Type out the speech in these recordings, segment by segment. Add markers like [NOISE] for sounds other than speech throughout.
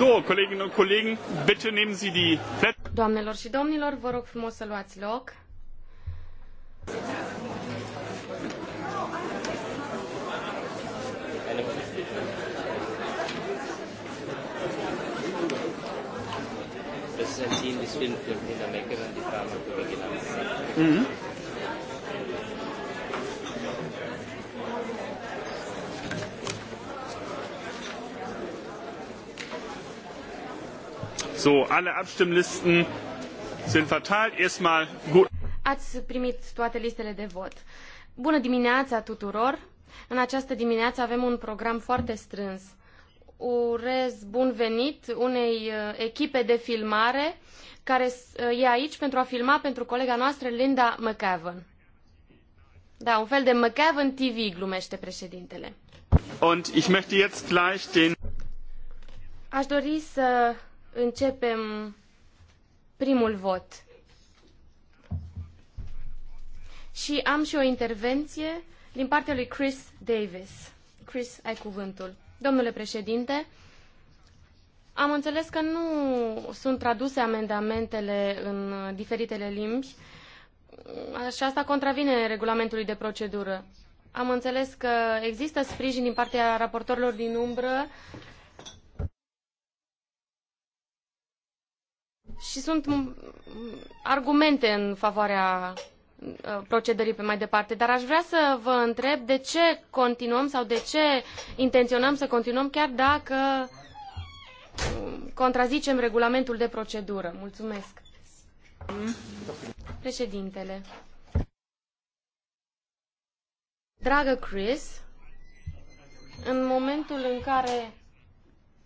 So, Kolleginnen und Kollegen, bitte nehmen Sie die Plätze. Doamnelor și domnilor, vă rog frumos să luați loc. Das ist So, alle Abstimmlisten sind verteilt. Erstmal gut. Ați primit toate listele de vot. Bună dimineața tuturor! În această dimineață avem un program foarte strâns. Urez bun venit unei uh, echipe de filmare care uh, e aici pentru a filma pentru colega noastră Linda McAvan. Da, un fel de McAvan TV, glumește președintele. Und ich möchte jetzt gleich den... Aș dori să începem primul vot. Și am și o intervenție din partea lui Chris Davis. Chris, ai cuvântul. Domnule președinte, am înțeles că nu sunt traduse amendamentele în diferitele limbi și asta contravine regulamentului de procedură. Am înțeles că există sprijin din partea raportorilor din umbră și sunt argumente în favoarea uh, procedării pe mai departe, dar aș vrea să vă întreb de ce continuăm sau de ce intenționăm să continuăm chiar dacă uh, contrazicem regulamentul de procedură. Mulțumesc. Președintele. Dragă Chris, în momentul în care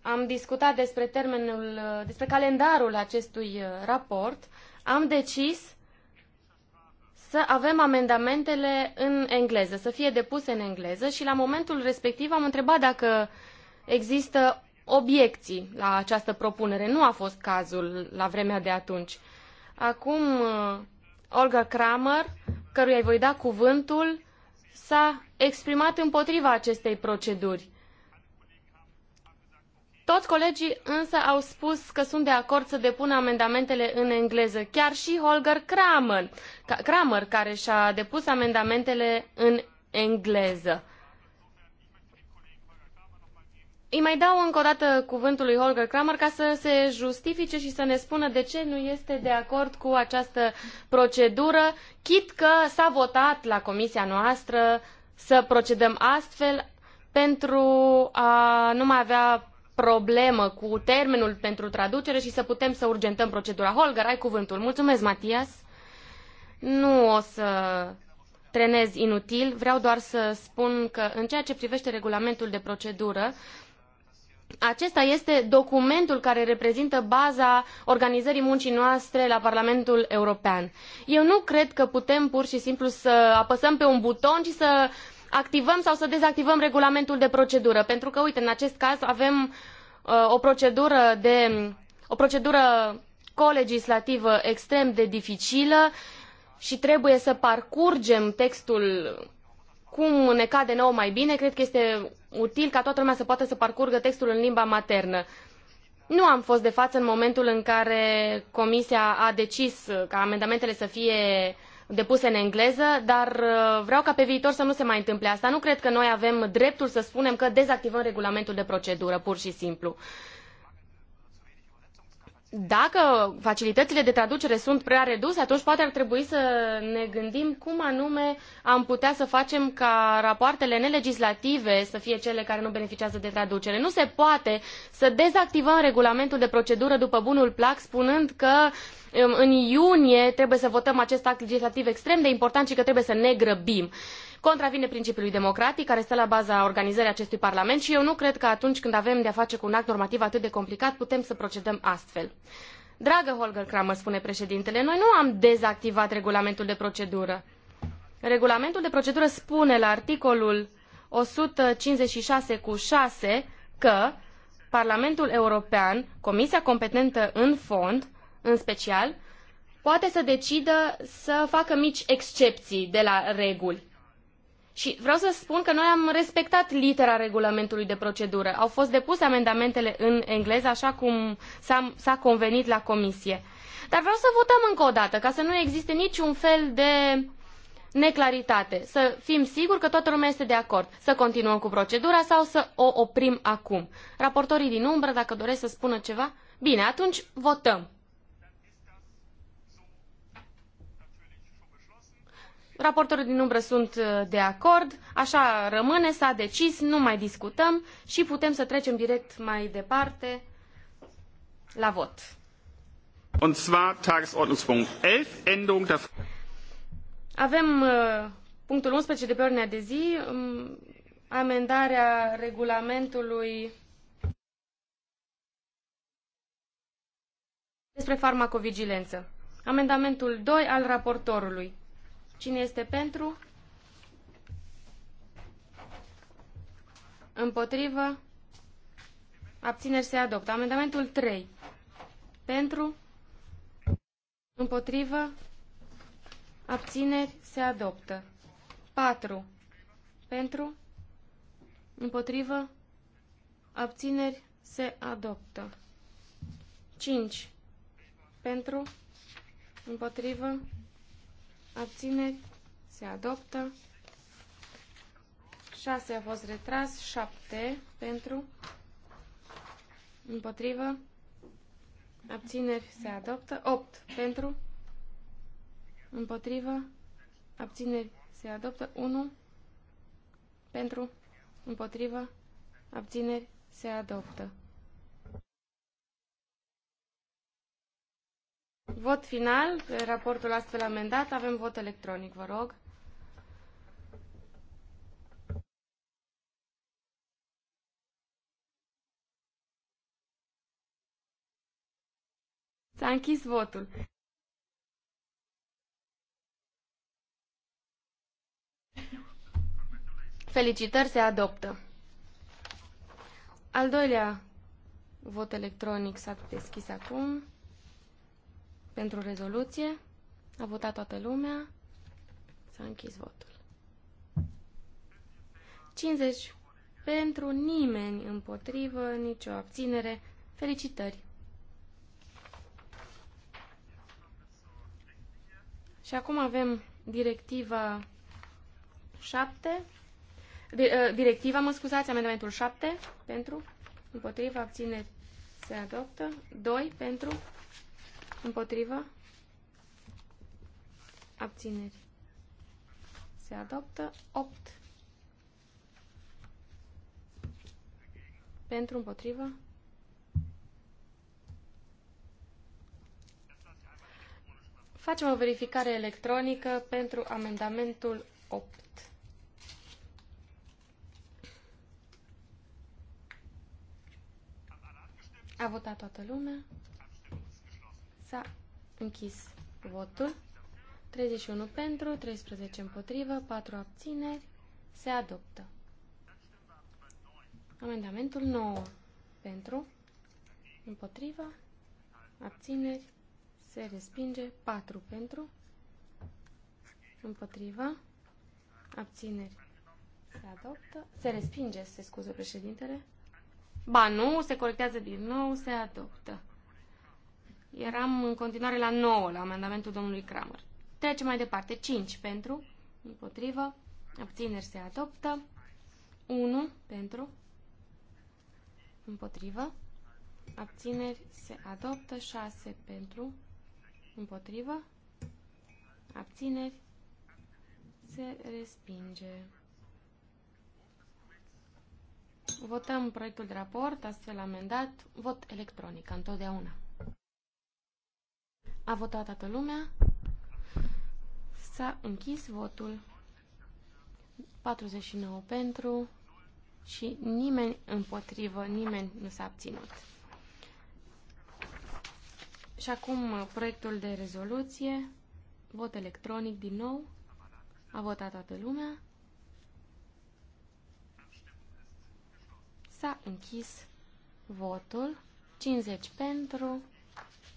am discutat despre termenul, despre calendarul acestui uh, raport, am decis să avem amendamentele în engleză, să fie depuse în engleză și la momentul respectiv am întrebat dacă există obiecții la această propunere. Nu a fost cazul la vremea de atunci. Acum uh, Olga Kramer, căruia îi voi da cuvântul, s-a exprimat împotriva acestei proceduri toți colegii însă au spus că sunt de acord să depună amendamentele în engleză, chiar și Holger Kramer, Kramer care și-a depus amendamentele în engleză. Îi mai dau încă o dată cuvântul lui Holger Kramer ca să se justifice și să ne spună de ce nu este de acord cu această procedură, chit că s-a votat la comisia noastră să procedăm astfel pentru a nu mai avea problemă cu termenul pentru traducere și să putem să urgentăm procedura. Holger, ai cuvântul. Mulțumesc, Matias. Nu o să trenez inutil, vreau doar să spun că în ceea ce privește regulamentul de procedură, acesta este documentul care reprezintă baza organizării muncii noastre la Parlamentul European. Eu nu cred că putem pur și simplu să apăsăm pe un buton și să activăm sau să dezactivăm regulamentul de procedură pentru că uite în acest caz avem uh, o procedură de o procedură colegislativă extrem de dificilă și trebuie să parcurgem textul cum ne cade nouă mai bine. Cred că este util ca toată lumea să poată să parcurgă textul în limba maternă. Nu am fost de față în momentul în care Comisia a decis ca amendamentele să fie depuse în engleză, dar uh, vreau ca pe viitor să nu se mai întâmple asta. Nu cred că noi avem dreptul să spunem că dezactivăm regulamentul de procedură, pur și simplu. Uh, dacă facilitățile de traducere sunt prea reduse, atunci poate ar trebui să ne gândim cum anume am putea să facem ca rapoartele nelegislative să fie cele care nu beneficiază de traducere. Nu se poate să dezactivăm regulamentul de procedură după bunul plac spunând că um, în iunie trebuie să votăm acest act legislativ extrem de important și că trebuie să ne grăbim contravine principiului democratic care stă la baza organizării acestui parlament și eu nu cred că atunci când avem de a face cu un act normativ atât de complicat putem să procedăm astfel. Dragă Holger Kramer, spune președintele, noi nu am dezactivat regulamentul de procedură. Regulamentul de procedură spune la articolul 156 cu 6 că Parlamentul European, comisia competentă în fond, în special, poate să decidă să facă mici excepții de la reguli. Și vreau să spun că noi am respectat litera regulamentului de procedură. Au fost depuse amendamentele în engleză, așa cum s-a convenit la comisie. Dar vreau să votăm încă o dată, ca să nu existe niciun fel de neclaritate. Să fim siguri că toată lumea este de acord. Să continuăm cu procedura sau să o oprim acum. Raportorii din umbră, dacă doresc să spună ceva, bine, atunci votăm. Raportorii din umbră sunt uh, de acord, așa rămâne, s-a decis, nu mai discutăm și putem să trecem direct mai departe la vot. Und zwar Tagesordnungspunkt 11, Avem uh, punctul 11 de pe ordinea de zi, um, amendarea regulamentului despre farmacovigilență. Amendamentul 2 al raportorului. Cine este pentru? Împotrivă? Abțineri se adoptă. Amendamentul 3. Pentru? Împotrivă? Abțineri se adoptă. 4. Pentru? Împotrivă? Abțineri se adoptă. 5. Pentru? Împotrivă? abțineri, se adoptă. 6 a fost retras, 7 pentru, împotrivă, abțineri, se adoptă, 8 pentru, împotrivă, abțineri, se adoptă, 1 pentru, împotrivă, abțineri, se adoptă. Vot final, raportul astfel amendat, avem vot electronic, vă rog. S-a închis votul. Felicitări, se adoptă. Al doilea vot electronic s-a deschis acum pentru rezoluție. A votat toată lumea. S-a închis votul. 50 pentru nimeni împotrivă, nicio abținere. Felicitări! Și acum avem directiva 7. Ă, directiva, mă scuzați, amendamentul 7 pentru, împotriva, abțineri se adoptă, 2 pentru, Împotrivă? Abțineri. Se adoptă 8. Pentru împotrivă? Facem o verificare electronică pentru amendamentul 8. A votat toată lumea. S-a închis votul. 31 pentru, 13 împotrivă, 4 abțineri. Se adoptă. Amendamentul 9 pentru, împotrivă, abțineri, se respinge, 4 pentru, împotrivă, abțineri, se adoptă, se respinge, se scuză președintele. Ba nu, se corectează din nou, se adoptă. Eram în continuare la 9, la amendamentul domnului Kramer. Trecem mai departe. 5 pentru, împotrivă, abțineri se adoptă. 1 pentru, împotrivă, abțineri se adoptă. 6 pentru, împotrivă, abțineri se respinge. Votăm proiectul de raport, astfel amendat, vot electronic, întotdeauna. A votat toată lumea. S-a închis votul. 49 pentru și nimeni împotrivă, nimeni nu s-a abținut. Și acum uh, proiectul de rezoluție, vot electronic din nou, a votat toată lumea, s-a închis votul, 50 pentru,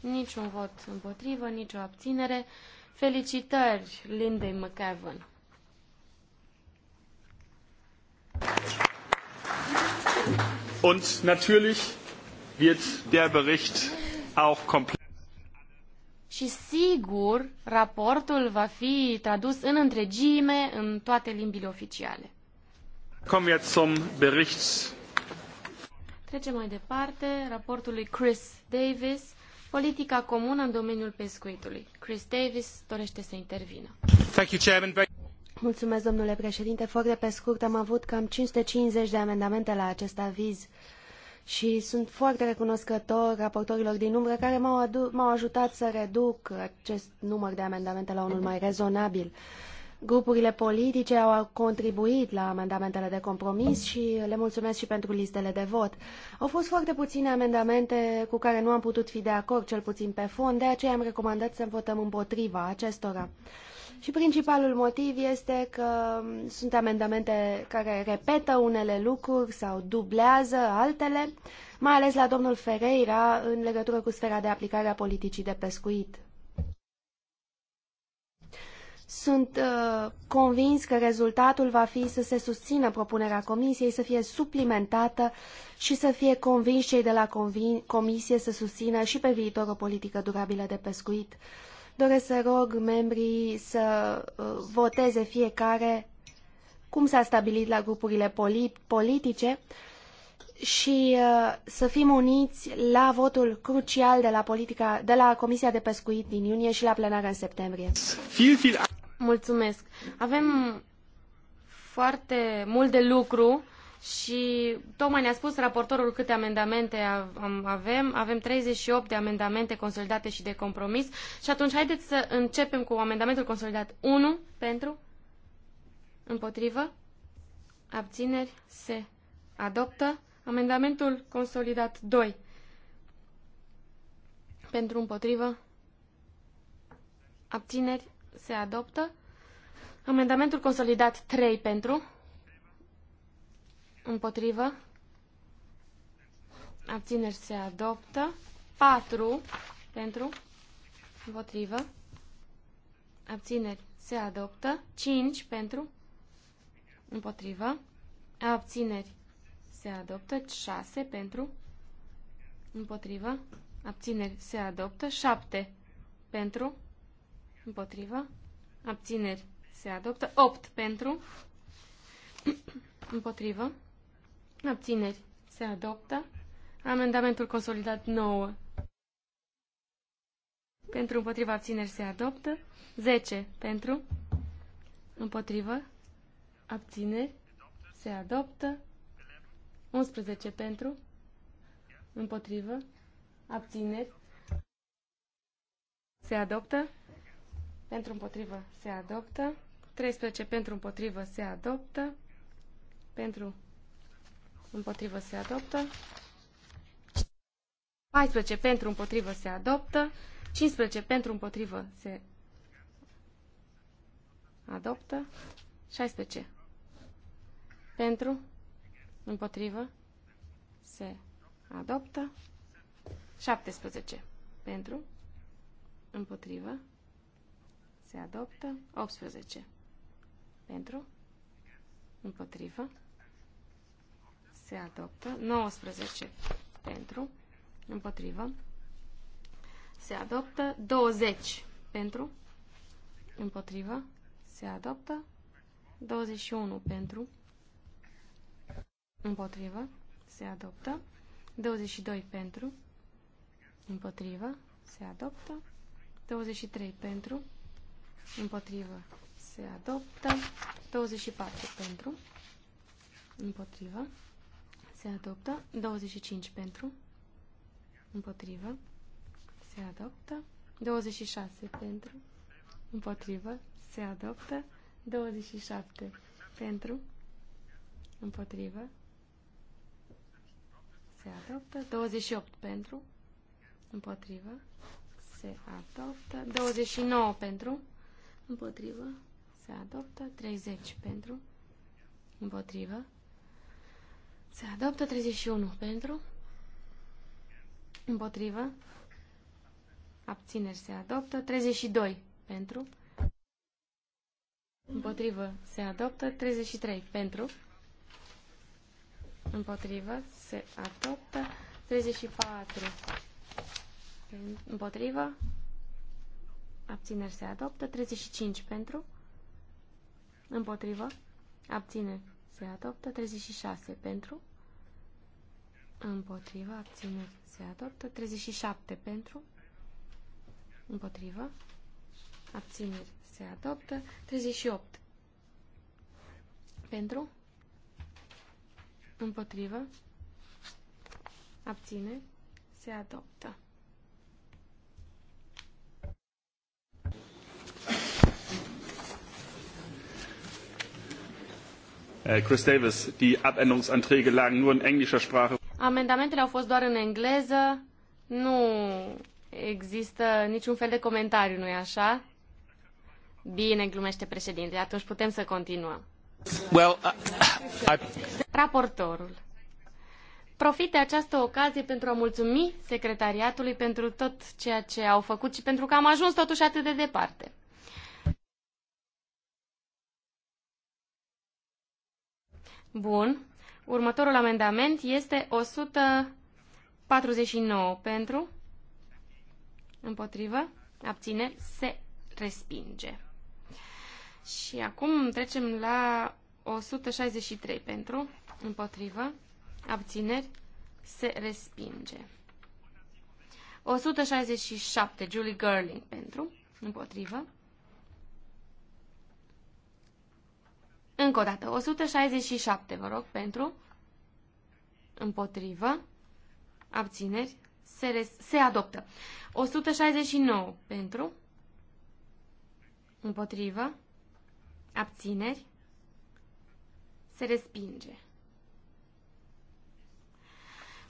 niciun vot împotrivă, nicio abținere. Felicitări Lindei McEvan. Und natürlich wird der Bericht auch komplett și sigur raportul va fi tradus în întregime în toate limbile oficiale. Kommen wir zum Bericht. Trecem mai departe raportul Chris Davis politica comună în domeniul pescuitului. Chris Davis dorește să intervină. Mulțumesc, domnule președinte. Foarte pe scurt, am avut cam 550 de amendamente la acest aviz și sunt foarte recunoscător raportorilor din umbră care m-au, ajutat să reduc acest număr de amendamente la unul mai rezonabil. Uh, Grupurile politice au contribuit la amendamentele de compromis și le mulțumesc și pentru listele de vot. Au fost foarte puține amendamente cu care nu am putut fi de acord, cel puțin pe fond, de aceea am recomandat să votăm împotriva acestora. Și principalul motiv este că sunt amendamente care repetă unele lucruri sau dublează altele, mai ales la domnul Ferreira în legătură cu sfera de aplicare a politicii de pescuit. Sunt uh, convins că rezultatul va fi să se susțină propunerea comisiei, să fie suplimentată și să fie convins cei de la comisie să susțină și pe viitor o politică durabilă de pescuit. Doresc să rog membrii să uh, voteze fiecare cum s-a stabilit la grupurile politice și uh, să fim uniți la votul crucial de la, politica, de la Comisia de Pescuit din iunie și la plenară în septembrie. Mulțumesc. Avem foarte mult de lucru și tocmai ne-a spus raportorul câte amendamente avem. Avem 38 de amendamente consolidate și de compromis. Și atunci haideți să începem cu amendamentul consolidat 1 pentru, împotrivă, abțineri, se adoptă. Amendamentul consolidat 2 pentru, împotrivă, abțineri, se adoptă. Amendamentul consolidat 3 pentru, împotrivă, abțineri se adoptă. 4 pentru, împotrivă, abțineri se adoptă. 5 pentru, împotrivă, abțineri se adoptă. 6 pentru, împotrivă, abțineri se adoptă. 7 pentru, Împotrivă. Abțineri. Se adoptă. 8 pentru. Împotrivă. Abțineri. Se adoptă. Amendamentul consolidat 9. Pentru împotriva abțineri se adoptă. 10 pentru. Împotrivă. Abțineri. Se adoptă. 11 pentru. Împotrivă. Abțineri. Se adoptă pentru împotrivă se adoptă, 13 pentru împotrivă se adoptă, pentru împotrivă se adoptă, 14 pentru împotrivă se adoptă, 15 pentru împotrivă se adoptă, 16 pentru împotrivă se adoptă, 17 pentru împotrivă se adoptă. 18. Pentru. Împotrivă. Se adoptă. 19. Pentru. Împotrivă. Se adoptă. 20. Pentru. Împotrivă. Se adoptă. 21. Pentru. Împotrivă. Se adoptă. 22. Pentru. Împotrivă. Se adoptă. 23. Pentru împotrivă, se adoptă. 24 pentru, împotrivă, se adoptă. 25 pentru, împotrivă, se adoptă. 26 pentru, împotrivă, se adoptă. 27 pentru, împotrivă, se adoptă. 28 pentru, împotrivă, se adoptă. 29 pentru, împotrivă, se adoptă. 30 pentru, împotrivă, se adoptă. 31 pentru, împotrivă, abțineri se adoptă. 32 pentru, împotrivă, se adoptă. 33 pentru, împotrivă, se adoptă. 34 împotrivă, Abțineri se adoptă. 35 pentru. Împotrivă. Abțineri se adoptă. 36 pentru. Împotrivă. Abțineri se adoptă. 37 pentru. Împotrivă. Abțineri se adoptă. 38 pentru. Împotrivă. Abține. Se adoptă. Äh, Chris Davis, die Abänderungsanträge lagen nur in englischer Sprache. Amendamentele au fost doar în engleză. Nu există niciun fel de comentariu, nu-i așa? Bine, glumește președinte. Atunci putem să continuăm. Well, uh, I... Raportorul. Profit de această ocazie pentru a mulțumi secretariatului pentru tot ceea ce au făcut și pentru că am ajuns totuși atât de departe. Bun. Următorul amendament este 149 pentru, împotrivă, abține, se respinge. Și acum trecem la 163 pentru, împotrivă, abțineri, se respinge. 167, Julie Gerling pentru, împotrivă, Încă o dată, 167, vă rog, pentru, împotrivă, abțineri, se, se adoptă. 169 pentru, împotrivă, abțineri, se respinge.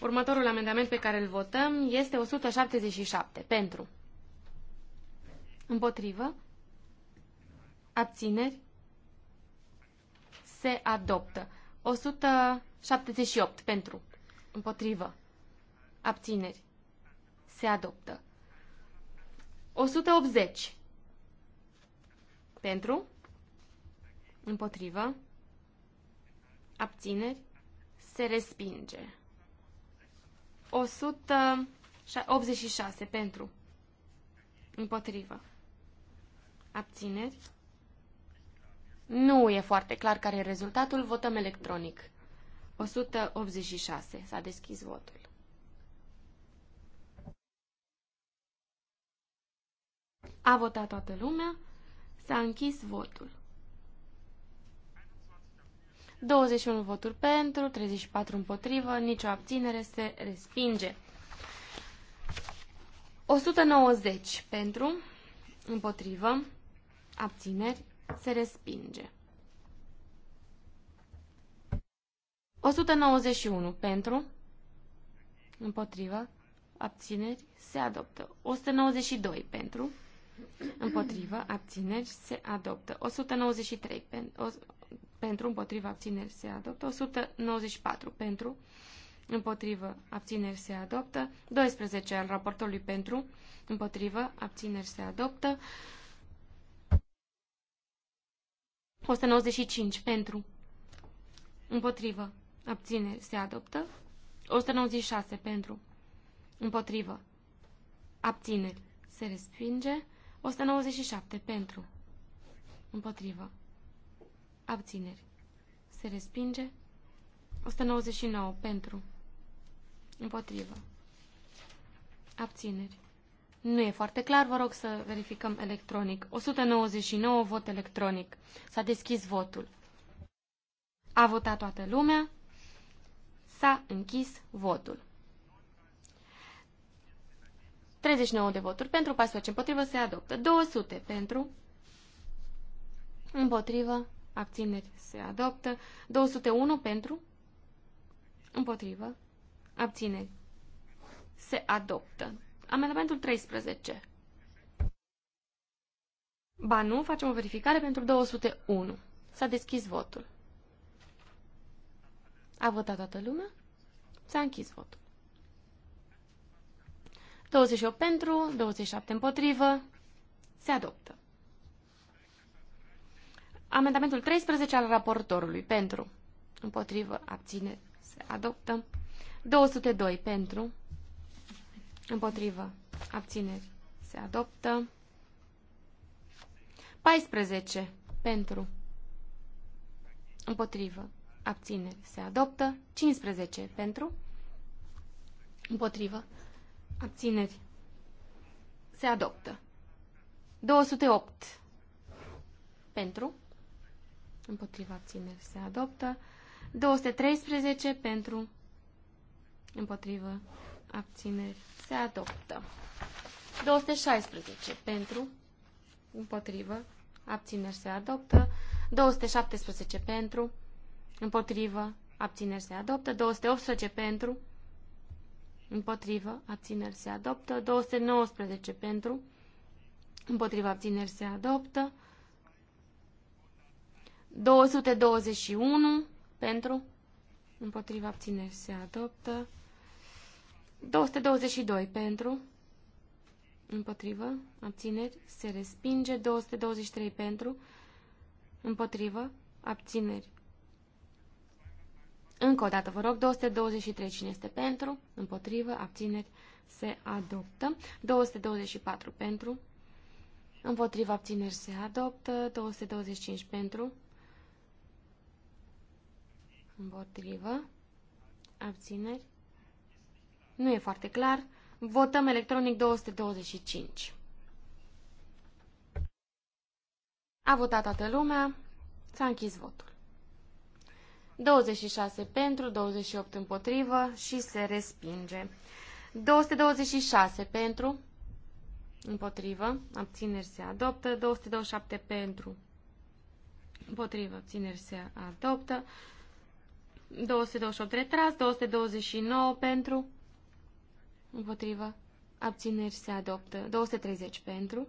Următorul amendament pe care îl votăm este 177 pentru, împotrivă, abțineri, se adoptă. 178 pentru, împotrivă, abțineri, se adoptă. 180 pentru, împotrivă, abțineri, se respinge. 186 pentru, împotrivă, abțineri, nu e foarte clar care e rezultatul. Votăm electronic. 186. S-a deschis votul. A votat toată lumea. S-a închis votul. 21 voturi pentru, 34 împotrivă, nicio abținere se respinge. 190 pentru, împotrivă, abțineri, se respinge. 191 pentru, împotrivă, abțineri, se adoptă. 192 pentru, împotrivă, abțineri, se adoptă. 193 pentru, pentru, împotrivă, abțineri, se adoptă. 194 pentru, împotrivă, abțineri, se adoptă. 12 al raportului pentru, împotrivă, abțineri, se adoptă. 195 pentru. Împotrivă. Abțineri. Se adoptă. 196 pentru. Împotrivă. Abțineri. Se respinge. 197 pentru. Împotrivă. Abțineri. Se respinge. 199 pentru. Împotrivă. Abțineri. Nu e foarte clar, vă rog să verificăm electronic. 199 vot electronic. S-a deschis votul. A votat toată lumea. S-a închis votul. 39 de voturi pentru, 14 împotrivă, se adoptă. 200 pentru, împotrivă, abțineri, se adoptă. 201 pentru, împotrivă, abțineri, se adoptă. Amendamentul 13. Ba nu, facem o verificare pentru 201. S-a deschis votul. A votat toată lumea? S-a închis votul. 28 pentru, 27 împotrivă. Se adoptă. Amendamentul 13 al raportorului. Pentru. Împotrivă. Abține. Se adoptă. 202 pentru. Împotrivă. Abțineri. Se adoptă. 14. Pentru. Împotrivă. Abțineri. Se adoptă. 15. Pentru. Împotrivă. Abțineri. Se adoptă. 208. Pentru. Împotrivă. abțineri se adoptă. 213 pentru. Împotrivă abțineri, se adoptă. 216 pentru, împotrivă, abțineri, se adoptă. 217 pentru, împotrivă, abțineri, se adoptă. 218 pentru, împotrivă, abțineri, se adoptă. 219 pentru, împotrivă, abțineri, se adoptă. 221 pentru, împotrivă, abțineri se adoptă. 222 pentru, împotrivă, abțineri, se respinge. 223 pentru, împotrivă, abțineri. Încă o dată, vă rog, 223 cine este pentru, împotrivă, abțineri, se adoptă. 224 pentru, împotrivă, abțineri, se adoptă. 225 pentru, împotrivă, abțineri, nu e foarte clar. Votăm electronic 225. A votat toată lumea. S-a închis votul. 26 pentru, 28 împotrivă și se respinge. 226 pentru, împotrivă, abțineri se adoptă. 227 pentru, împotrivă, abțineri se adoptă. 228 retras, 229 pentru, Împotrivă. Abțineri se adoptă. 230 pentru.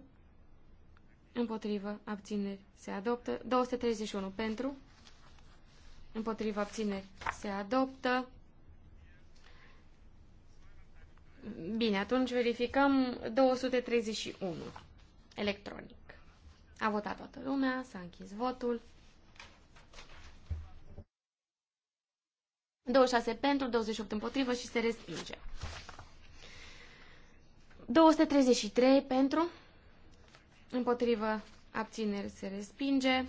Împotrivă. Abțineri se adoptă. 231 pentru. Împotrivă. Abțineri se adoptă. Bine, atunci verificăm 231 electronic. A votat toată lumea, s-a închis votul. 26 pentru, 28 împotrivă și se respinge. 233 pentru, împotrivă, abțineri se respinge.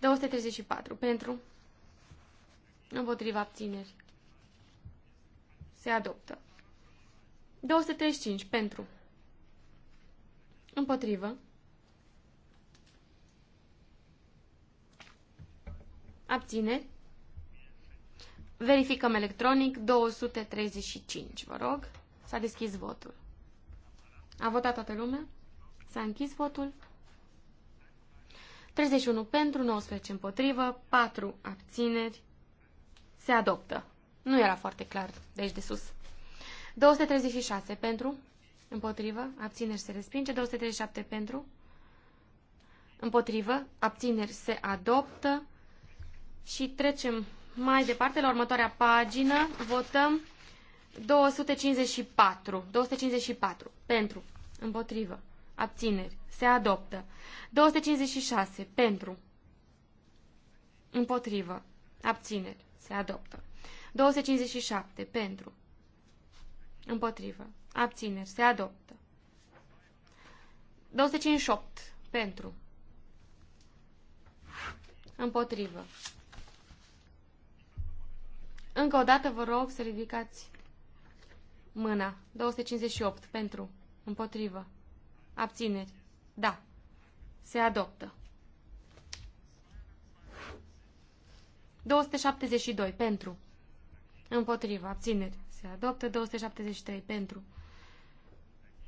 234 pentru, împotrivă, abțineri se adoptă. 235 pentru, împotrivă, abține, Verificăm electronic 235, vă rog. S-a deschis votul. A votat toată lumea? S-a închis votul? 31 pentru, 19 împotrivă, 4 abțineri. Se adoptă. Nu era foarte clar, deci de sus. 236 pentru, împotrivă, abțineri se respinge. 237 pentru, împotrivă, abțineri se adoptă. Și trecem mai departe la următoarea pagină. Votăm 254. 254. Pentru. Împotrivă. Abțineri. Se adoptă. 256. Pentru. Împotrivă. Abțineri. Se adoptă. 257. Pentru. Împotrivă. Abțineri. Se adoptă. 258. Pentru. Împotrivă. Încă o dată vă rog să ridicați Mâna. 258. Pentru. Împotrivă. Abțineri. Da. Se adoptă. 272. Pentru. Împotrivă. Abțineri. Se adoptă. 273. Pentru.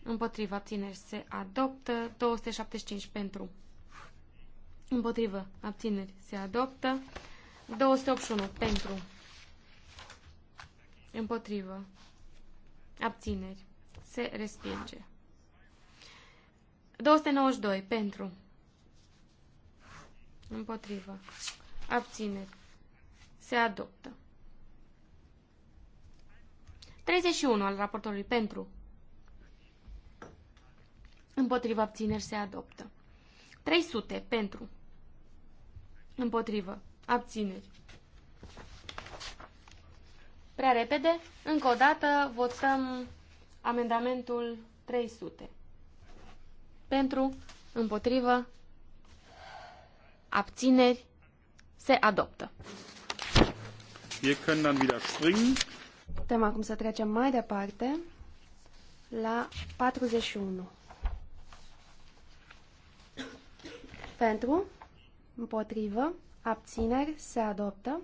Împotrivă. Abțineri. Se adoptă. 275. Pentru. Împotrivă. Abțineri. Se adoptă. 281. Pentru. Împotrivă. Abțineri. Se respinge. 292. Pentru. Împotrivă. Abțineri. Se adoptă. 31 al raportului. Pentru. Împotrivă. Abțineri. Se adoptă. 300. Pentru. Împotrivă. Abțineri. Prea repede, încă o dată, votăm amendamentul 300. Pentru, împotrivă, abțineri, se adoptă. Wir können dann wieder springen. Putem acum să trecem mai departe la 41. Pentru, împotrivă, abțineri, se adoptă.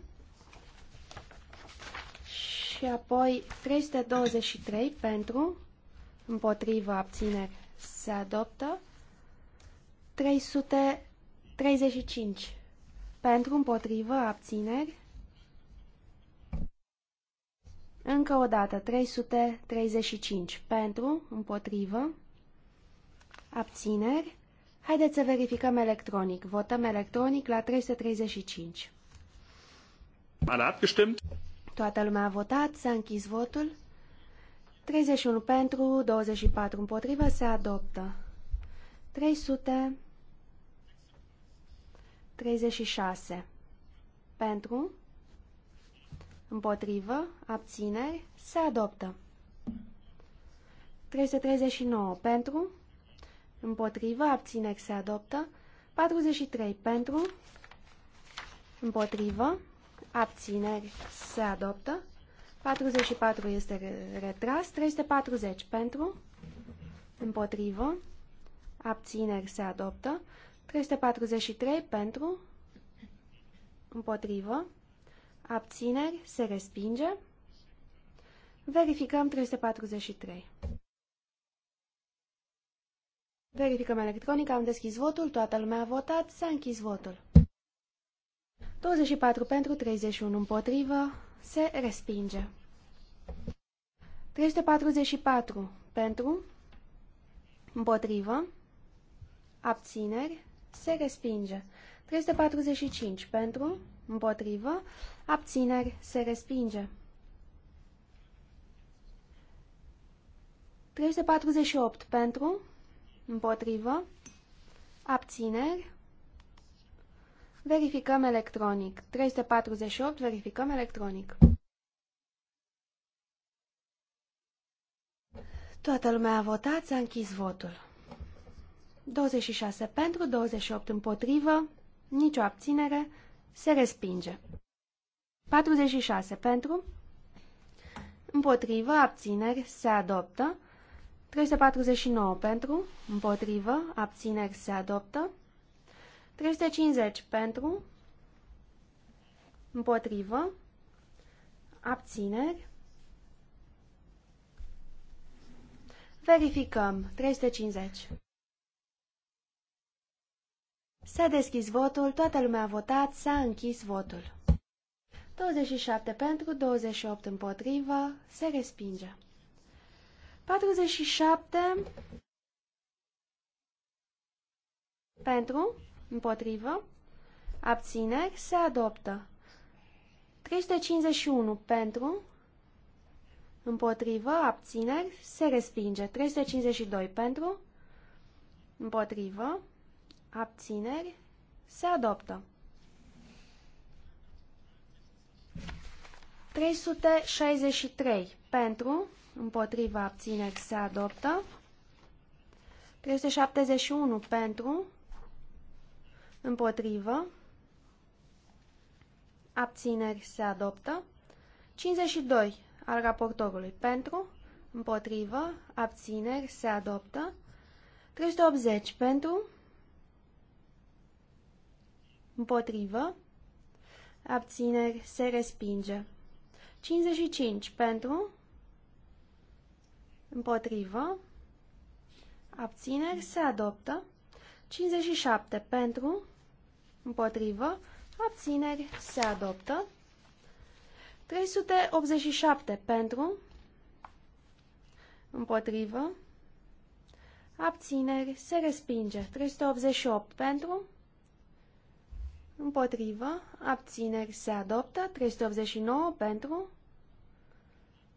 Și apoi 323 pentru, împotrivă, abțineri, se adoptă. 335 pentru, împotrivă, abțineri. Încă o dată, 335 pentru, împotrivă, abțineri. Haideți să verificăm electronic. Votăm electronic la 335. Man abgestimmt? Toată lumea a votat, s-a închis votul. 31 pentru, 24 împotrivă, se adoptă. 300 36 pentru, împotrivă, abțineri, se adoptă. 339 pentru, împotrivă, abțineri, se adoptă. 43 pentru, împotrivă, abțineri, se adoptă. 44 este retras, 340 pentru, împotrivă, abțineri, se adoptă. 343 pentru, împotrivă, abțineri, se respinge. Verificăm 343. Verificăm electronic, am deschis votul, toată lumea a votat, s-a închis votul. 24 pentru, 31 împotrivă, se respinge. 344 pentru, împotrivă, abțineri, se respinge. 345 pentru, împotrivă, abțineri, se respinge. 348 pentru, împotrivă, abțineri, Verificăm electronic. 348, verificăm electronic. Toată lumea a votat, s-a închis votul. 26 pentru, 28 împotrivă, nicio abținere, se respinge. 46 pentru, împotrivă, abțineri, se adoptă. 349 pentru, împotrivă, abțineri, se adoptă. 350 pentru, împotrivă, abțineri. Verificăm. 350. S-a deschis votul, toată lumea a votat, s-a închis votul. 27 pentru, 28 împotrivă, se respinge. 47 pentru, Împotrivă. Abțineri. Se adoptă. 351 pentru. Împotrivă. Abțineri. Se respinge. 352 pentru. Împotrivă. Abțineri. Se adoptă. 363 pentru, Împotrivă. abțineri se adoptă. 371 pentru, Împotrivă. Abțineri se adoptă. 52 al raportorului pentru. Împotrivă. Abțineri se adoptă. 380 pentru. Împotrivă. Abțineri se respinge. 55 pentru. Împotrivă. Abțineri se adoptă. 57 pentru. Împotrivă. Abțineri. Se adoptă. 387 pentru. Împotrivă. Abțineri. Se respinge. 388 pentru. Împotrivă. Abțineri. Se adoptă. 389 pentru.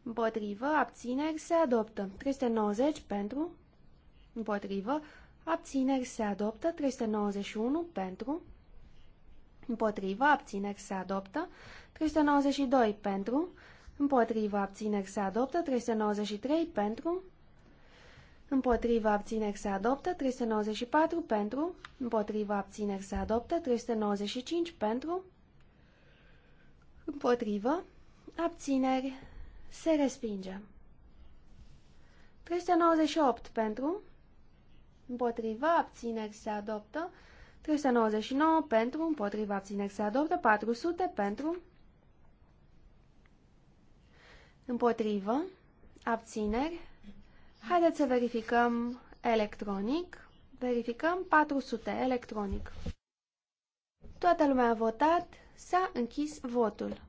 Împotrivă. Abțineri. Se adoptă. 390 pentru. Împotrivă. Abțineri. Se adoptă. 391 pentru. Împotriva, abțineri se adoptă. 392 pentru. Împotriva, abțineri se adoptă. 393 pentru. Împotriva, abțineri se adoptă. 394 pentru. Împotriva, abțineri se adoptă. 395 pentru. Împotrivă, abțineri se respinge. 398 pentru. Împotriva, abțineri se adoptă. 399 pentru, împotriva abțineri se adoptă, 400 pentru, împotrivă, abțineri. Haideți să verificăm electronic. Verificăm 400 electronic. Toată lumea a votat, s-a închis votul.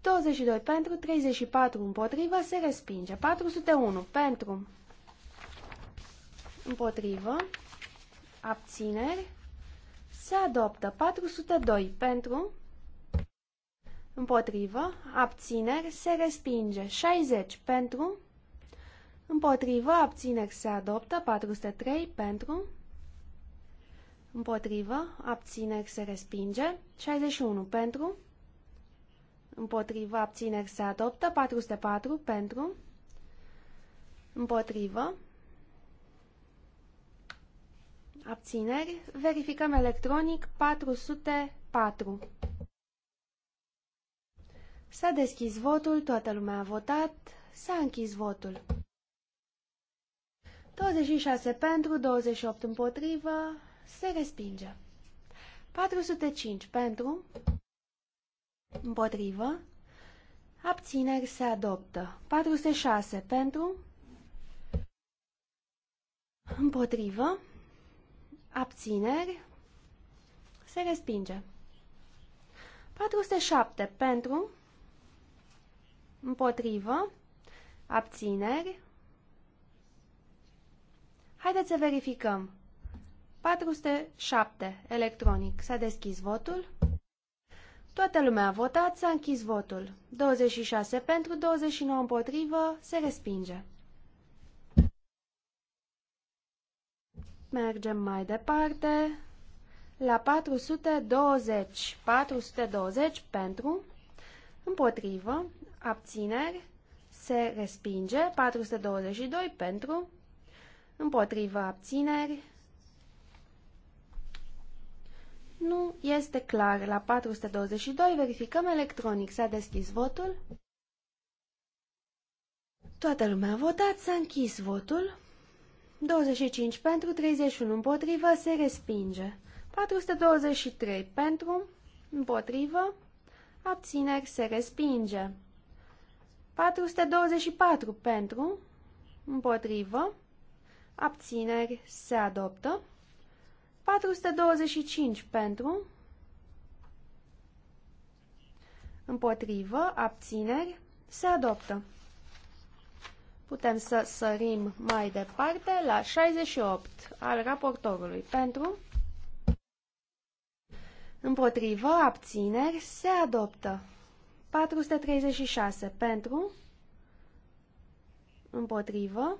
22 pentru, 34 împotrivă, se respinge. 401 pentru, împotrivă, abțineri, se adoptă. 402 pentru, împotrivă, abțineri, se respinge. 60 pentru, împotrivă, abțineri, se adoptă. 403 pentru, împotrivă, abțineri, se respinge. 61 pentru, împotrivă, abțineri, se adoptă. 404 pentru, împotrivă, abțineri. Verificăm electronic 404. S-a deschis votul, toată lumea a votat, s-a închis votul. 26 pentru, 28 împotrivă, se respinge. 405 pentru, împotrivă, abțineri se adoptă. 406 pentru, împotrivă, abțineri, se respinge. 407 pentru, împotrivă, abțineri. Haideți să verificăm. 407, electronic. S-a deschis votul. Toată lumea a votat, s-a închis votul. 26 pentru, 29 împotrivă, se respinge. Mergem mai departe la 420. 420 pentru, împotrivă, abțineri, se respinge. 422 pentru, împotrivă, abțineri. Nu este clar. La 422 verificăm electronic. S-a deschis votul. Toată lumea a votat, s-a închis votul. 25 pentru, 31 împotrivă, se respinge. 423 pentru, împotrivă, abțineri, se respinge. 424 pentru, împotrivă, abțineri, se adoptă. 425 pentru, împotrivă, abțineri, se adoptă. Putem să sărim mai departe la 68 al raportorului pentru împotrivă abțineri se adoptă 436 pentru împotrivă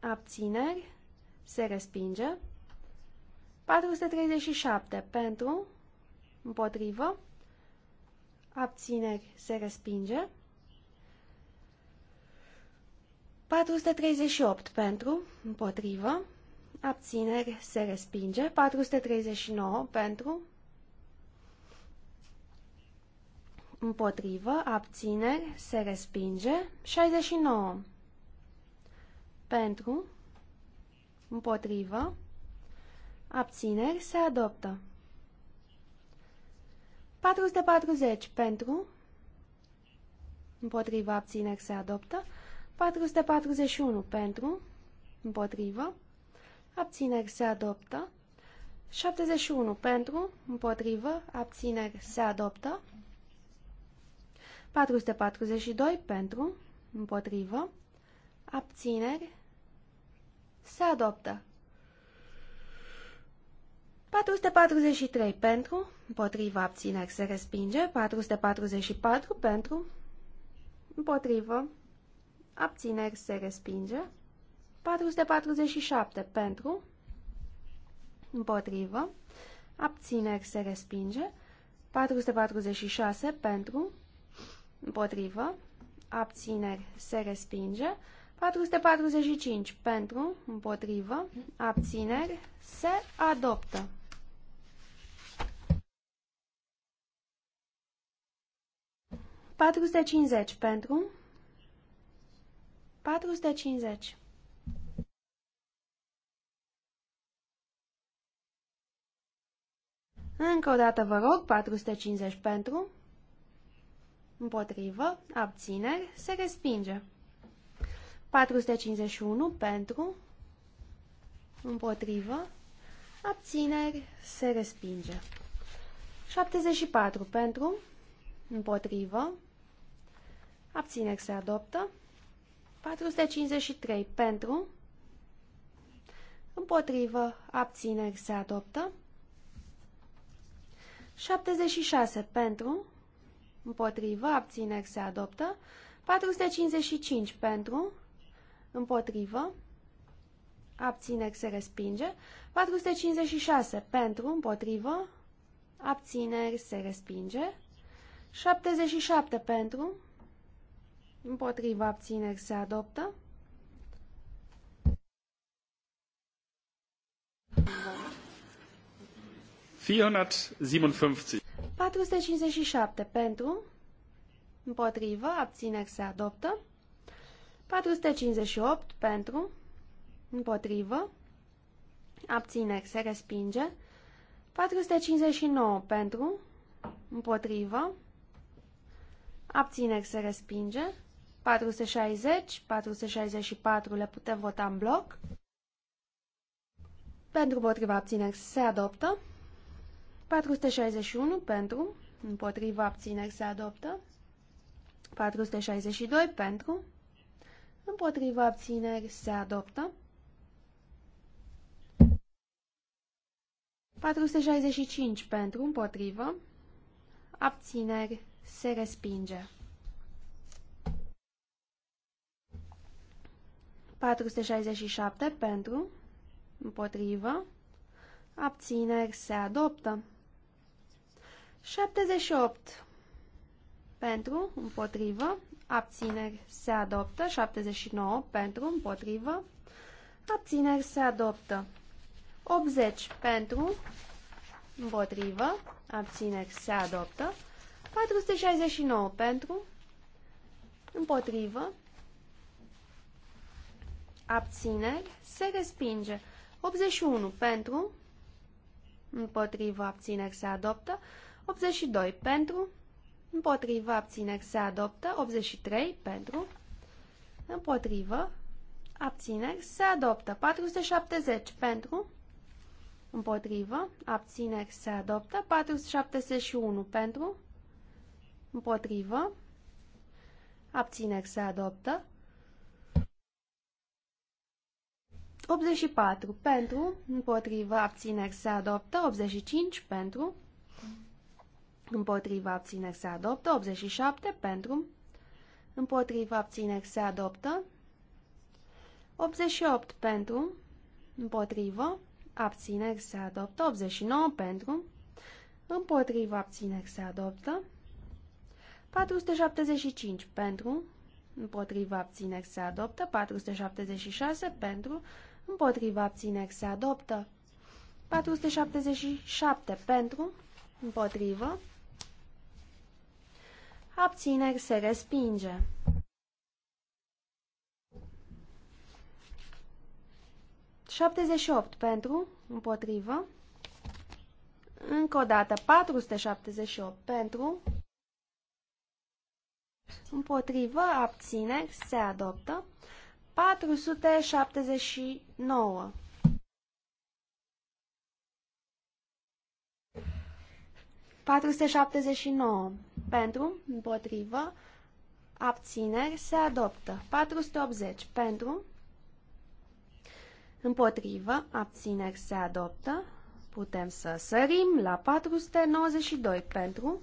abțineri se respinge 437 pentru împotrivă abțineri se respinge 438 pentru, împotrivă, abțineri se respinge. 439 pentru, împotrivă, abțineri se respinge. 69 pentru, împotrivă, abțineri se adoptă. 440 pentru, împotriva abțineri se adoptă. 441 pentru, împotrivă, abțineri se adoptă. 71 pentru, împotrivă, abțineri se adoptă. 442 pentru, împotrivă, abțineri se adoptă. 443 pentru, împotriva abțineri se respinge, 444 pentru, împotrivă, Abțineri se respinge. 447 pentru. Împotrivă. Abțineri se respinge. 446 pentru. Împotrivă. Abțineri se respinge. 445 pentru. Împotrivă. Abțineri se adoptă. Patruzeci cincizeci pentru, 450. Încă o dată vă rog, 450 pentru, împotrivă, abțineri, se respinge. 451 pentru, împotrivă, abțineri, se respinge. 74 pentru, împotrivă, abțineri se adoptă. 453 pentru, împotrivă, abțineri se adoptă. 76 pentru, împotrivă, abțineri se adoptă. 455 pentru, împotrivă, abțineri se respinge. 456 pentru, împotrivă, abțineri se respinge. 77 pentru, Împotriva abțineri se adoptă. și 457 pentru. Împotrivă, abțineri se adoptă. 458 pentru. Împotrivă. Abțineri se respinge. 459 pentru. Împotrivă. Abțineri se respinge. 460, 464 le putem vota în bloc. Pentru împotriva abțineri se adoptă. 461 pentru împotriva abțineri se adoptă. 462 pentru împotriva abțineri se adoptă. 465 pentru împotrivă abțineri se respinge. 467 pentru, împotrivă, abțineri se adoptă. 78 pentru, împotrivă, abțineri se adoptă. 79 pentru, împotrivă, abțineri se adoptă. 80 pentru, împotrivă, abțineri se adoptă. 469 pentru, împotrivă, abțineri, se respinge. 81 pentru, împotrivă, abțineri, se adoptă. 82 pentru, împotrivă, abțineri, se adoptă. 83 pentru, împotrivă, abțineri, se adoptă. 470 pentru, împotrivă, abțineri, se adoptă. 471 pentru, împotrivă, abțineri, se adoptă. 84 pentru, împotrivă, abțineri se adoptă, 85 pentru, împotrivă, abțineri se adoptă, 87 pentru, împotrivă, abțineri se adoptă, 88 pentru, împotrivă, abțineri se adoptă, 89 pentru, împotrivă, abțineri se adoptă, 475 pentru, împotriva abțineri se adoptă, 476 pentru, împotriva abțineri se adoptă. 477 pentru, împotrivă, abțineri se respinge. Șaptezeci opt pentru, împotrivă, încă o dată 478 pentru, împotrivă, abțineri se adoptă, 479. Pentru, împotrivă, abțineri, se adoptă. 480. Pentru, împotrivă, abțineri, se adoptă. Putem să sărim la 492. Pentru,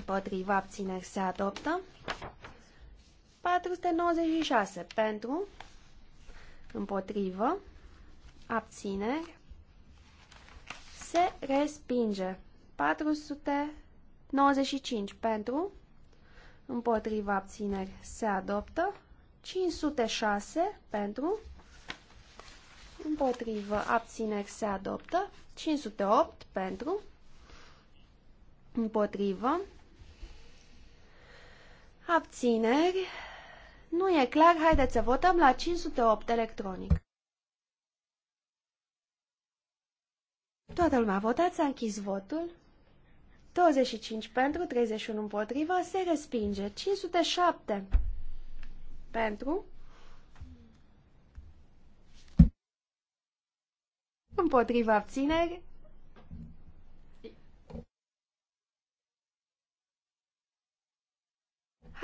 împotrivă, abțineri, se adoptă. 496 pentru, împotrivă, abțineri, se respinge. 495 pentru, împotrivă, abțineri, se adoptă. 506 pentru, împotrivă, abțineri, se adoptă. 508 pentru, împotrivă, abțineri, nu e clar, haideți să votăm la 508 electronic. Toată lumea a votat, s-a închis votul. 25 pentru, 31 împotriva, se respinge. 507 pentru. Împotriva abțineri,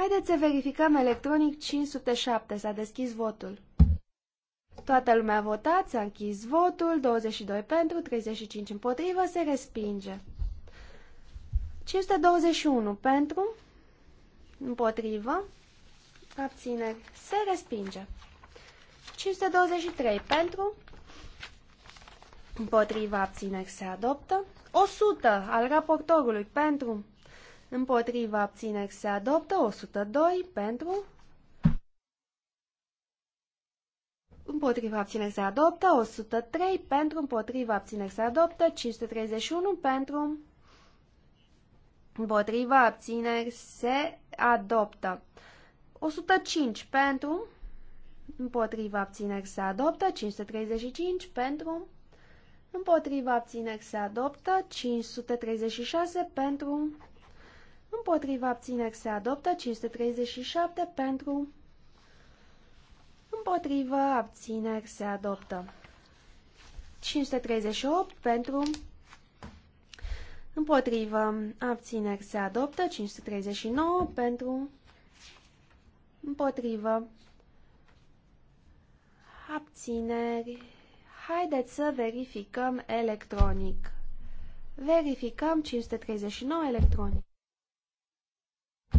Haideți să verificăm electronic 507. S-a deschis votul. Toată lumea a votat, s-a închis votul, 22 pentru, 35 împotrivă, se respinge. 521 pentru, împotrivă, abțineri, se respinge. 523 pentru, împotrivă, abțineri, se adoptă. 100 al raportorului pentru, Împotriva abțineri se adoptă 102 pentru. Împotriva abțineri se adoptă 103 pentru. Împotriva abțineri se adoptă 531 pentru. Împotriva abțineri se adoptă 105 pentru. Împotriva abțineri se adoptă 535 pentru. Împotriva abțineri se adoptă 536 pentru. Împotriva abțineri se adoptă 537 pentru. Împotriva abțineri se adoptă 538 pentru. Împotriva abțineri se adoptă, 539 pentru, Împotriva abțineri. Haideți să verificăm electronic. Verificăm 539 electronic.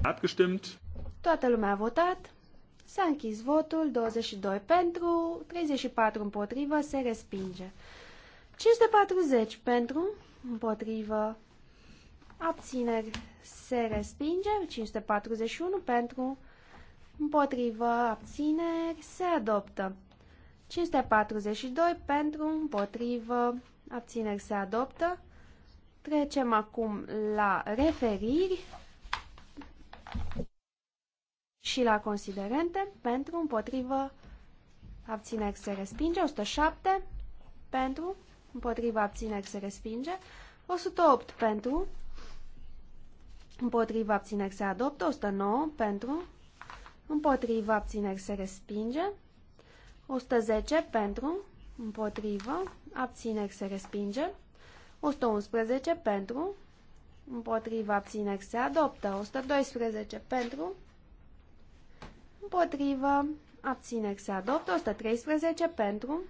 Abgestimmt. Toată lumea a votat. S-a închis votul, 22 pentru, 34 împotrivă, se respinge. 540 pentru, împotrivă, abțineri, se respinge. 541 pentru, împotrivă, abțineri, se adoptă. 542 pentru, împotrivă, abțineri, se adoptă. Trecem acum la referiri și la considerente, pentru, împotrivă, abțineri se respinge, 107 pentru, împotrivă, abțineri se respinge, 108 pentru, împotrivă, abțineri se adoptă, 109 pentru, împotrivă, abțineri se respinge, 110 pentru, împotrivă, abțineri se respinge, 111 pentru, Împotriva abțineri se adoptă. 112 pentru. Împotriva abțineri se adoptă. 113 pentru.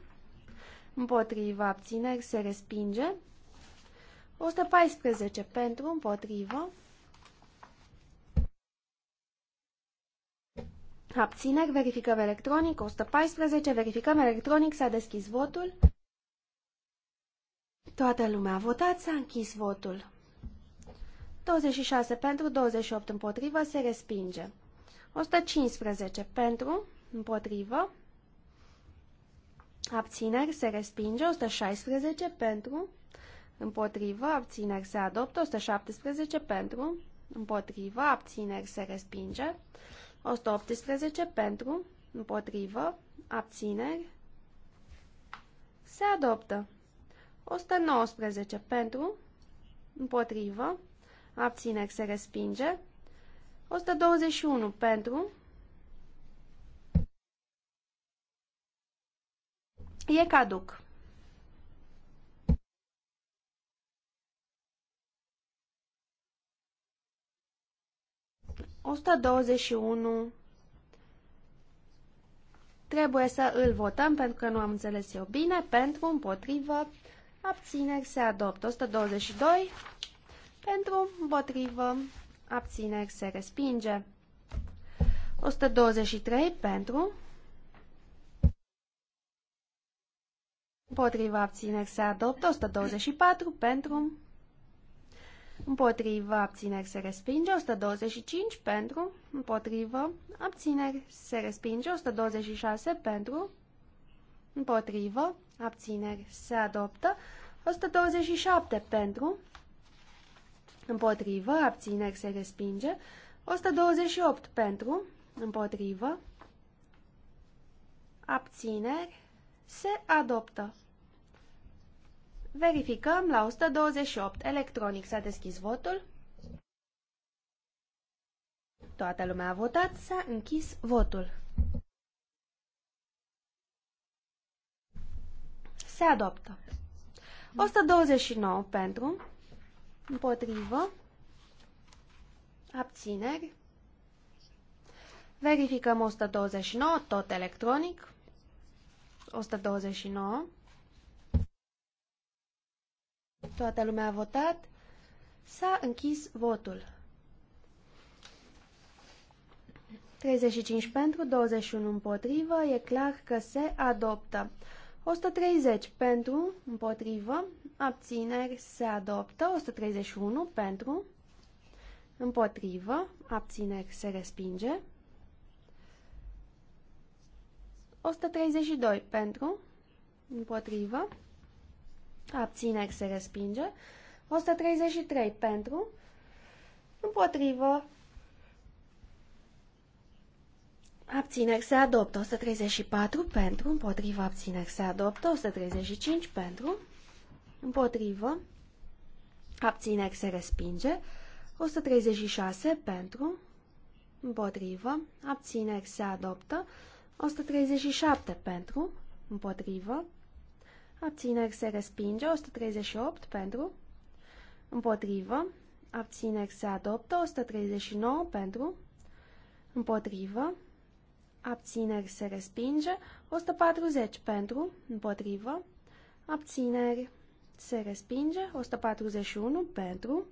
Împotriva abțineri se respinge. 114 pentru. Împotriva. Abțineri, verificăm electronic, 114, verificăm electronic, s-a deschis votul. Toată lumea a votat, s-a închis votul. 26 pentru, 28 împotrivă, se respinge. 115 pentru, împotrivă, abțineri, se respinge. 116 pentru, împotrivă, abțineri, se adoptă. 117 pentru, împotrivă, abțineri, se respinge. 118 pentru, împotrivă, abțineri, se adoptă. 119 pentru, împotrivă, abțineri se respinge. 121 pentru. E caduc. Osta 21 trebuie să îl votăm pentru că nu am înțeles eu bine, pentru, împotrivă, abțineri se adoptă. 122 pentru, împotrivă, abțineri se respinge. 123 pentru, împotrivă, abțineri se adoptă, 124 pentru, împotrivă, abțineri se respinge, 125 pentru, împotrivă, abțineri se respinge, 126 pentru, împotrivă, abțineri se adoptă, 127 pentru, împotrivă, abțineri se respinge, 128 pentru, împotrivă, abțineri se adoptă. Verificăm la 128. Electronic s-a deschis votul. Toată lumea a votat, s-a închis votul. Se adoptă. 129 pentru, Împotrivă. Abțineri. Verificăm 129, tot electronic. 129. Toată lumea a votat. S-a închis votul. 35 pentru, 21 împotrivă, e clar că se adoptă. 130 pentru, împotrivă, abțineri se adoptă, 131 pentru, împotrivă, abțineri se respinge, 132 pentru, împotrivă, abțineri se respinge, 133 pentru, împotrivă, Abțineri se adoptă 134 pentru, împotriva abțineri se adoptă 135 pentru, împotrivă, abțineri se respinge, 136 pentru, împotrivă, abțineri se adoptă, 137 pentru, împotrivă, abțineri se respinge, 138 pentru, împotrivă, abțineri se adoptă, 139 pentru, împotrivă, abțineri se respinge, 140 pentru, împotrivă, abțineri se respinge, 141 pentru,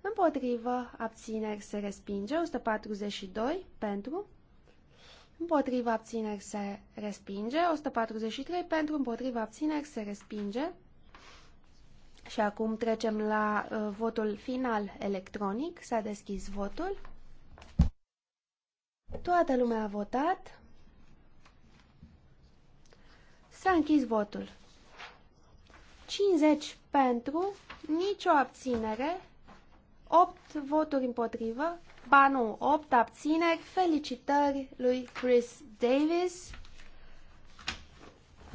împotrivă, abțineri, se respinge, 142 pentru, împotrivă, abțineri, se respinge, 143 pentru, împotrivă, abțineri, se respinge. Și acum trecem la uh, votul final electronic. S-a deschis votul. Toată lumea a votat. S-a închis votul. 50 pentru, nicio abținere, 8 voturi împotrivă, ba nu, 8 abțineri, felicitări lui Chris Davis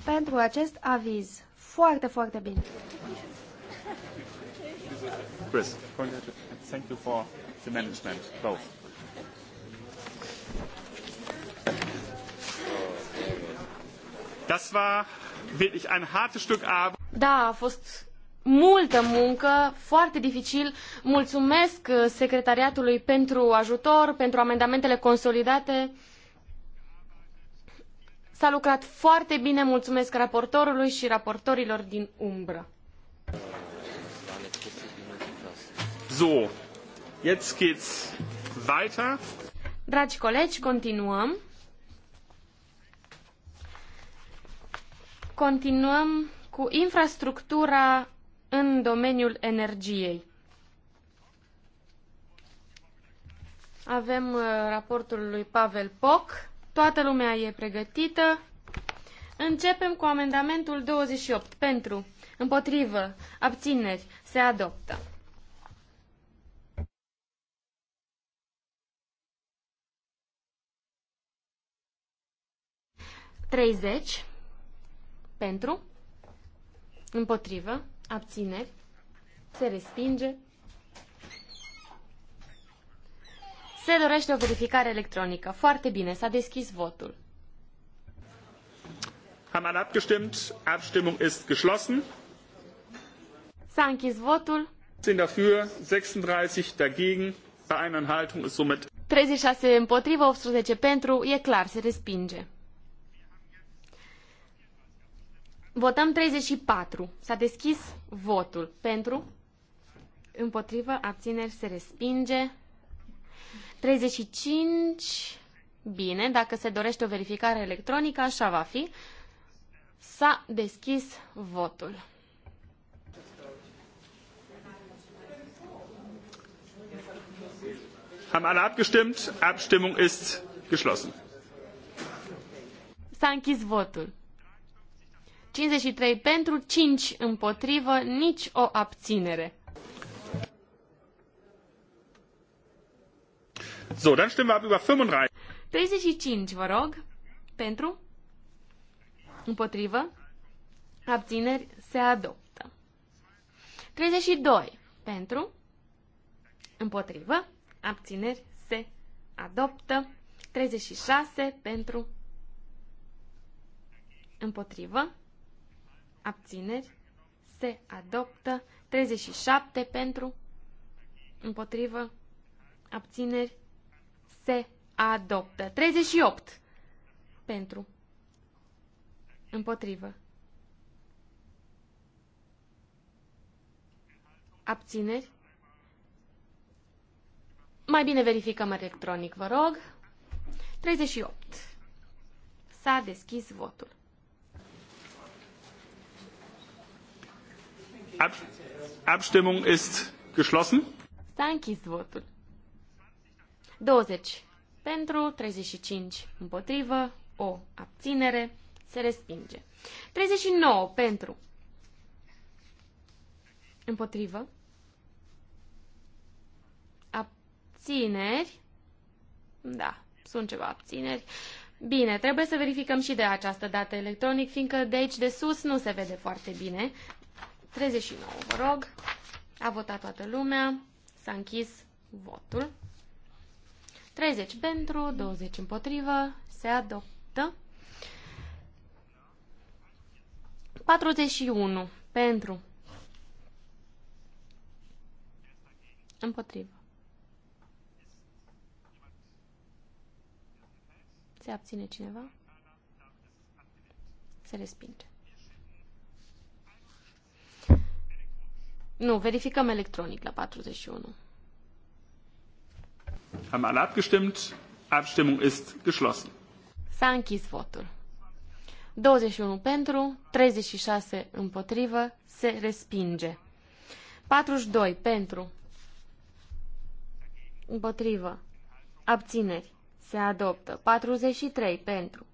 pentru acest aviz. Foarte, foarte bine. Chris, thank you for the management, both. Das war wirklich ein hartes Stück Arbeit. Da, a fost multă muncă, foarte dificil. Mulțumesc uh, secretariatului pentru ajutor, pentru amendamentele consolidate. S-a lucrat foarte bine, mulțumesc raportorului și raportorilor din umbră. So, jetzt geht's weiter. Dragi colegi, continuăm. Continuăm cu infrastructura în domeniul energiei. Avem uh, raportul lui Pavel Poc. Toată lumea e pregătită. Începem cu amendamentul 28. Pentru, împotrivă, abțineri, se adoptă. Treizeci. Pentru. Împotrivă. Abțineri. Se respinge. Se dorește o verificare electronică. Foarte bine, s-a deschis votul. Am alle abgestimmt? Abstimmung ist geschlossen. S-a închis votul. Sind dafür, 36 dagegen, bei einer Enthaltung ist somit 36 împotrivă, 18 pentru, e clar, se respinge. Votăm 34. S-a deschis votul. Pentru, împotrivă, abțineri, se respinge. 35. Bine, dacă se dorește o verificare electronică, așa va fi. S-a deschis votul. Haben alle abgestimmt? Abstimmung ist geschlossen. S-a închis votul. 53 pentru, 5 împotrivă, nici o abținere. So, dann stimmen wir ab über 35. 35, vă rog, pentru, împotrivă, abțineri, se adoptă. 32, pentru, împotrivă, abțineri, se adoptă. 36, pentru, împotrivă, abțineri, se adoptă. 37 pentru, împotrivă, abțineri, se adoptă. 38 pentru, împotrivă, abțineri. Mai bine verificăm electronic, vă rog. 38. S-a deschis votul. Ab Abstimmung ist geschlossen. închis votul. 20 pentru, 35 împotrivă, o abținere, se respinge. 39 pentru, împotrivă, abțineri, da, sunt ceva abțineri. Bine, trebuie să verificăm și de această dată electronic, fiindcă de aici de sus nu se vede foarte bine. 39, vă rog. A votat toată lumea. S-a închis votul. 30 pentru, 20 împotrivă. Se adoptă. 41 pentru. Împotrivă. Se abține cineva? Se respinge. Nu, verificăm electronic la 41. Am alle abgestimmt. Abstimmung ist geschlossen. S-a închis votul. 21 pentru, 36 împotrivă, se respinge. 42 pentru, împotrivă, abțineri, se adoptă. 43 pentru,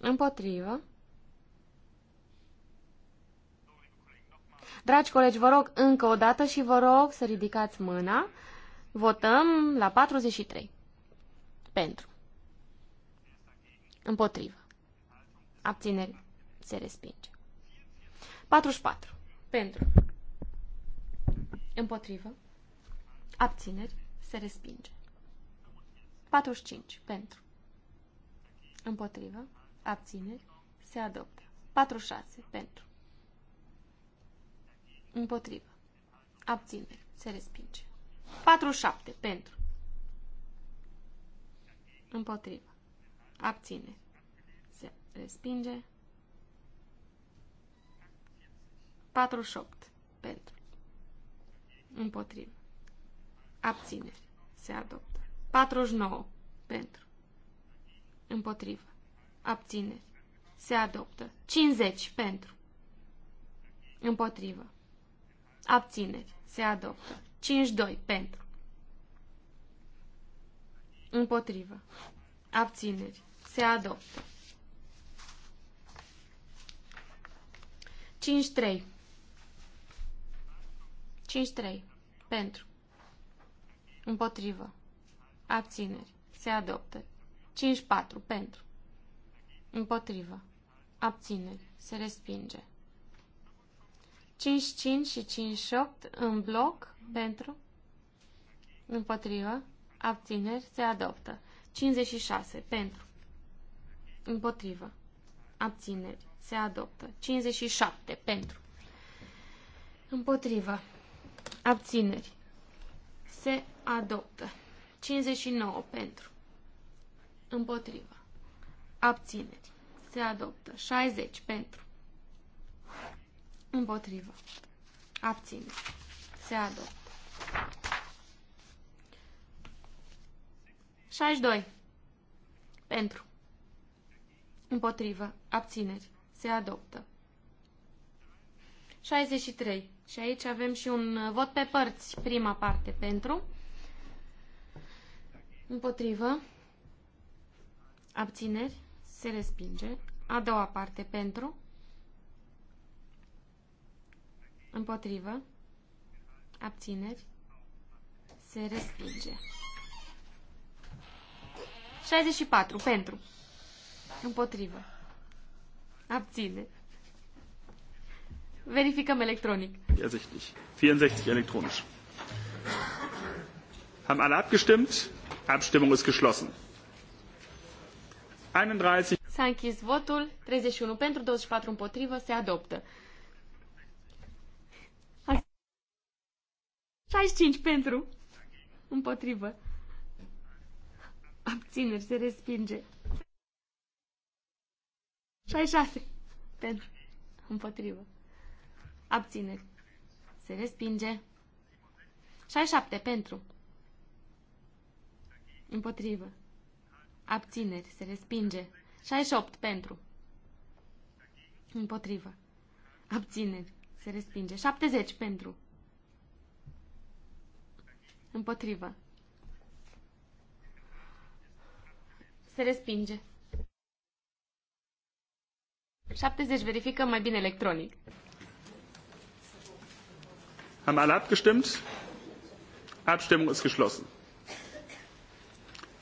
împotrivă, Dragi colegi, vă rog încă o dată și vă rog să ridicați mâna. Votăm la 43. Pentru. Împotrivă. Abțineri. Se respinge. 44. Pentru. Împotrivă. Abțineri. Se respinge. 45. Pentru. Împotrivă. Abțineri. Se adoptă. 46. Pentru. Împotrivă. Abține. Se respinge. 47. Pentru. Împotrivă. Abține. Se respinge. 48. Pentru. Împotrivă. Abține. Se adoptă. 49. Pentru. Împotrivă. Abține. Se adoptă. 50. Pentru. Împotrivă. Abțineri. Se adoptă. 5-2. Pentru. Împotrivă. Abțineri. Se adoptă. 5-3. 5-3. Pentru. Împotrivă. Abțineri. Se adoptă. 5-4. Pentru. Împotrivă. Abțineri. Se respinge. 5-5. 5.5 și 5.8 în bloc pentru, împotrivă, abțineri, se adoptă. 56 pentru, împotrivă, abțineri, se adoptă. 57 pentru, împotrivă, abțineri, se adoptă. 59 pentru, împotrivă, abțineri, se adoptă. 60 pentru, Împotrivă. Abține. Se adoptă. 62. Pentru. Împotrivă. Abțineri. Se adoptă. 63. Și aici avem și un uh, vot pe părți. Prima parte pentru. Împotrivă. Abțineri. Se respinge. A doua parte pentru. Împotrivă. Abțineri. Se respinge. 64. Pentru. Împotrivă. Abține. Verificăm electronic. Ersichtlich. 64 electronic. Haben alle abgestimmt? Abstimmung ist geschlossen. 31. S-a închis votul, 31 pentru, 24 împotrivă, se adoptă. 65 pentru. Împotrivă. Abțineri, se respinge. 66 pentru. Împotrivă. Abțineri. Se respinge. 67 pentru. Împotrivă. Abțineri. Se respinge. 68 pentru. Împotrivă. Abțineri. Se respinge. 70 pentru. Împotrivă. Se respinge. 70. verifică mai bine electronic. Haben alle abgestimmt? Abstimmung ist geschlossen.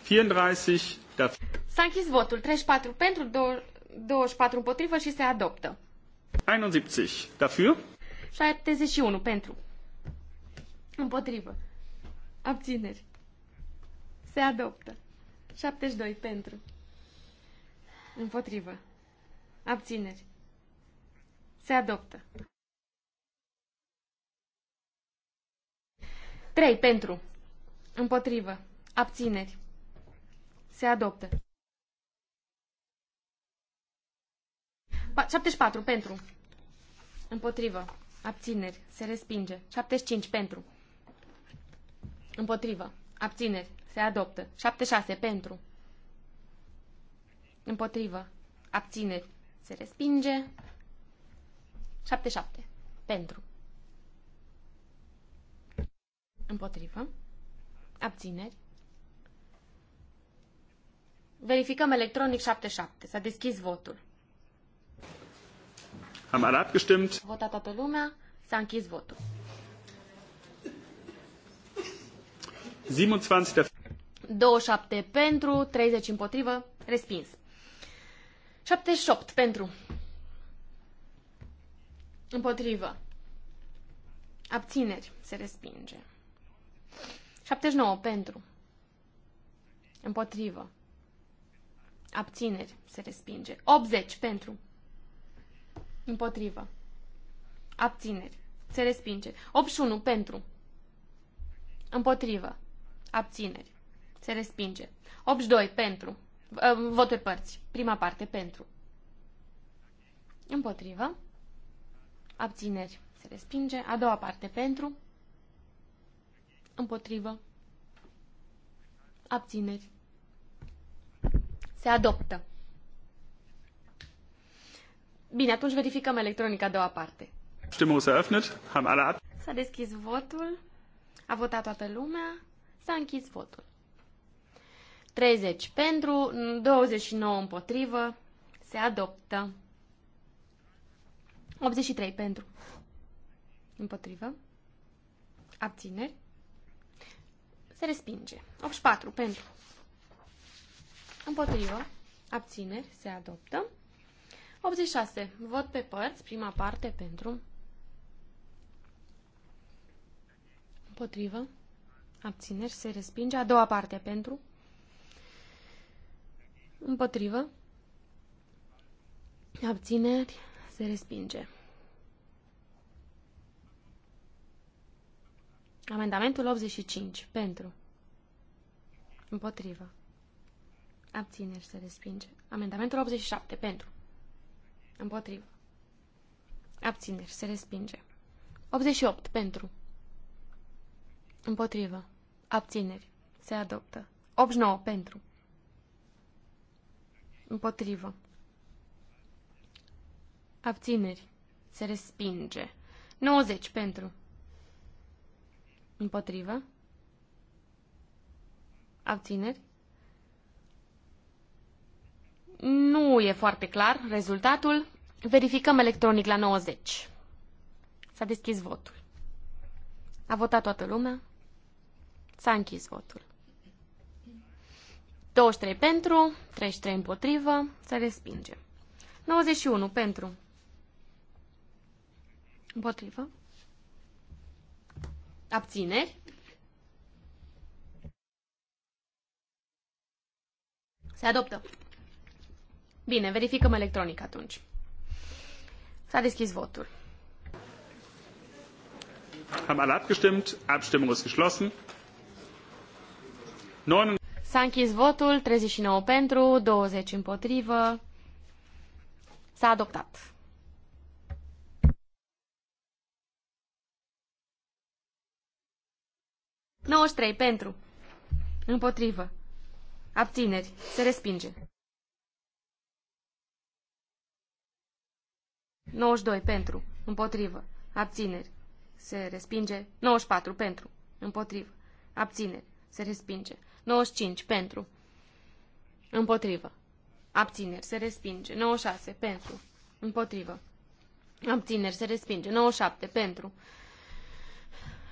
34 dafür. S-a închis votul. 34 pentru, 24 împotrivă și se adoptă. 71 dafür. 71 pentru. Împotrivă. Abțineri. Se adoptă. 72 pentru. Împotrivă. Abțineri. Se adoptă. 3 pentru. Împotrivă. Abțineri. Se adoptă. 74 pentru. Împotrivă. Abțineri. Se respinge. 75 pentru. Împotrivă. Abțineri. Se adoptă. 76. Pentru. Împotrivă. Abțineri. Se respinge. 77. Pentru. Împotrivă. Abțineri. Verificăm electronic 77. S-a deschis votul. Am gestimt. Votat toată lumea. S-a închis votul. 27. pentru, 30 împotrivă, respins. 78 pentru. Împotrivă. Abțineri se respinge. 79 pentru. Împotrivă. Abțineri se respinge. 80 pentru. Împotrivă. Abțineri se respinge. 81 pentru. Împotrivă. Abțineri. Se respinge. 82 pentru. Uh, voturi părți. Prima parte pentru. Împotrivă. Abțineri. Se respinge. A doua parte pentru. Împotrivă. Abțineri. Se adoptă. Bine, atunci verificăm electronica a doua parte. S-a deschis votul. A votat toată lumea. S-a închis votul. 30 pentru, 29 împotrivă, se adoptă. 83 pentru. Împotrivă. Abțineri. Se respinge. 84 pentru. Împotrivă. Abțineri. Se adoptă. 86. Vot pe părți. Prima parte pentru. Împotrivă. Abțineri se respinge. A doua parte pentru. Împotrivă. Abțineri se respinge. Amendamentul 85. Pentru. Împotrivă. Abțineri se respinge. Amendamentul 87. Pentru. Împotrivă. Abțineri se respinge. 88. Pentru. Împotrivă. Abțineri. Se adoptă. 89 pentru. Împotrivă. Abțineri. Se respinge. 90 pentru. Împotrivă. Abțineri. Nu e foarte clar rezultatul. Verificăm electronic la 90. S-a deschis votul. A votat toată lumea. S-a închis votul. 23 pentru, 33 împotrivă, se respinge. 91 pentru. Împotrivă. Abțineri. Se adoptă. Bine, verificăm electronic atunci. S-a deschis votul. Am alle abgestimmt. Abstimmung ist geschlossen. S-a închis votul, 39 pentru, 20 împotrivă. S-a adoptat. trei pentru. Împotrivă. Abțineri. Se respinge. 92 pentru. Împotrivă. Abțineri. Se respinge. 94 pentru. Împotrivă. Abțineri. Se respinge. 95 pentru. Împotrivă. Abțineri se respinge. 96 pentru. Împotrivă. Abțineri se respinge. 97 pentru.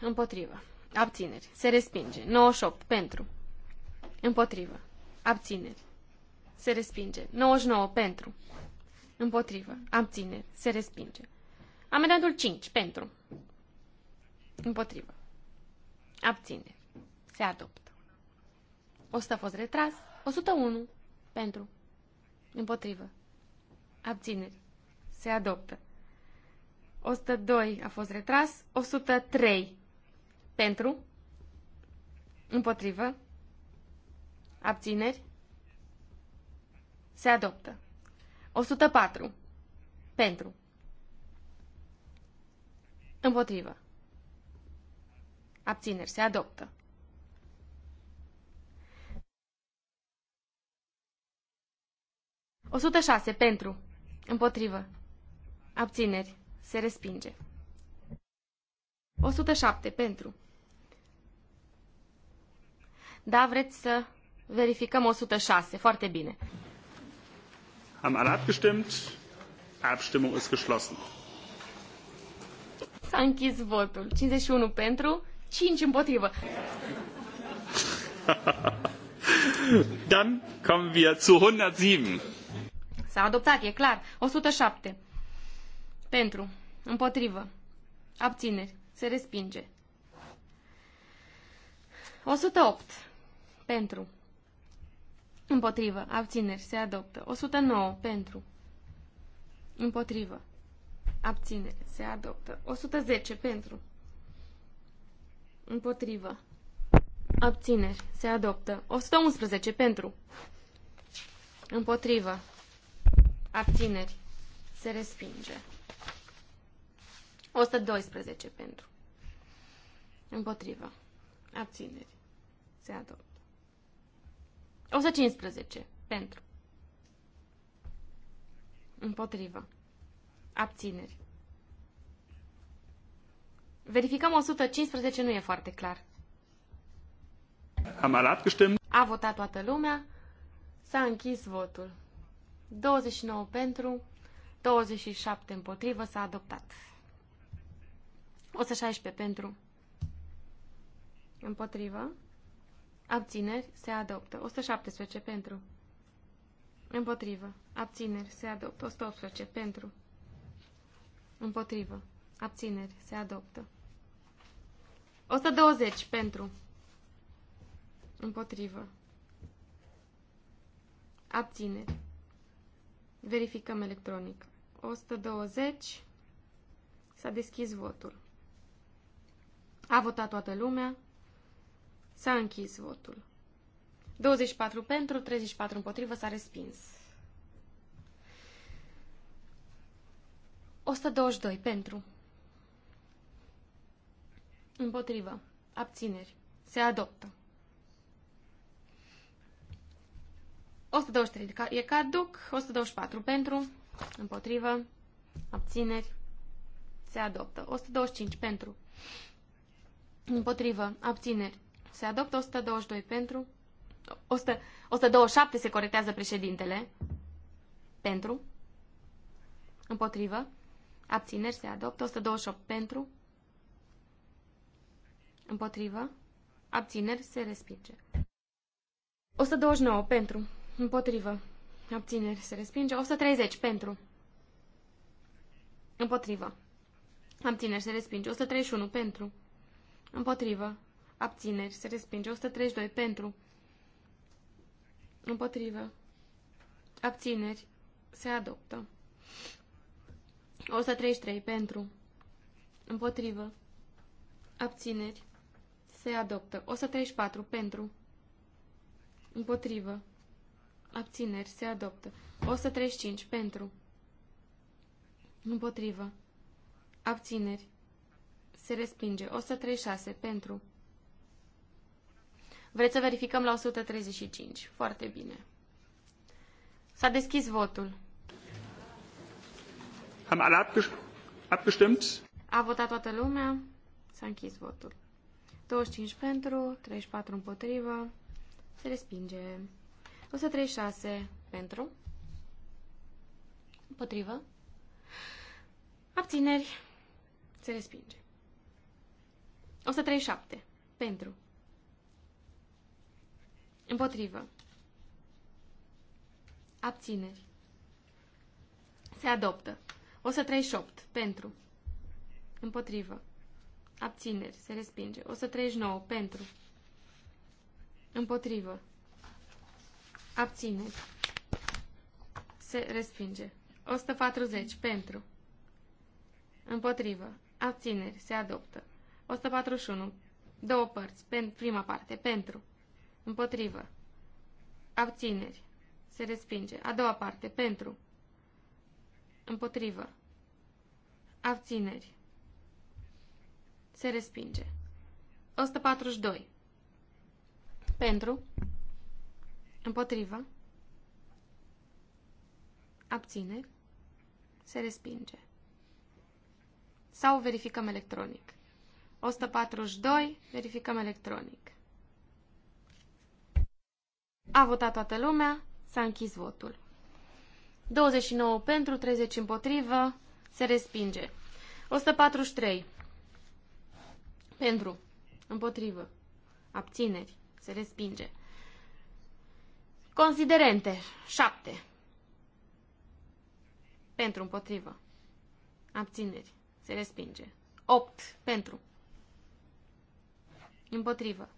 Împotrivă. Abțineri se respinge. 98 pentru. Împotrivă. Abțineri se respinge. 99 pentru. Împotrivă. Abțineri se respinge. Amendamentul 5 pentru. Împotrivă. Abțineri. Se adoptă. 100 a fost retras. 101 pentru. Împotrivă. Abțineri. Se adoptă. 102 a fost retras. 103 pentru. Împotrivă. Abțineri. Se adoptă. 104 pentru. Împotrivă. Abțineri. Se adoptă. 106. Pentru. Împotrivă. Abțineri. Se respinge. 107. Pentru. Da, vreți să verificăm 106. Foarte bine. Am alle abgestimmt. Abstimmung ist geschlossen. S-a închis votul. 51 pentru, 5 împotrivă. [LAUGHS] Dann kommen wir zu 107. S-a adoptat, e clar. 107. Pentru. Împotrivă. Abțineri. Se respinge. 108. Pentru. Împotrivă. Abțineri. Se adoptă. 109. Pentru. Împotrivă. Abțineri. Se adoptă. 110. Pentru. Împotrivă. Abțineri. Se adoptă. 111. Pentru. Împotrivă. Abțineri. Se respinge. 112 pentru. Împotrivă. Abțineri. Se adoptă. 115 pentru. Împotrivă. Abțineri. Verificăm 115, nu e foarte clar. Am alat A votat toată lumea. S-a închis votul. 29 pentru, 27 împotrivă, s-a adoptat. 116 pentru, împotrivă, abțineri, se adoptă. 117 pentru, împotrivă, abțineri, se adoptă. 118 pentru, împotrivă, abțineri, se adoptă. 120 pentru, împotrivă, abțineri. Verificăm electronic. 120. S-a deschis votul. A votat toată lumea. S-a închis votul. 24 pentru, 34 împotrivă, s-a respins. 122 pentru. Împotrivă. Abțineri. Se adoptă. 123 e caduc, 124 pentru, împotrivă, abțineri, se adoptă. 125 pentru, împotrivă, abțineri, se adoptă. 122 pentru, 100, 127 se corectează președintele, pentru, împotrivă, abțineri, se adoptă. 128 pentru, împotrivă, abțineri, se respinge. 129 pentru, Împotrivă. Abțineri se respinge. 130 pentru. Împotrivă. Abțineri se respinge. 131 pentru. Împotrivă. Abțineri se respinge. 132 pentru. Împotrivă. Abțineri se adoptă. 133 pentru. Împotrivă. Abțineri se adoptă. 134 pentru. Împotrivă. Abțineri. Se adoptă. 135. Pentru. Împotrivă. Abțineri. Se respinge. 136. Pentru. Vreți să verificăm la 135. Foarte bine. S-a deschis votul. Am alle abgestimmt? A votat toată lumea. S-a închis votul. 25 pentru, 34 împotrivă. Se respinge. 136 pentru. Împotrivă. Abțineri. Se respinge. 137 pentru. Împotrivă. Abțineri. Se adoptă. 138 pentru. Împotrivă. Abțineri. Se respinge. 139 pentru. Împotrivă. Abțineri. Se respinge. 140. Pentru. Împotrivă. Abțineri. Se adoptă. 141. Două părți. Pen, prima parte. Pentru. Împotrivă. Abțineri. Se respinge. A doua parte. Pentru. Împotrivă. Abțineri. Se respinge. 142. Pentru. Împotrivă. Abțineri. Se respinge. Sau verificăm electronic. 142. Verificăm electronic. A votat toată lumea. S-a închis votul. 29 pentru, 30 împotrivă. Se respinge. 143. Pentru. Împotrivă. Abțineri. Se respinge. Considerente. Șapte. Pentru, împotrivă. Abțineri. Se respinge. opt, Pentru. Împotrivă.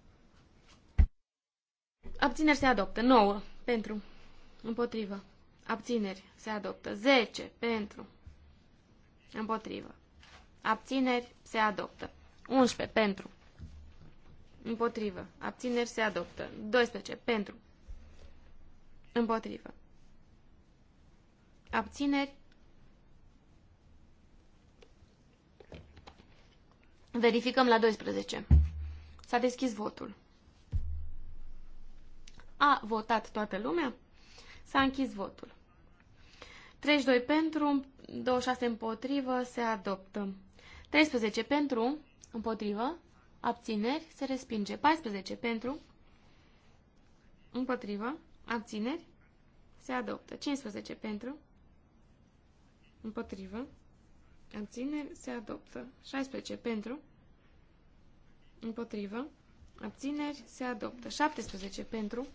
Abțineri se adoptă. nouă, Pentru. Împotrivă. Abțineri se adoptă. zece, Pentru. Împotrivă. Abțineri se adoptă. 11. Pentru. Împotrivă. Abțineri se adoptă. 12. Pentru. Împotrivă. Abțineri. Verificăm la 12. S-a deschis votul. A votat toată lumea? S-a închis votul. 32 pentru, 26 împotrivă, se adoptă. 13 pentru, împotrivă, abțineri, se respinge. 14 pentru, împotrivă, Abțineri? Se adoptă. 15 pentru. Împotrivă. Abțineri? Se adoptă. 16 pentru. Împotrivă. Abțineri? Se adoptă. 17 pentru.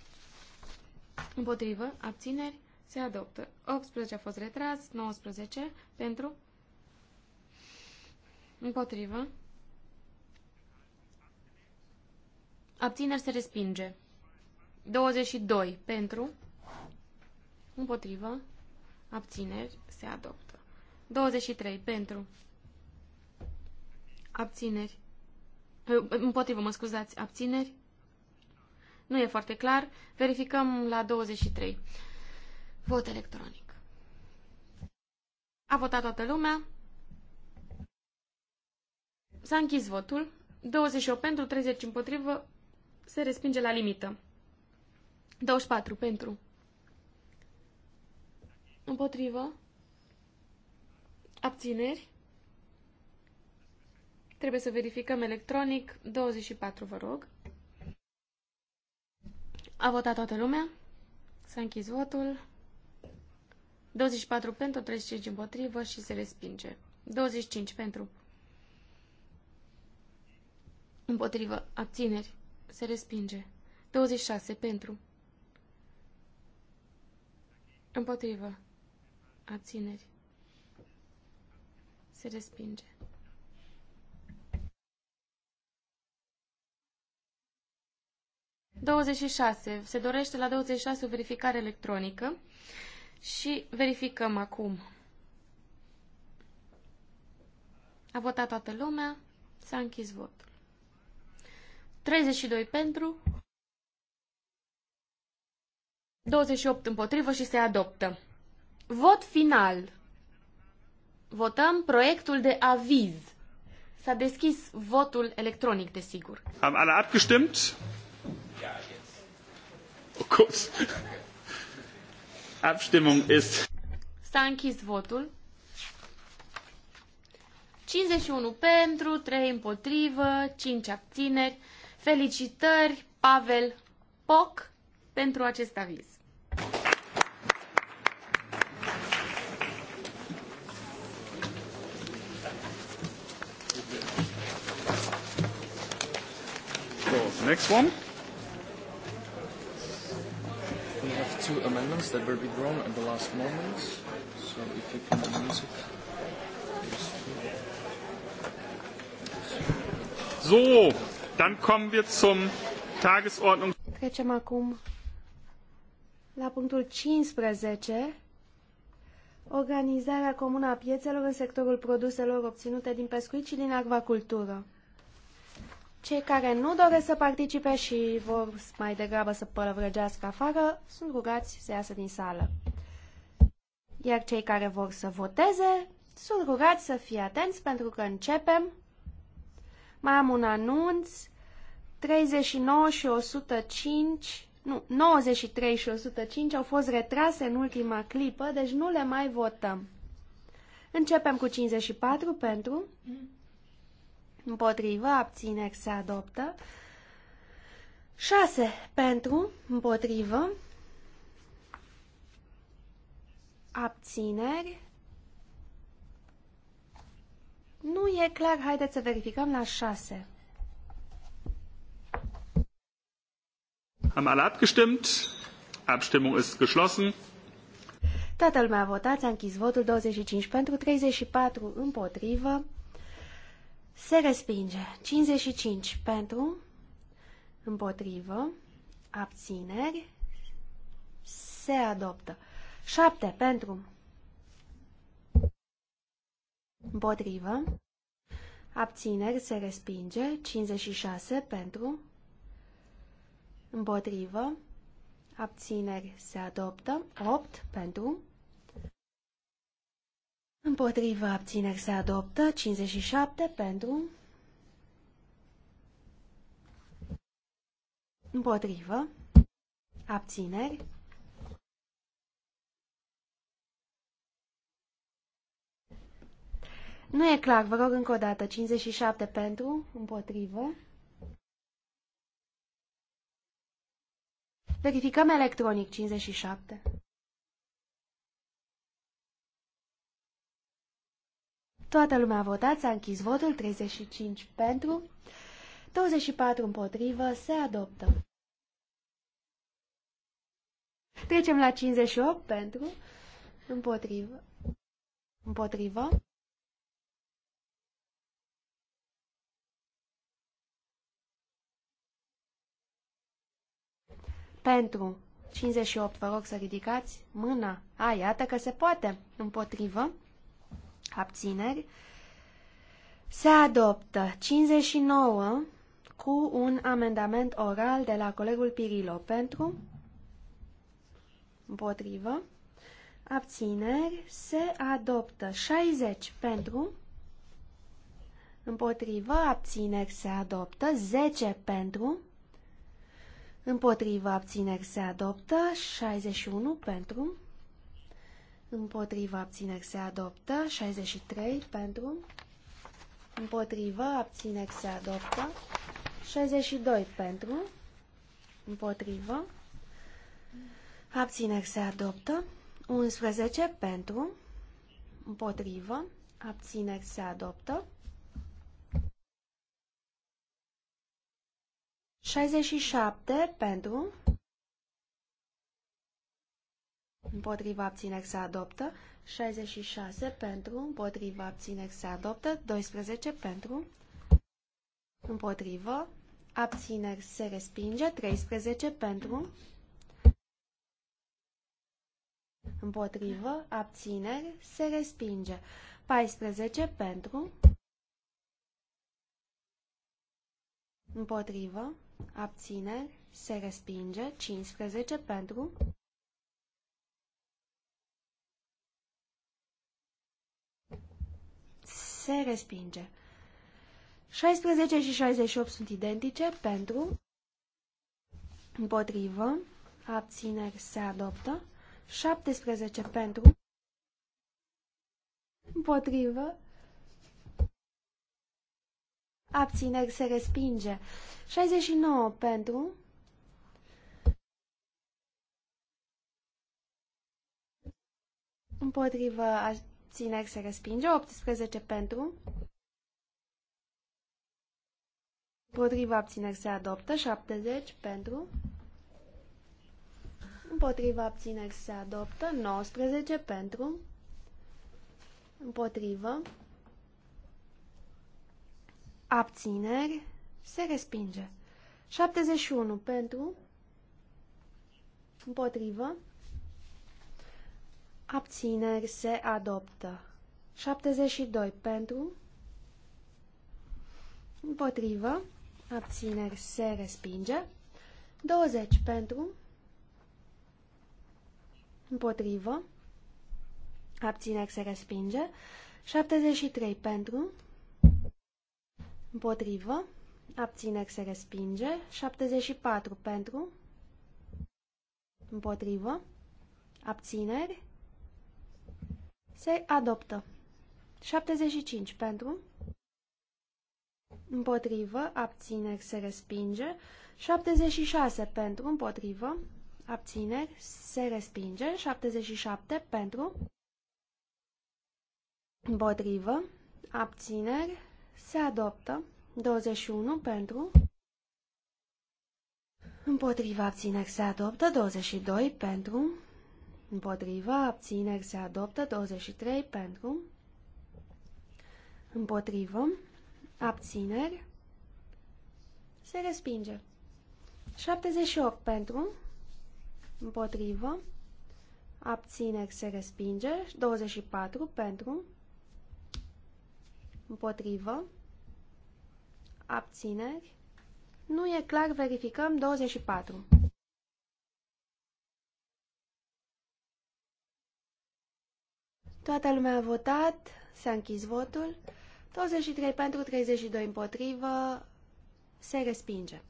Împotrivă. Abțineri? Se adoptă. 18 a fost retras. 19 pentru. Împotrivă. Abțineri se respinge. 22 pentru, împotrivă, abțineri, se adoptă. 23 pentru, abțineri, împotrivă, mă scuzați, abțineri, nu e foarte clar, verificăm la 23. Vot electronic. A votat toată lumea. S-a închis votul. 28 pentru, 30 împotrivă, se respinge la limită. 24 pentru. Împotrivă. Abțineri. Trebuie să verificăm electronic. 24, vă rog. A votat toată lumea. S-a închis votul. 24 pentru, 35 împotrivă și se respinge. 25 pentru. Împotrivă. Abțineri. Se respinge. 26 pentru. Împotrivă. Abțineri. Se respinge. Se dorește la 26 o verificare electronică și verificăm acum. A votat toată lumea, s-a închis votul. 32 pentru, 28 împotrivă și se adoptă. Vot final. Votăm proiectul de aviz. S-a deschis votul electronic, desigur. Am alle abgestimmt? Oh, Gott. Abstimmung ist. S-a închis votul. 51 pentru, 3 împotrivă, 5 abțineri. Felicitări, Pavel Poc, pentru acest aviz. Next one. We have two amendments that were withdrawn at the last moment, so if you can use it. So, dann kommen wir zum Tagesordnung. Trecem acum la punctul 15, organizarea comună a piețelor în sectorul produselor obținute din pescuit și din acvacultură. Cei care nu doresc să participe și vor mai degrabă să pălăvrăgească afară, sunt rugați să iasă din sală. Iar cei care vor să voteze, sunt rugați să fie atenți pentru că începem. Mai am un anunț. 39 și 105, nu, 93 și 105 au fost retrase în ultima clipă, deci nu le mai votăm. Începem cu 54 pentru... Mm împotrivă, abțineri se adoptă. 6 pentru, împotrivă, abțineri. Nu e clar, haideți să verificăm la 6. Am alle abgestimmt. Abstimmung ist geschlossen. Toată lumea a votat, a închis votul 25 pentru 34 împotrivă. Se respinge. 55 pentru, împotrivă, abțineri, se adoptă. 7 pentru, împotrivă, abțineri, se respinge. 56 pentru, împotrivă, abțineri, se adoptă. 8 pentru, Împotriva abțineri se adoptă 57 pentru. Împotrivă. Abțineri. Nu e clar, vă rog încă o dată, 57 pentru, împotrivă. Verificăm electronic 57. Toată lumea a votat, s-a închis votul, 35 pentru, 24 împotrivă, se adoptă. Trecem la 58 pentru, împotrivă, împotrivă. Pentru 58, vă rog să ridicați mâna. A, iată că se poate. Împotrivă. Abțineri. Se adoptă 59 cu un amendament oral de la colegul Pirilo pentru, împotrivă, abțineri, se adoptă 60 pentru, împotrivă, abțineri, se adoptă 10 pentru, împotrivă, abțineri, se adoptă 61 pentru, Împotriva abțineri se adoptă. 63 pentru. Împotrivă abțineri se adoptă. 62 pentru. Împotrivă. Abțineri se adoptă. 11 pentru. Împotrivă. Abțineri se adoptă. 67 pentru. împotriva abțineri se adoptă, 66 pentru, împotriva abțineri se adoptă, 12 pentru, împotrivă, abțineri se respinge, 13 pentru, împotrivă, abțineri se respinge, 14 pentru, împotrivă, abțineri se respinge, 15 pentru, se respinge. 16 și 68 sunt identice pentru, împotrivă, abțineri se adoptă, 17 pentru, împotrivă, abțineri se respinge, 69 pentru, împotrivă, abțineri se respinge, 18 pentru, împotriva abțineri se adoptă, 70 pentru, împotriva abțineri se adoptă, 19 pentru, împotrivă, abțineri se respinge, 71 pentru, împotrivă, Abțineri se adoptă. 72 pentru. Împotrivă. Abțineri se respinge. 20 pentru. Împotrivă. Abțineri se respinge. 73 pentru. Împotrivă. Abțineri se respinge. 74 pentru. Împotrivă. Abțineri se adoptă. 75 pentru. Împotrivă. Abțineri. Se respinge. 76 pentru. Împotrivă. Abțineri. Se respinge. 77 pentru. Împotrivă. Abțineri. Se adoptă. 21 pentru. Împotriva abțineri se adoptă 22 pentru. Împotriva, abțineri se adoptă 23 pentru. Împotrivă, abțineri se respinge. 78 pentru. Împotrivă, abțineri se respinge. 24 pentru. Împotrivă, abțineri. Nu e clar, verificăm 24. Toată lumea a votat, s-a închis votul. 23 pentru, 32 împotrivă, se respinge.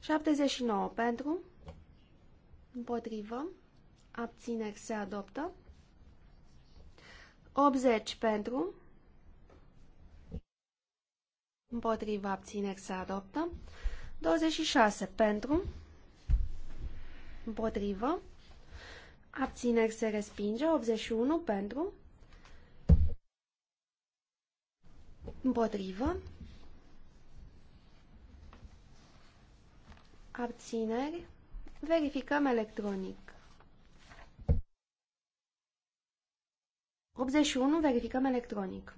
79 pentru, împotrivă, abțineri se adoptă. 80 pentru, împotrivă, abțineri se adoptă. 26 pentru, împotrivă, Abțineri se respinge. 81 pentru. Împotrivă. Abțineri. Verificăm electronic. 81. Verificăm electronic.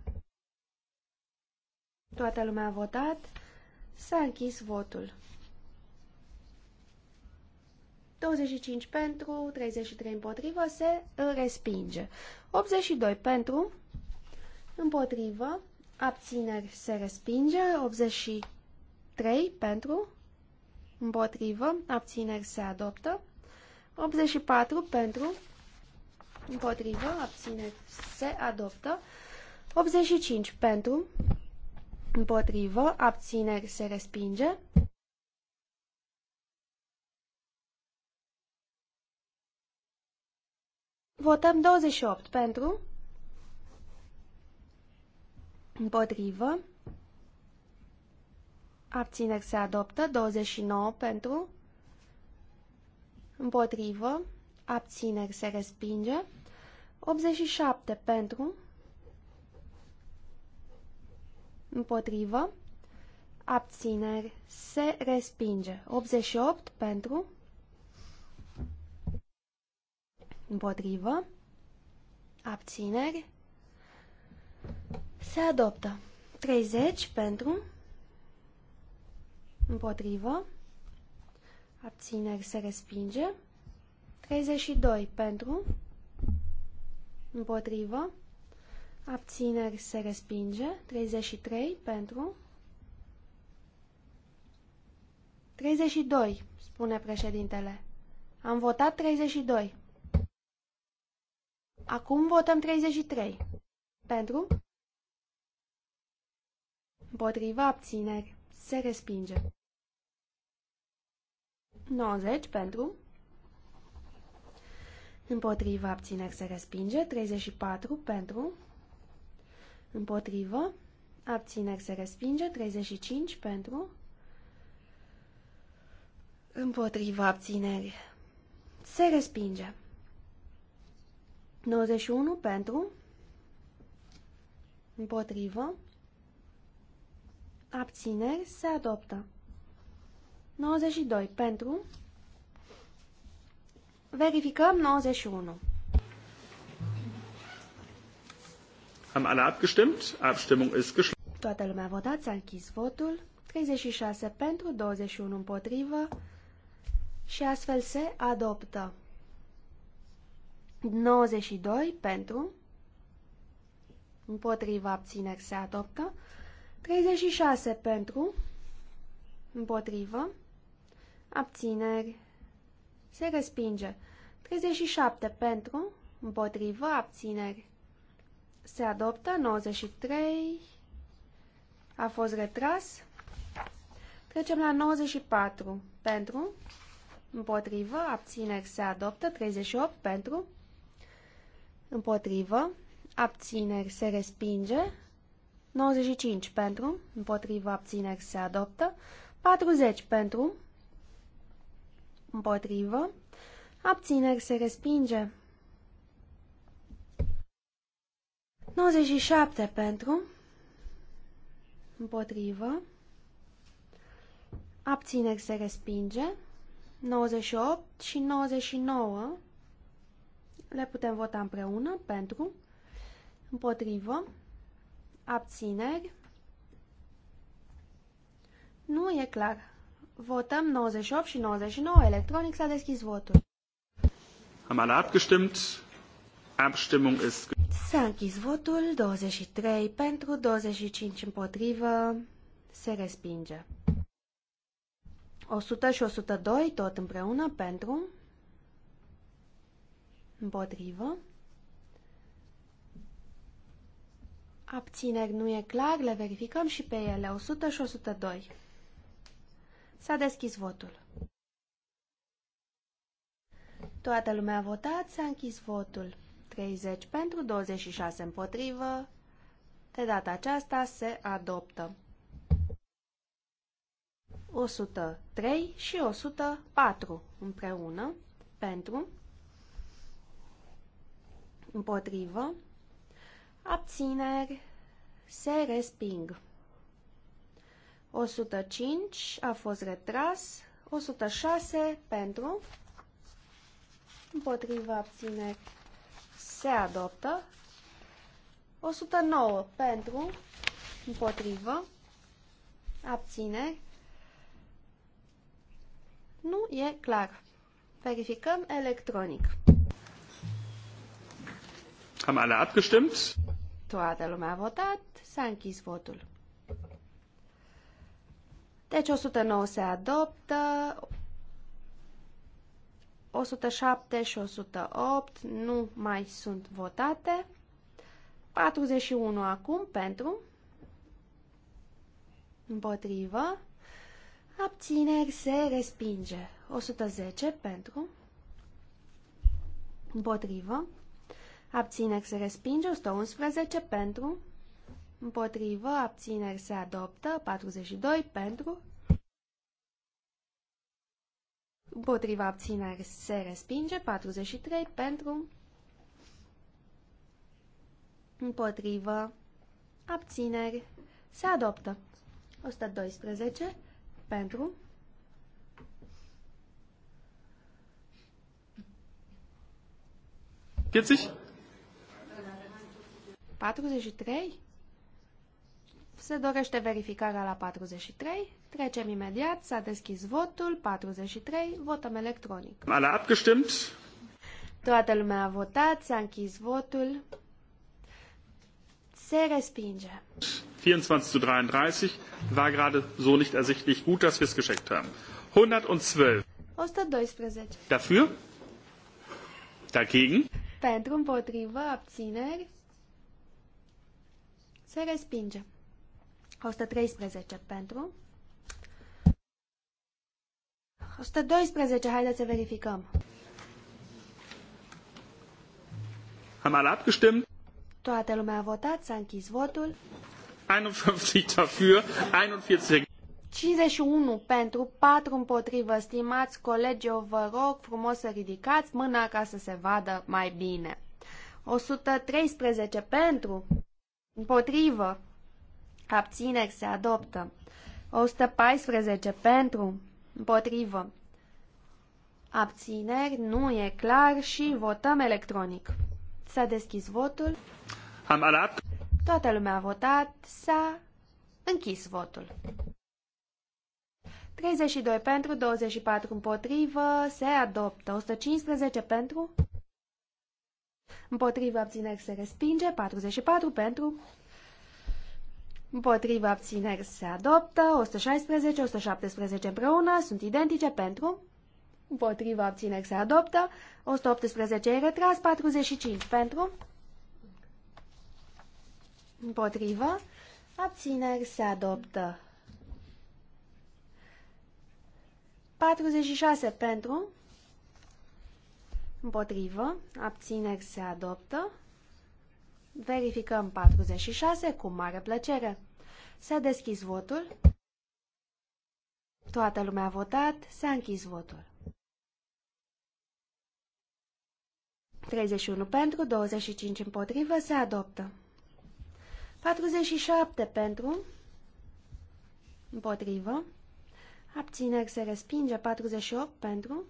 Toată lumea a votat. S-a închis votul. 25 pentru, 33 împotrivă, se respinge. 82 pentru, împotrivă, abțineri se respinge, 83 pentru, împotrivă, abțineri se adoptă, 84 pentru, împotrivă, abțineri se adoptă, 85 pentru, împotrivă, abțineri se respinge, Votăm 28 pentru, împotrivă, abțineri se adoptă, 29 pentru, împotrivă, abțineri se respinge, 87 pentru, împotrivă, abțineri se respinge, 88 pentru, Împotrivă. Abțineri. Se adoptă. 30 pentru. Împotrivă. Abțineri se respinge. 32 pentru. Împotrivă. Abțineri se respinge. 33 pentru. 32, spune președintele. Am votat 32. Acum votăm 33. Pentru? Împotriva abțineri. Se respinge. 90 pentru. Împotriva abțineri se respinge. 34 pentru. Împotrivă. Abțineri se respinge. 35 pentru. Împotriva abțineri se respinge. 91 pentru, împotrivă, abțineri, se adoptă. 92 pentru, verificăm 91. Am alle abgestimmt? Abstimmung ist geschlossen. Toată lumea a votat, s-a închis votul. 36 pentru, 21 împotrivă și astfel se adoptă. 92 pentru, împotriva abțineri se adoptă, 36 pentru, împotrivă, abțineri se respinge, 37 pentru, împotrivă, abțineri se adoptă, 93 a fost retras, trecem la 94 pentru, împotrivă, abțineri se adoptă, 38 pentru, împotrivă, abțineri se respinge, 95 pentru, împotrivă, abțineri se adoptă, 40 pentru, împotrivă, abțineri se respinge, 97 pentru, împotrivă, abțineri se respinge, 98 și 99 le putem vota împreună pentru, împotrivă, abțineri. Nu e clar. Votăm 98 și 99. Electronic s-a deschis votul. Am alle abgestimmt. Abstimmung ist... S-a închis votul 23 pentru 25 împotrivă. Se respinge. 100 și 102 tot împreună pentru Împotrivă. Abțineri nu e clar, le verificăm și pe ele, 100 și 102. S-a deschis votul. Toată lumea a votat, s-a închis votul. 30 pentru, 26 împotrivă. De data aceasta se adoptă. 103 și 104 împreună pentru Împotrivă. Abțineri. Se resping. 105 a fost retras. 106 pentru. Împotrivă abțineri. Se adoptă. 109 pentru. Împotrivă. Abțineri. Nu e clar. Verificăm electronic. Haben alle abgestimmt? Toată lumea a votat, s-a închis votul. Deci 109 se adoptă, 107 și 108 nu mai sunt votate. 41 acum pentru, împotrivă, abțineri se respinge. 110 pentru, împotrivă, Abțineri se respinge, 111 pentru. Împotrivă, abțineri se adoptă, 42 pentru. Împotriva abțineri se respinge, 43 pentru. Împotrivă, abțineri se adoptă, 112 pentru. sich? 43? Se dorește verificarea la 43. Trecem imediat. S-a deschis votul. 43. Votăm electronic. Alle abgestimmt? Toată lumea a votat. S-a închis votul. Se respinge. 24 zu 33 war gerade so nicht ersichtlich. Gut, dass wir es gescheckt haben. 112. 112. Dafür? Dagegen? Pentru, împotrivă, abțineri. Se respinge. 113 pentru. 112, haideți să verificăm. Am alle abgestimmt? Toată lumea a votat, s-a închis votul. 51 dafür, 41 51 pentru, 4 împotrivă. Stimați colegi, eu vă rog frumos să ridicați mâna ca să se vadă mai bine. 113 pentru, Împotrivă. Abțineri se adoptă. 114 pentru. Împotrivă. Abțineri nu e clar și votăm electronic. S-a deschis votul. Am alat. Toată lumea a votat. S-a închis votul. 32 pentru, 24 împotrivă, se adoptă. 115 pentru, Împotrivă abțineri se respinge. 44 pentru. Împotrivă abțineri se adoptă. 116, 117 împreună. Sunt identice pentru. Împotrivă abțineri se adoptă. 118 e retras. 45 pentru. Împotrivă. Abțineri se adoptă. 46 pentru. Împotrivă. Abțineri se adoptă. Verificăm 46 cu mare plăcere. S-a deschis votul. Toată lumea a votat. S-a închis votul. 31 pentru, 25 împotrivă, se adoptă. 47 pentru, împotrivă, abțineri se respinge, 48 pentru,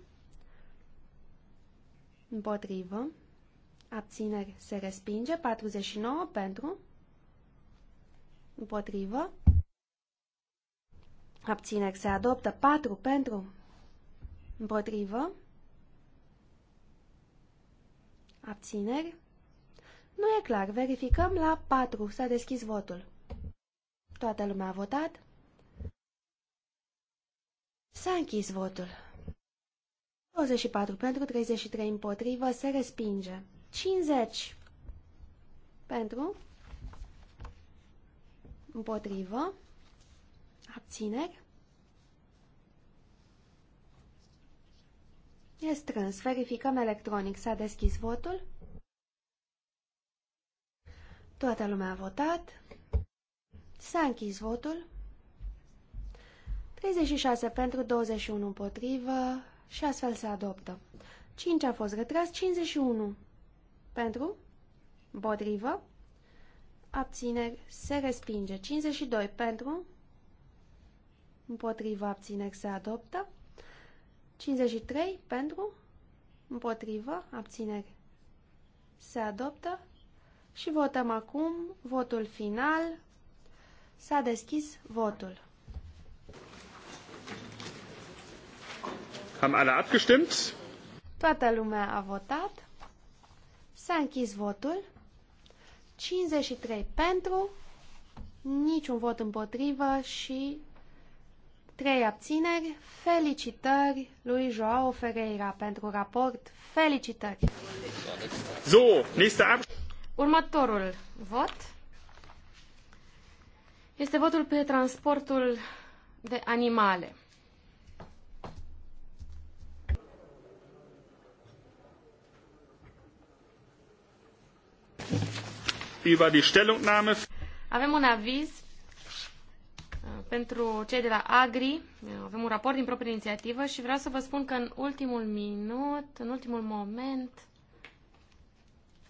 Împotrivă. Abțineri se respinge. 49 pentru. Împotrivă. Abțineri se adoptă. 4 pentru. Împotrivă. Abțineri. Nu e clar. Verificăm la 4. S-a deschis votul. Toată lumea a votat. S-a închis votul. 24 pentru, 33 împotrivă, se respinge. 50 pentru, împotrivă, abțineri. E strâns. Verificăm electronic. S-a deschis votul. Toată lumea a votat. S-a închis votul. 36 pentru, 21 împotrivă, și astfel se adoptă. 5 a fost retras, 51 pentru, împotrivă, abțineri, se respinge. 52 pentru, împotrivă, abțineri, se adoptă. 53 pentru, împotrivă, abțineri, se adoptă. Și votăm acum votul final. S-a deschis votul. Haben alle abgestimmt? Toată lumea a votat. S-a închis votul. 53 pentru, niciun vot împotrivă și 3 abțineri. Felicitări lui Joao Ferreira pentru raport. Felicitări! So, Următorul vot este votul pe transportul de animale. über die Stellungnahme. Avem un aviz uh, pentru cei de la Agri. Uh, avem un raport din proprie inițiativă și vreau să vă spun că în ultimul minut, în ultimul moment,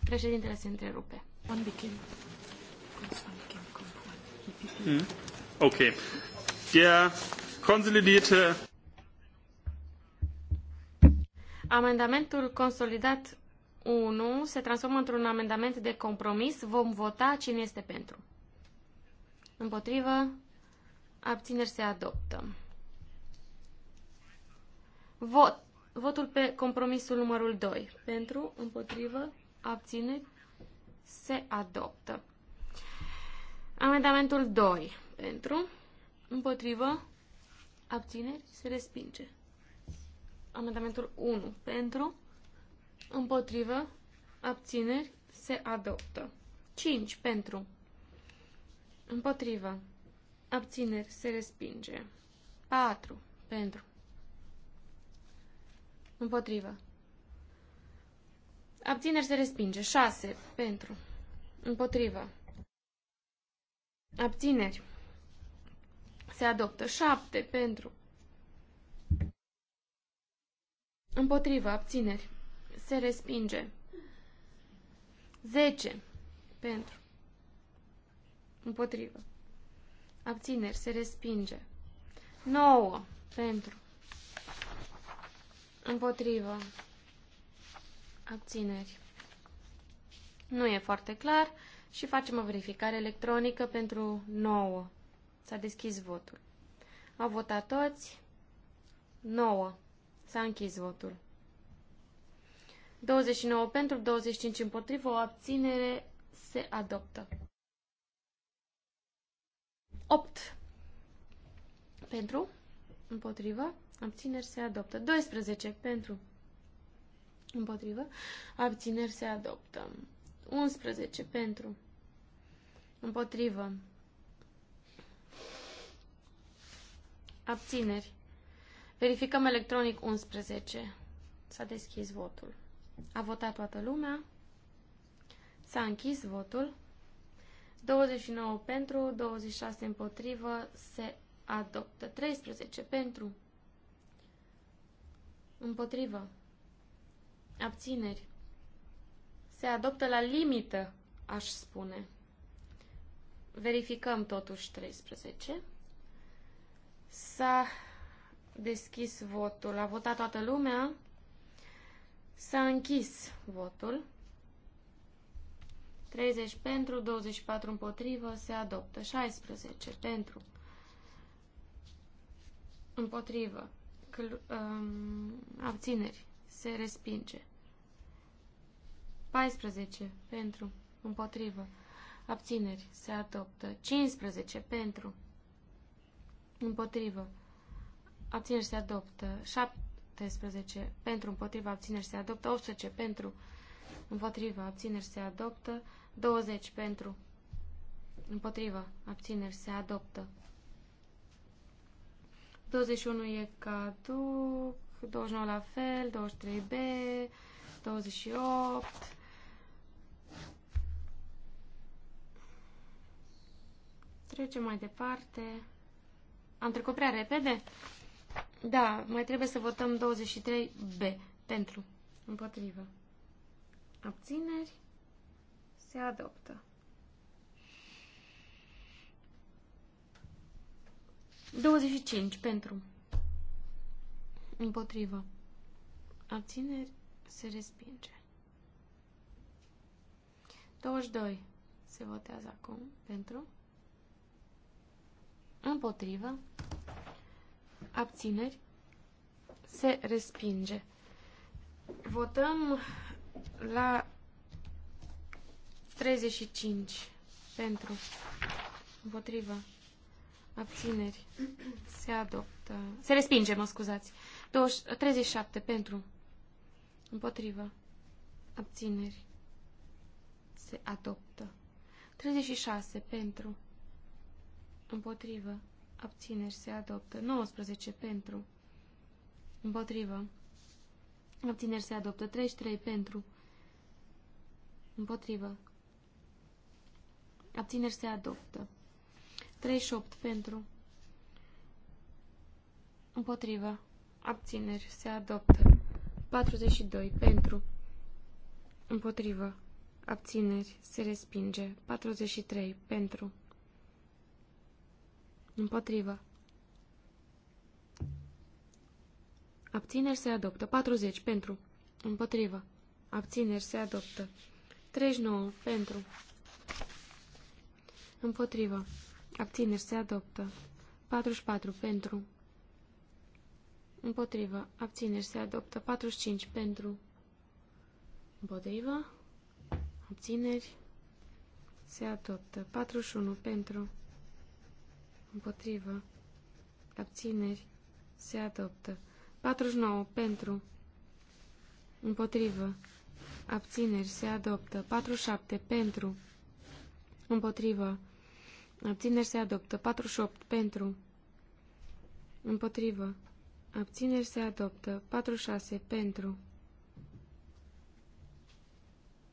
președintele se întrerupe. Hmm? Ok. Der consolidierte Amendamentul consolidat 1 se transformă într-un amendament de compromis. Vom vota cine este pentru. Împotrivă, abțineri se adoptă. Vot. Votul pe compromisul numărul 2. Pentru, împotrivă, abțineri se adoptă. Amendamentul 2. Pentru, împotrivă, abțineri se respinge. Amendamentul 1. Pentru, Împotrivă. Abțineri. Se adoptă. 5 pentru. Împotrivă. Abțineri. Se respinge. 4 pentru. Împotrivă. Abțineri se respinge. 6 pentru. Împotrivă. Abțineri. Se adoptă. 7 pentru. Împotrivă. Abțineri se respinge. 10 pentru, împotrivă, abțineri, se respinge. 9 pentru, împotrivă, abțineri. Nu e foarte clar și facem o verificare electronică pentru 9. S-a deschis votul. Au votat toți? 9. S-a închis votul. 29 pentru, 25 împotrivă, o abținere se adoptă. 8 pentru, împotrivă, abțineri se adoptă. 12 pentru, împotrivă, abțineri se adoptă. 11 pentru, împotrivă, abțineri. Verificăm electronic 11. S-a deschis votul. A votat toată lumea. S-a închis votul. 29 pentru, 26 împotrivă, se adoptă. 13 pentru, împotrivă, abțineri. Se adoptă la limită, aș spune. Verificăm totuși 13. S-a deschis votul. A votat toată lumea. S-a închis votul. 30 pentru, 24 împotrivă, se adoptă. 16 pentru, împotrivă, cl- um, abțineri, se respinge. 14 pentru, împotrivă, abțineri, se adoptă. 15 pentru, împotrivă, abțineri, se adoptă. 7 17 pentru, împotriva, abțineri se adoptă, 18 pentru, împotriva, abțineri se adoptă, 20 pentru, împotriva, abțineri se adoptă. 21 e caduc, 29 la fel, 23B, 28... Trecem mai departe. Am trecut prea repede? Da, mai trebuie să votăm 23B. Pentru. Împotrivă. Abțineri. Se adoptă. 25 pentru. Împotrivă. Abțineri se respinge. 22 se votează acum pentru. Împotrivă abțineri, se respinge. Votăm la 35 pentru, împotriva, abțineri, se adoptă, se respinge, mă scuzați, 20, 37 pentru, împotriva, abțineri, se adoptă, 36 pentru, împotrivă, Abțineri se adoptă. 19 pentru. Împotrivă. Abțineri se adoptă. 33 pentru. Împotrivă. Abțineri se adoptă. 38 pentru. Împotrivă. Abțineri se adoptă. 42 pentru. Împotrivă. Abțineri se respinge. 43 pentru. Împotrivă. Abțineri se adoptă. 40 pentru. Împotrivă. Abțineri se adoptă. 39 pentru. Împotrivă. Abțineri se adoptă. 44 pentru. Împotrivă. Abțineri se adoptă. 45 pentru. Împotrivă. Abțineri se adoptă. 41 pentru împotrivă, abțineri, se adoptă. 49 pentru, împotrivă, abțineri, se adoptă. 47 pentru, împotrivă, abțineri, se adoptă. 48 pentru, împotrivă, abțineri, se adoptă. 46 pentru.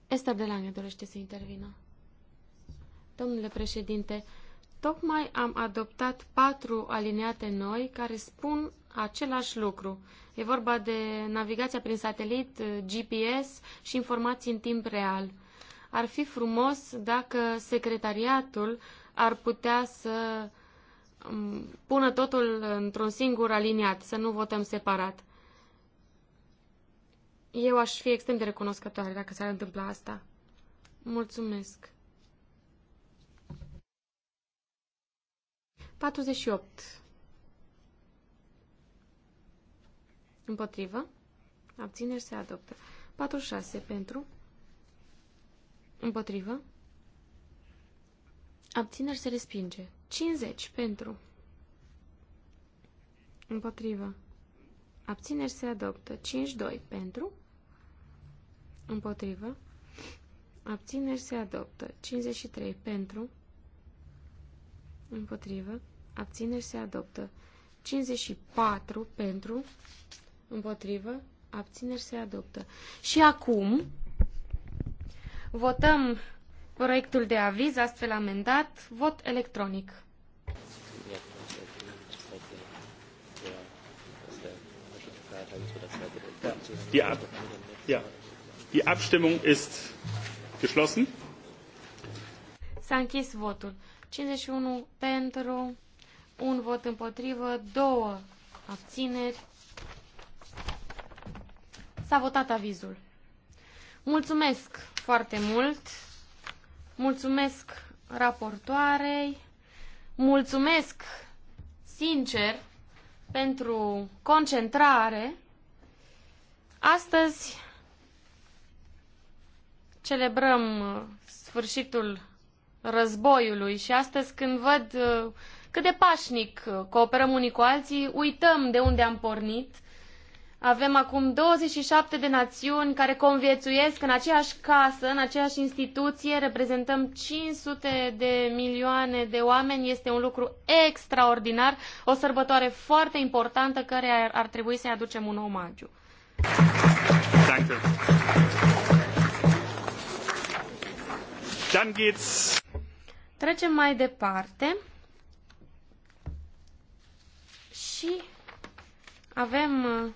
Esther de Lange dorește să intervină. Domnule președinte, Tocmai am adoptat patru aliniate noi care spun același lucru. E vorba de navigația prin satelit, GPS și informații în timp real. Ar fi frumos dacă secretariatul ar putea să um, pună totul într-un singur aliniat, să nu votăm separat. Eu aș fi extrem de recunoscătoare dacă s-ar întâmpla asta. Mulțumesc. 48. Împotrivă. Abțineri se adoptă. 46 pentru. Împotrivă. Abțineri se respinge. 50 pentru. Împotrivă. Abțineri se adoptă. 52 pentru. Împotrivă. Abțineri se adoptă. 53 pentru. Împotrivă abțineri se adoptă. 54 pentru, împotrivă, abțineri se adoptă. Și acum votăm proiectul de aviz astfel amendat, vot electronic. Die, Ab ja. Die Abstimmung ist geschlossen. S-a închis votul. 51 pentru, un vot împotrivă, două abțineri. S-a votat avizul. Mulțumesc foarte mult, mulțumesc raportoarei, mulțumesc sincer pentru concentrare. Astăzi celebrăm sfârșitul războiului și astăzi când văd uh, cât de pașnic uh, cooperăm unii cu alții, uităm de unde am pornit. Avem acum 27 de națiuni care conviețuiesc în aceeași casă, în aceeași instituție, reprezentăm 500 de milioane de oameni, este un lucru extraordinar, o sărbătoare foarte importantă care ar, ar trebui să-i aducem un omagiu. Thank you. Dann geht's. Trecem mai departe și avem uh,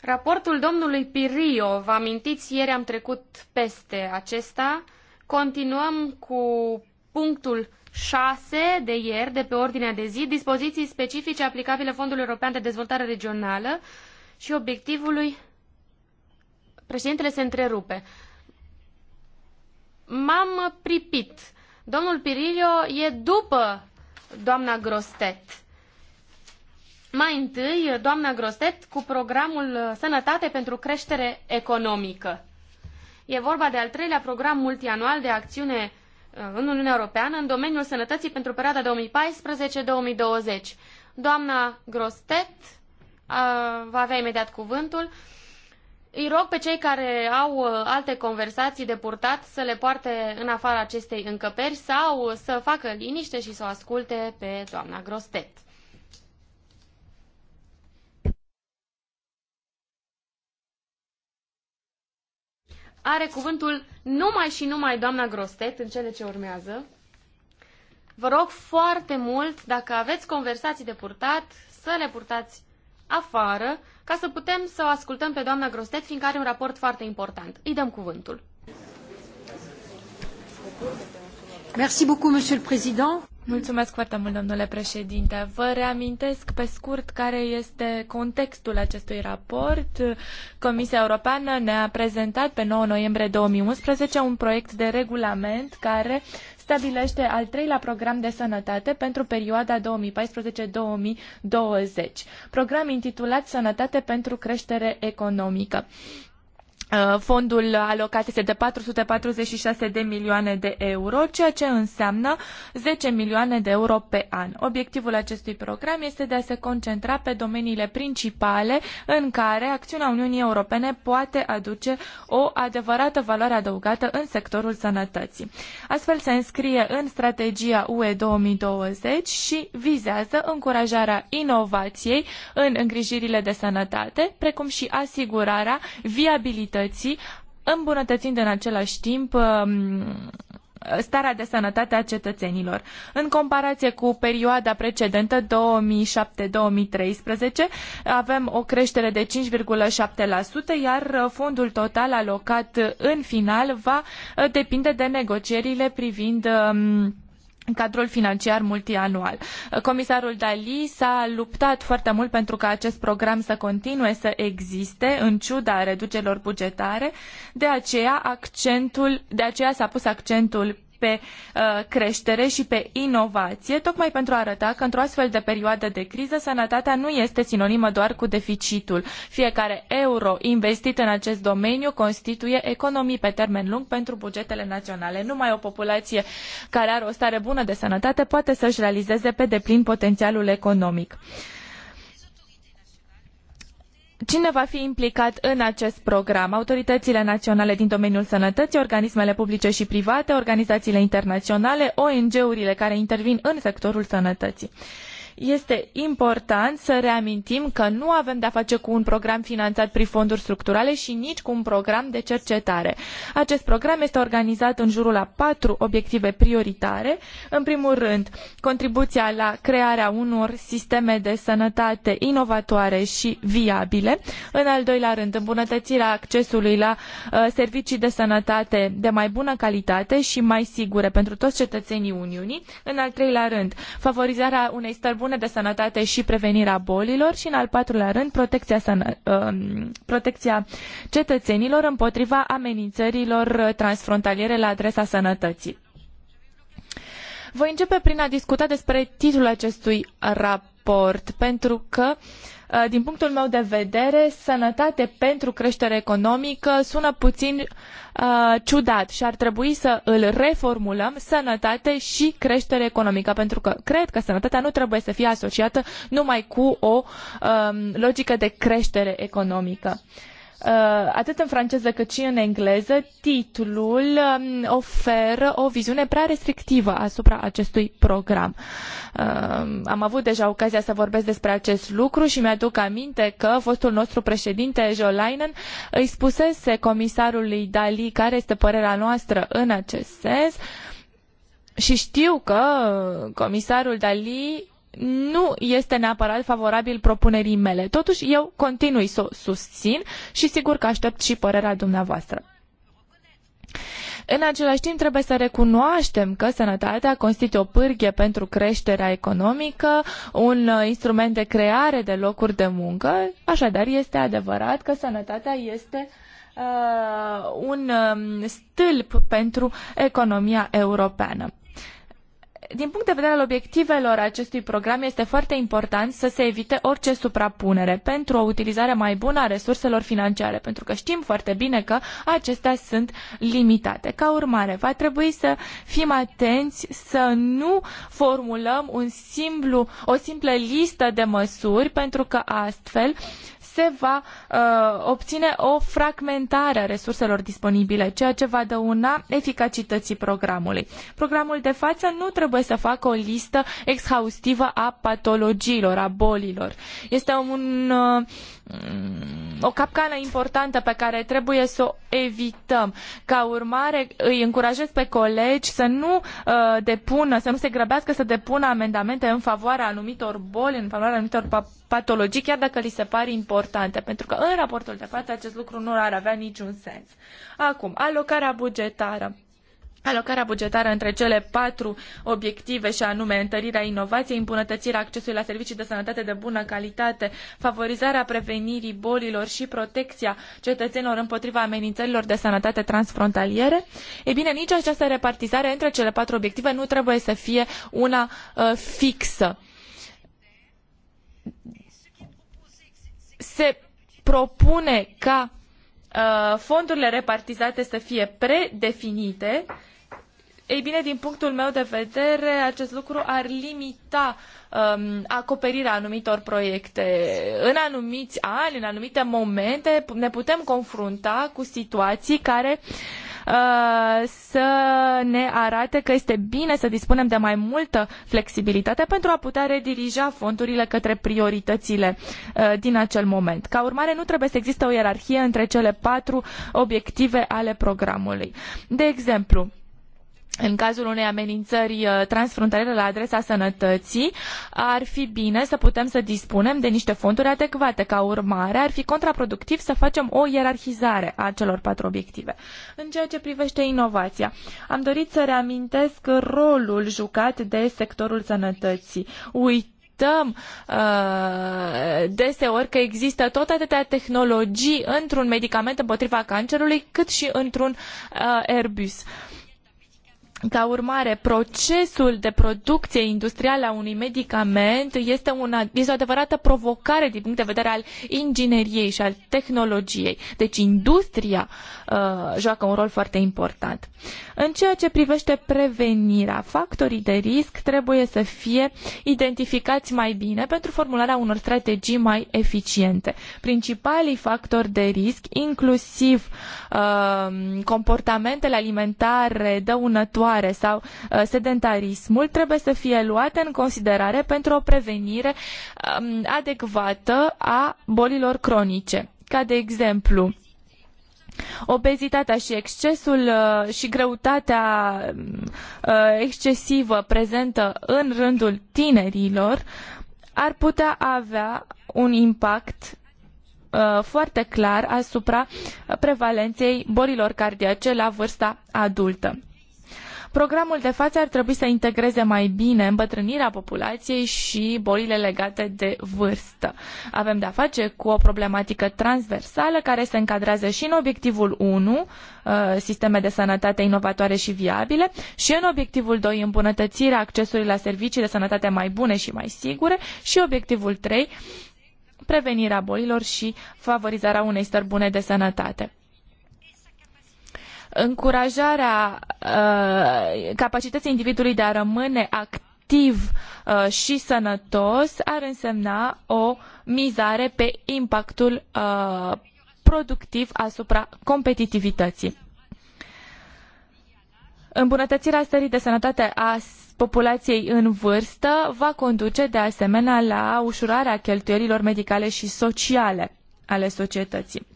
raportul domnului Pirio. Vă amintiți, ieri am trecut peste acesta. Continuăm cu punctul 6 de ieri, de pe ordinea de zi, dispoziții specifice aplicabile Fondului European de Dezvoltare Regională și obiectivului... Președintele se întrerupe. M-am pripit. Domnul Pirilio e după doamna Grostet. Mai întâi, doamna Grostet cu programul uh, Sănătate pentru creștere economică. E vorba de al treilea program multianual de acțiune uh, în Uniunea Europeană în domeniul sănătății pentru perioada 2014-2020. Doamna Grostet uh, va avea imediat cuvântul. Îi rog pe cei care au alte conversații de purtat să le poarte în afara acestei încăperi sau să facă liniște și să o asculte pe doamna Grostet. are cuvântul numai și numai doamna Grostet în cele ce urmează. Vă rog foarte mult, dacă aveți conversații de purtat, să le purtați afară, ca să putem să o ascultăm pe doamna Grostet, fiindcă are un raport foarte important. Îi dăm cuvântul. Merci beaucoup, monsieur le président. Mulțumesc foarte mult, domnule președinte. Vă reamintesc pe scurt care este contextul acestui raport. Comisia Europeană ne-a prezentat pe 9 noiembrie 2011 un proiect de regulament care stabilește al treilea program de sănătate pentru perioada 2014-2020. Program intitulat Sănătate pentru creștere economică. Uh, fondul alocat este de 446 de milioane de euro, ceea ce înseamnă 10 milioane de euro pe an. Obiectivul acestui program este de a se concentra pe domeniile principale în care acțiunea Uniunii Europene poate aduce o adevărată valoare adăugată în sectorul sănătății. Astfel se înscrie în strategia UE 2020 și vizează încurajarea inovației în îngrijirile de sănătate, precum și asigurarea viabilității societății, îmbunătățind în același timp um, starea de sănătate a cetățenilor. În comparație cu perioada precedentă, 2007-2013, avem o creștere de 5,7%, iar uh, fondul total alocat uh, în final va uh, depinde de negocierile privind um, cadrul financiar multianual. Comisarul Dali s-a luptat foarte mult pentru ca acest program să continue să existe în ciuda reducerilor bugetare, de aceea accentul, de aceea s-a pus accentul pe uh, creștere și pe inovație, tocmai pentru a arăta că într-o astfel de perioadă de criză, sănătatea nu este sinonimă doar cu deficitul. Fiecare euro investit în acest domeniu constituie economii pe termen lung pentru bugetele naționale. Numai o populație care are o stare bună de sănătate poate să-și realizeze pe deplin potențialul economic. Cine va fi implicat în acest program? Autoritățile naționale din domeniul sănătății, organismele publice și private, organizațiile internaționale, ONG-urile care intervin în sectorul sănătății. Este important să reamintim că nu avem de-a face cu un program finanțat prin fonduri structurale și nici cu un program de cercetare. Acest program este organizat în jurul a patru obiective prioritare. În primul rând, contribuția la crearea unor sisteme de sănătate inovatoare și viabile. În al doilea rând, îmbunătățirea accesului la uh, servicii de sănătate de mai bună calitate și mai sigure pentru toți cetățenii Uniunii. În al treilea rând, favorizarea unei stări bună de sănătate și prevenirea bolilor și, în al patrulea rând, protecția, sănă, uh, protecția cetățenilor împotriva amenințărilor transfrontaliere la adresa sănătății. Voi începe prin a discuta despre titlul acestui raport, pentru că uh, Uh, din punctul meu de vedere, sănătate pentru creștere economică sună puțin uh, ciudat și ar trebui să îl reformulăm sănătate și creștere economică, pentru că cred că sănătatea nu trebuie să fie asociată numai cu o um, logică de creștere economică. Uh, Uh, atât în franceză cât și în engleză, titlul um, oferă o viziune prea restrictivă asupra acestui program. Uh, am avut deja ocazia să vorbesc despre acest lucru și mi-aduc aminte că fostul nostru președinte Jolainen îi spusese comisarului Dali care este părerea noastră în acest sens și știu că comisarul Dali nu este neapărat favorabil propunerii mele. Totuși, eu continui să o susțin și sigur că aștept și părerea dumneavoastră. În același timp, trebuie să recunoaștem că sănătatea constituie o pârghie pentru creșterea economică, un uh, instrument de creare de locuri de muncă. Așadar, este adevărat că sănătatea este uh, un um, stâlp pentru economia europeană din punct de vedere al obiectivelor acestui program, este foarte important să se evite orice suprapunere pentru o utilizare mai bună a resurselor financiare, pentru că știm foarte bine că acestea sunt limitate. Ca urmare, va trebui să fim atenți să nu formulăm un simplu, o simplă listă de măsuri, pentru că astfel uh, se va uh, obține o fragmentare a resurselor disponibile, ceea ce va dăuna eficacității programului. Programul de față nu trebuie să facă o listă exhaustivă a patologiilor, a bolilor. Este un uh, o capcană importantă pe care trebuie să o evităm. Ca urmare, îi încurajez pe colegi să nu uh, depună, să nu se grăbească să depună amendamente în favoarea anumitor boli, în favoarea anumitor patologii, chiar dacă li se par importante, pentru că în raportul de față acest lucru nu ar avea niciun sens. Acum, alocarea bugetară. Alocarea bugetară între cele patru obiective și anume întărirea inovației, îmbunătățirea accesului la servicii de sănătate de bună calitate, favorizarea prevenirii bolilor și protecția cetățenilor împotriva amenințărilor de sănătate transfrontaliere, e bine, nici această repartizare între cele patru obiective nu trebuie să fie una uh, fixă. Se propune ca uh, fondurile repartizate să fie predefinite uh, ei bine, din punctul meu de vedere, acest lucru ar limita um, acoperirea anumitor proiecte. În anumiți ani, în anumite momente, ne putem confrunta cu situații care uh, să ne arate că este bine să dispunem de mai multă flexibilitate pentru a putea redirija fondurile către prioritățile uh, din acel moment. Ca urmare, nu trebuie să existe o ierarhie între cele patru obiective ale programului. De exemplu, în cazul unei amenințări uh, transfrontaliere la adresa sănătății, ar fi bine să putem să dispunem de niște fonduri adecvate. Ca urmare, ar fi contraproductiv să facem o ierarhizare a celor patru obiective. În ceea ce privește inovația, am dorit să reamintesc rolul jucat de sectorul sănătății. uităm uh, deseori că există tot atâtea tehnologii într-un medicament împotriva cancerului cât și într-un uh, Airbus. Uh, ca urmare, procesul de producție industrială a unui medicament este, una, este o adevărată provocare din punct de vedere al ingineriei și al tehnologiei. Deci industria uh, joacă un rol foarte important. În ceea ce privește prevenirea, factorii de risc trebuie să fie identificați mai bine pentru formularea unor strategii mai eficiente. Principalii factori de risc, inclusiv uh, comportamentele alimentare dăunătoare, poluare sau uh, sedentarismul trebuie să fie luate în considerare pentru o prevenire um, adecvată a bolilor cronice, ca de exemplu obezitatea și excesul uh, și greutatea uh, excesivă prezentă în rândul tinerilor ar putea avea un impact foarte clar asupra prevalenței bolilor cardiace la vârsta adultă. Programul de față ar trebui să integreze mai bine îmbătrânirea populației și bolile legate de vârstă. Avem de-a face cu o problematică transversală care se încadrează și în obiectivul 1, uh, sisteme de sănătate inovatoare și viabile, și în obiectivul 2, îmbunătățirea accesului la servicii de sănătate mai bune și mai sigure, și obiectivul 3, prevenirea bolilor și favorizarea unei stări bune de sănătate încurajarea uh, capacității individului de a rămâne activ uh, și sănătos ar însemna o mizare pe impactul uh, productiv asupra competitivității. Îmbunătățirea stării de sănătate a populației în vârstă va conduce de asemenea la ușurarea cheltuielilor medicale și sociale ale societății.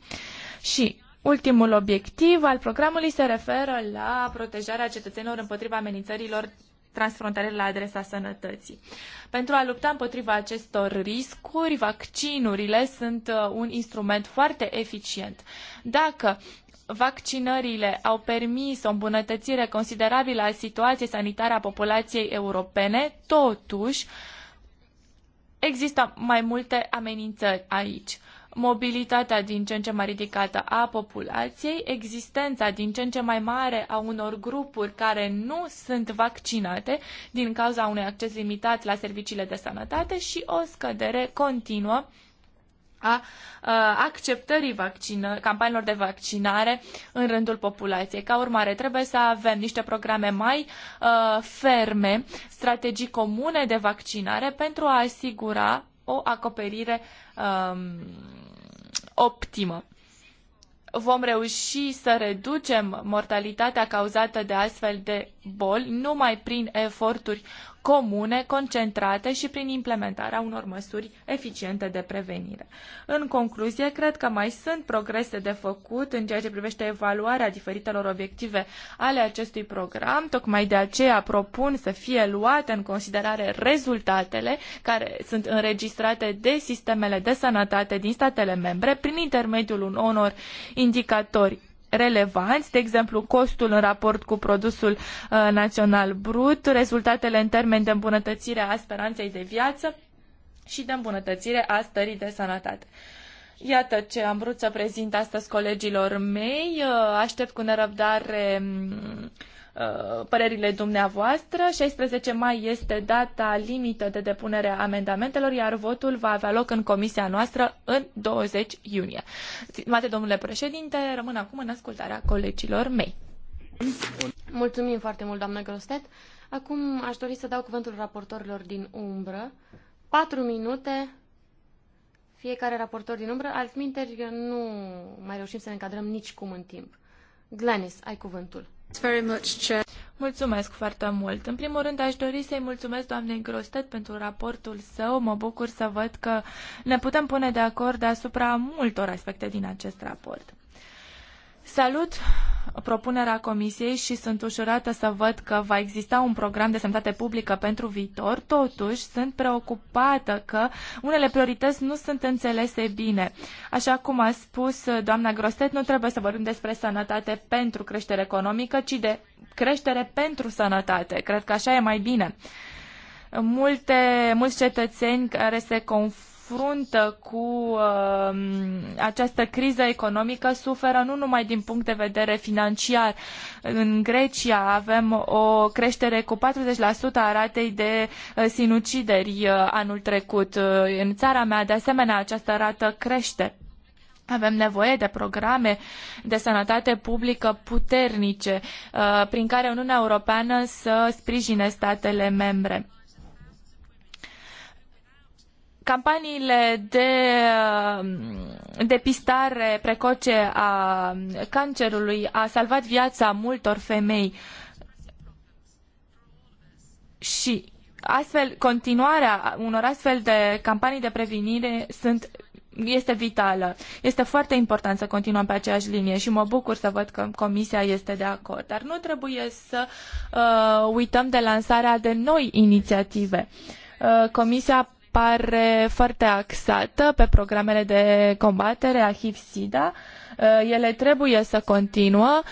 Și Ultimul obiectiv al programului se referă la protejarea cetățenilor împotriva amenințărilor transfrontaliere la adresa sănătății. Pentru a lupta împotriva acestor riscuri, vaccinurile sunt uh, un instrument foarte eficient. Dacă vaccinările au permis o îmbunătățire considerabilă a situației sanitare a populației europene, totuși există mai multe amenințări aici mobilitatea din ce în ce mai ridicată a populației, existența din ce în ce mai mare a unor grupuri care nu sunt vaccinate din cauza unui acces limitat la serviciile de sănătate și o scădere continuă a, acceptării vaccină, campaniilor de vaccinare în rândul populației. Ca urmare, trebuie să avem niște programe mai uh, ferme, strategii comune de vaccinare pentru a asigura o acoperire um, optimă. Vom reuși să reducem mortalitatea cauzată de astfel de boli numai prin eforturi comune, concentrate și prin implementarea unor măsuri eficiente de prevenire. În concluzie, cred că mai sunt progrese de făcut în ceea ce privește evaluarea diferitelor obiective ale acestui program. Tocmai de aceea propun să fie luate în considerare rezultatele care sunt înregistrate de sistemele de sănătate din statele membre prin intermediul unor indicatori relevanți, de exemplu costul în raport cu produsul uh, național brut, rezultatele în termen de îmbunătățire a speranței de viață și de îmbunătățire a stării de sănătate. Iată ce am vrut să prezint astăzi colegilor mei. Uh, aștept cu nerăbdare mm, Uh, părerile dumneavoastră. 16 mai este data limită de depunere a amendamentelor, iar votul va avea loc în comisia noastră în 20 iunie. Stimate domnule președinte, rămân acum în ascultarea colegilor mei. Mulțumim foarte mult, doamnă Grostet. Acum aș dori să dau cuvântul raportorilor din umbră. Patru minute fiecare raportor din umbră, altminteri nu mai reușim să ne încadrăm nici cum în timp. Glenis, ai cuvântul. Mulțumesc foarte mult. În primul rând, aș dori să-i mulțumesc doamnei Grostet pentru raportul său. Mă bucur să văd că ne putem pune de acord asupra multor aspecte din acest raport. Salut propunerea Comisiei și sunt ușurată să văd că va exista un program de sănătate publică pentru viitor. Totuși, sunt preocupată că unele priorități nu sunt înțelese bine. Așa cum a spus doamna Grostet, nu trebuie să vorbim despre sănătate pentru creștere economică, ci de creștere pentru sănătate. Cred că așa e mai bine multe, mulți cetățeni care se conf, confruntă cu uh, această criză economică suferă nu numai din punct de vedere financiar. În Grecia avem o creștere cu 40% a ratei de uh, sinucideri uh, anul trecut. Uh, în țara mea, de asemenea, această rată crește. Avem nevoie de programe de sănătate publică puternice, prin care Uniunea Europeană să sprijine statele membre. Campaniile de depistare precoce a cancerului a salvat viața multor femei și astfel continuarea unor astfel de campanii de prevenire sunt este vitală. Este foarte important să continuăm pe aceeași linie și mă bucur să văd că Comisia este de acord. Dar nu trebuie să uh, uităm de lansarea de noi inițiative. Uh, Comisia pare foarte axată pe programele de combatere a HIV-SIDA. Uh, ele trebuie să continuă,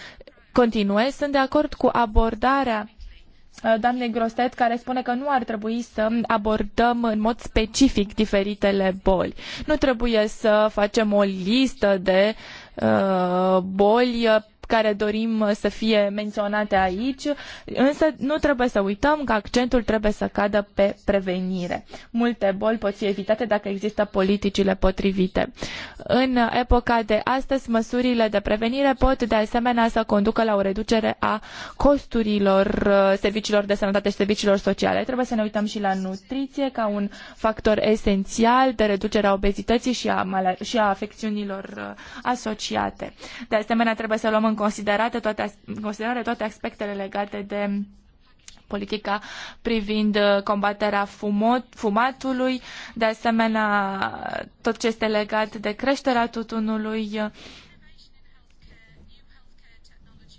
continue. Sunt de acord cu abordarea uh, doamnei Grostet, care spune că nu ar trebui să abordăm în mod specific diferitele boli. Nu trebuie să facem o listă de uh, boli care dorim uh, să fie menționate aici, însă nu trebuie să uităm că accentul trebuie să cadă pe prevenire. Multe boli pot fi evitate dacă există politicile potrivite. În epoca de astăzi, măsurile de prevenire pot de asemenea să conducă la o reducere a costurilor uh, serviciilor de sănătate și serviciilor sociale. Trebuie să ne uităm și la nutriție ca un factor esențial de reducere a obezității și a, și a afecțiunilor uh, asociate. De asemenea, trebuie să luăm în în considerare toate, în considerare toate aspectele legate de politica privind uh, combaterea fumot, fumatului, de asemenea tot ce este legat de creșterea tutunului, uh,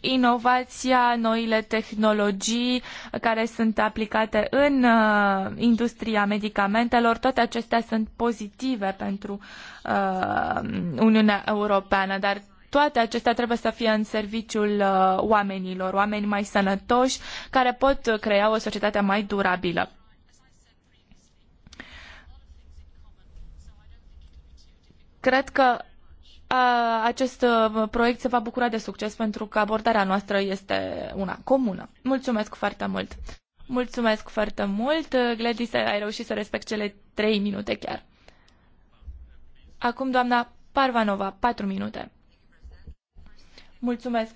inovația, noile tehnologii care sunt aplicate în uh, industria medicamentelor, toate acestea sunt pozitive pentru Uniunea Europeană, dar toate acestea trebuie să fie în serviciul uh, oamenilor, oameni mai sănătoși care pot crea o societate mai durabilă. Cred că acest uh, proiect se va bucura de succes pentru că abordarea noastră este una comună. Mulțumesc foarte mult! Mulțumesc foarte mult! Gladys, ai reușit să respect cele trei minute chiar. Acum, doamna Parvanova, patru minute. Mulțumesc!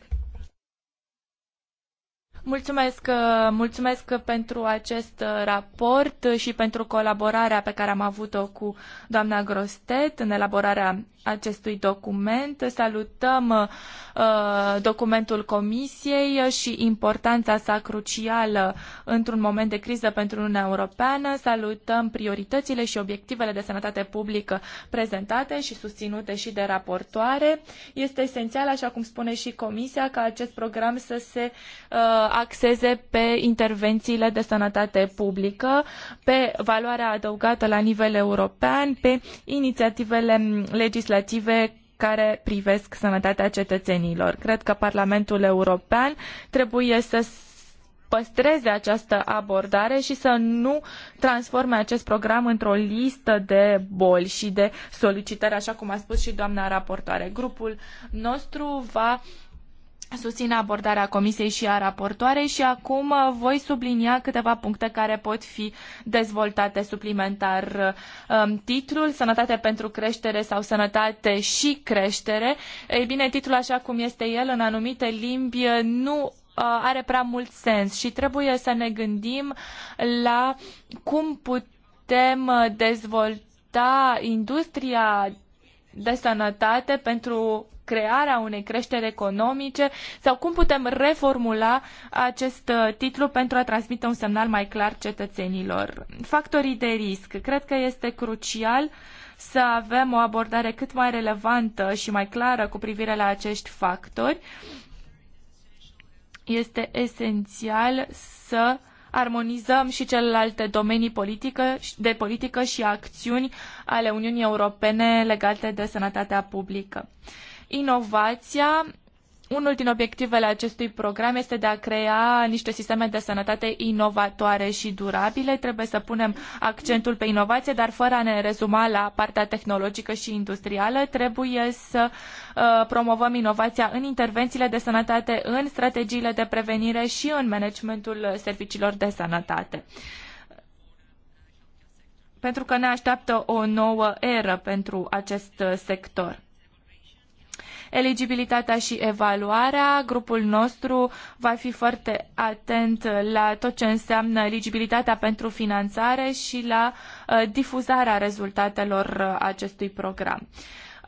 Mulțumesc, uh, mulțumesc pentru acest uh, raport și pentru colaborarea pe care am avut-o cu doamna Grostet în elaborarea acestui document. Salutăm uh, documentul Comisiei și importanța sa crucială într-un moment de criză pentru Uniunea Europeană. Salutăm prioritățile și obiectivele de sănătate publică prezentate și susținute și de raportoare. Este esențial, așa cum spune și Comisia, ca acest program să se uh, axeze pe intervențiile de sănătate publică, pe valoarea adăugată la nivel european, pe inițiativele legislative legislative care privesc sănătatea cetățenilor. Cred că Parlamentul European trebuie să păstreze această abordare și să nu transforme acest program într-o listă de boli și de solicitări, așa cum a spus și doamna raportoare. Grupul nostru va susțin abordarea comisiei și a raportoarei și acum uh, voi sublinia câteva puncte care pot fi dezvoltate suplimentar. Uh, um, titlul Sănătate pentru creștere sau Sănătate și creștere. Ei bine, titlul așa cum este el în anumite limbi uh, nu are prea mult sens și trebuie să ne gândim la cum putem dezvolta industria de sănătate pentru crearea unei creșteri economice sau cum putem reformula acest uh, titlu pentru a transmite un semnal mai clar cetățenilor. Factorii de risc. Cred că este crucial să avem o abordare cât mai relevantă și mai clară cu privire la acești factori. Este esențial să armonizăm și celelalte domenii politică, de politică și acțiuni ale Uniunii Europene legate de sănătatea publică. Inovația unul din obiectivele acestui program este de a crea niște sisteme de sănătate inovatoare și durabile. Trebuie să punem accentul pe inovație, dar fără a ne rezuma la partea tehnologică și industrială, trebuie să uh, promovăm inovația în intervențiile de sănătate, în strategiile de prevenire și în managementul serviciilor de sănătate pentru că ne așteaptă o nouă eră pentru acest sector eligibilitatea și evaluarea. Grupul nostru va fi foarte atent la tot ce înseamnă eligibilitatea pentru finanțare și la uh, difuzarea rezultatelor uh, acestui program.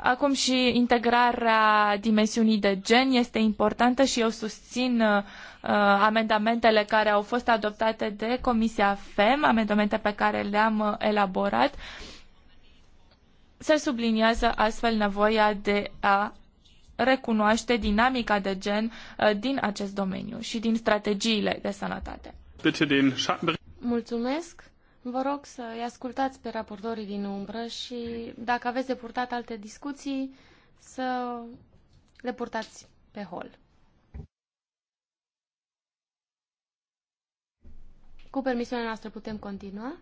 Acum și integrarea dimensiunii de gen este importantă și eu susțin uh, uh amendamentele care au fost adoptate de Comisia FEM, amendamente pe care le-am elaborat. Se subliniază astfel nevoia de a recunoaște dinamica de gen uh, din acest domeniu și din strategiile de sănătate. Mulțumesc! Vă rog să-i ascultați pe raportorii din umbră și dacă aveți de purtat alte discuții, să le purtați pe hol. Cu permisiunea noastră putem continua.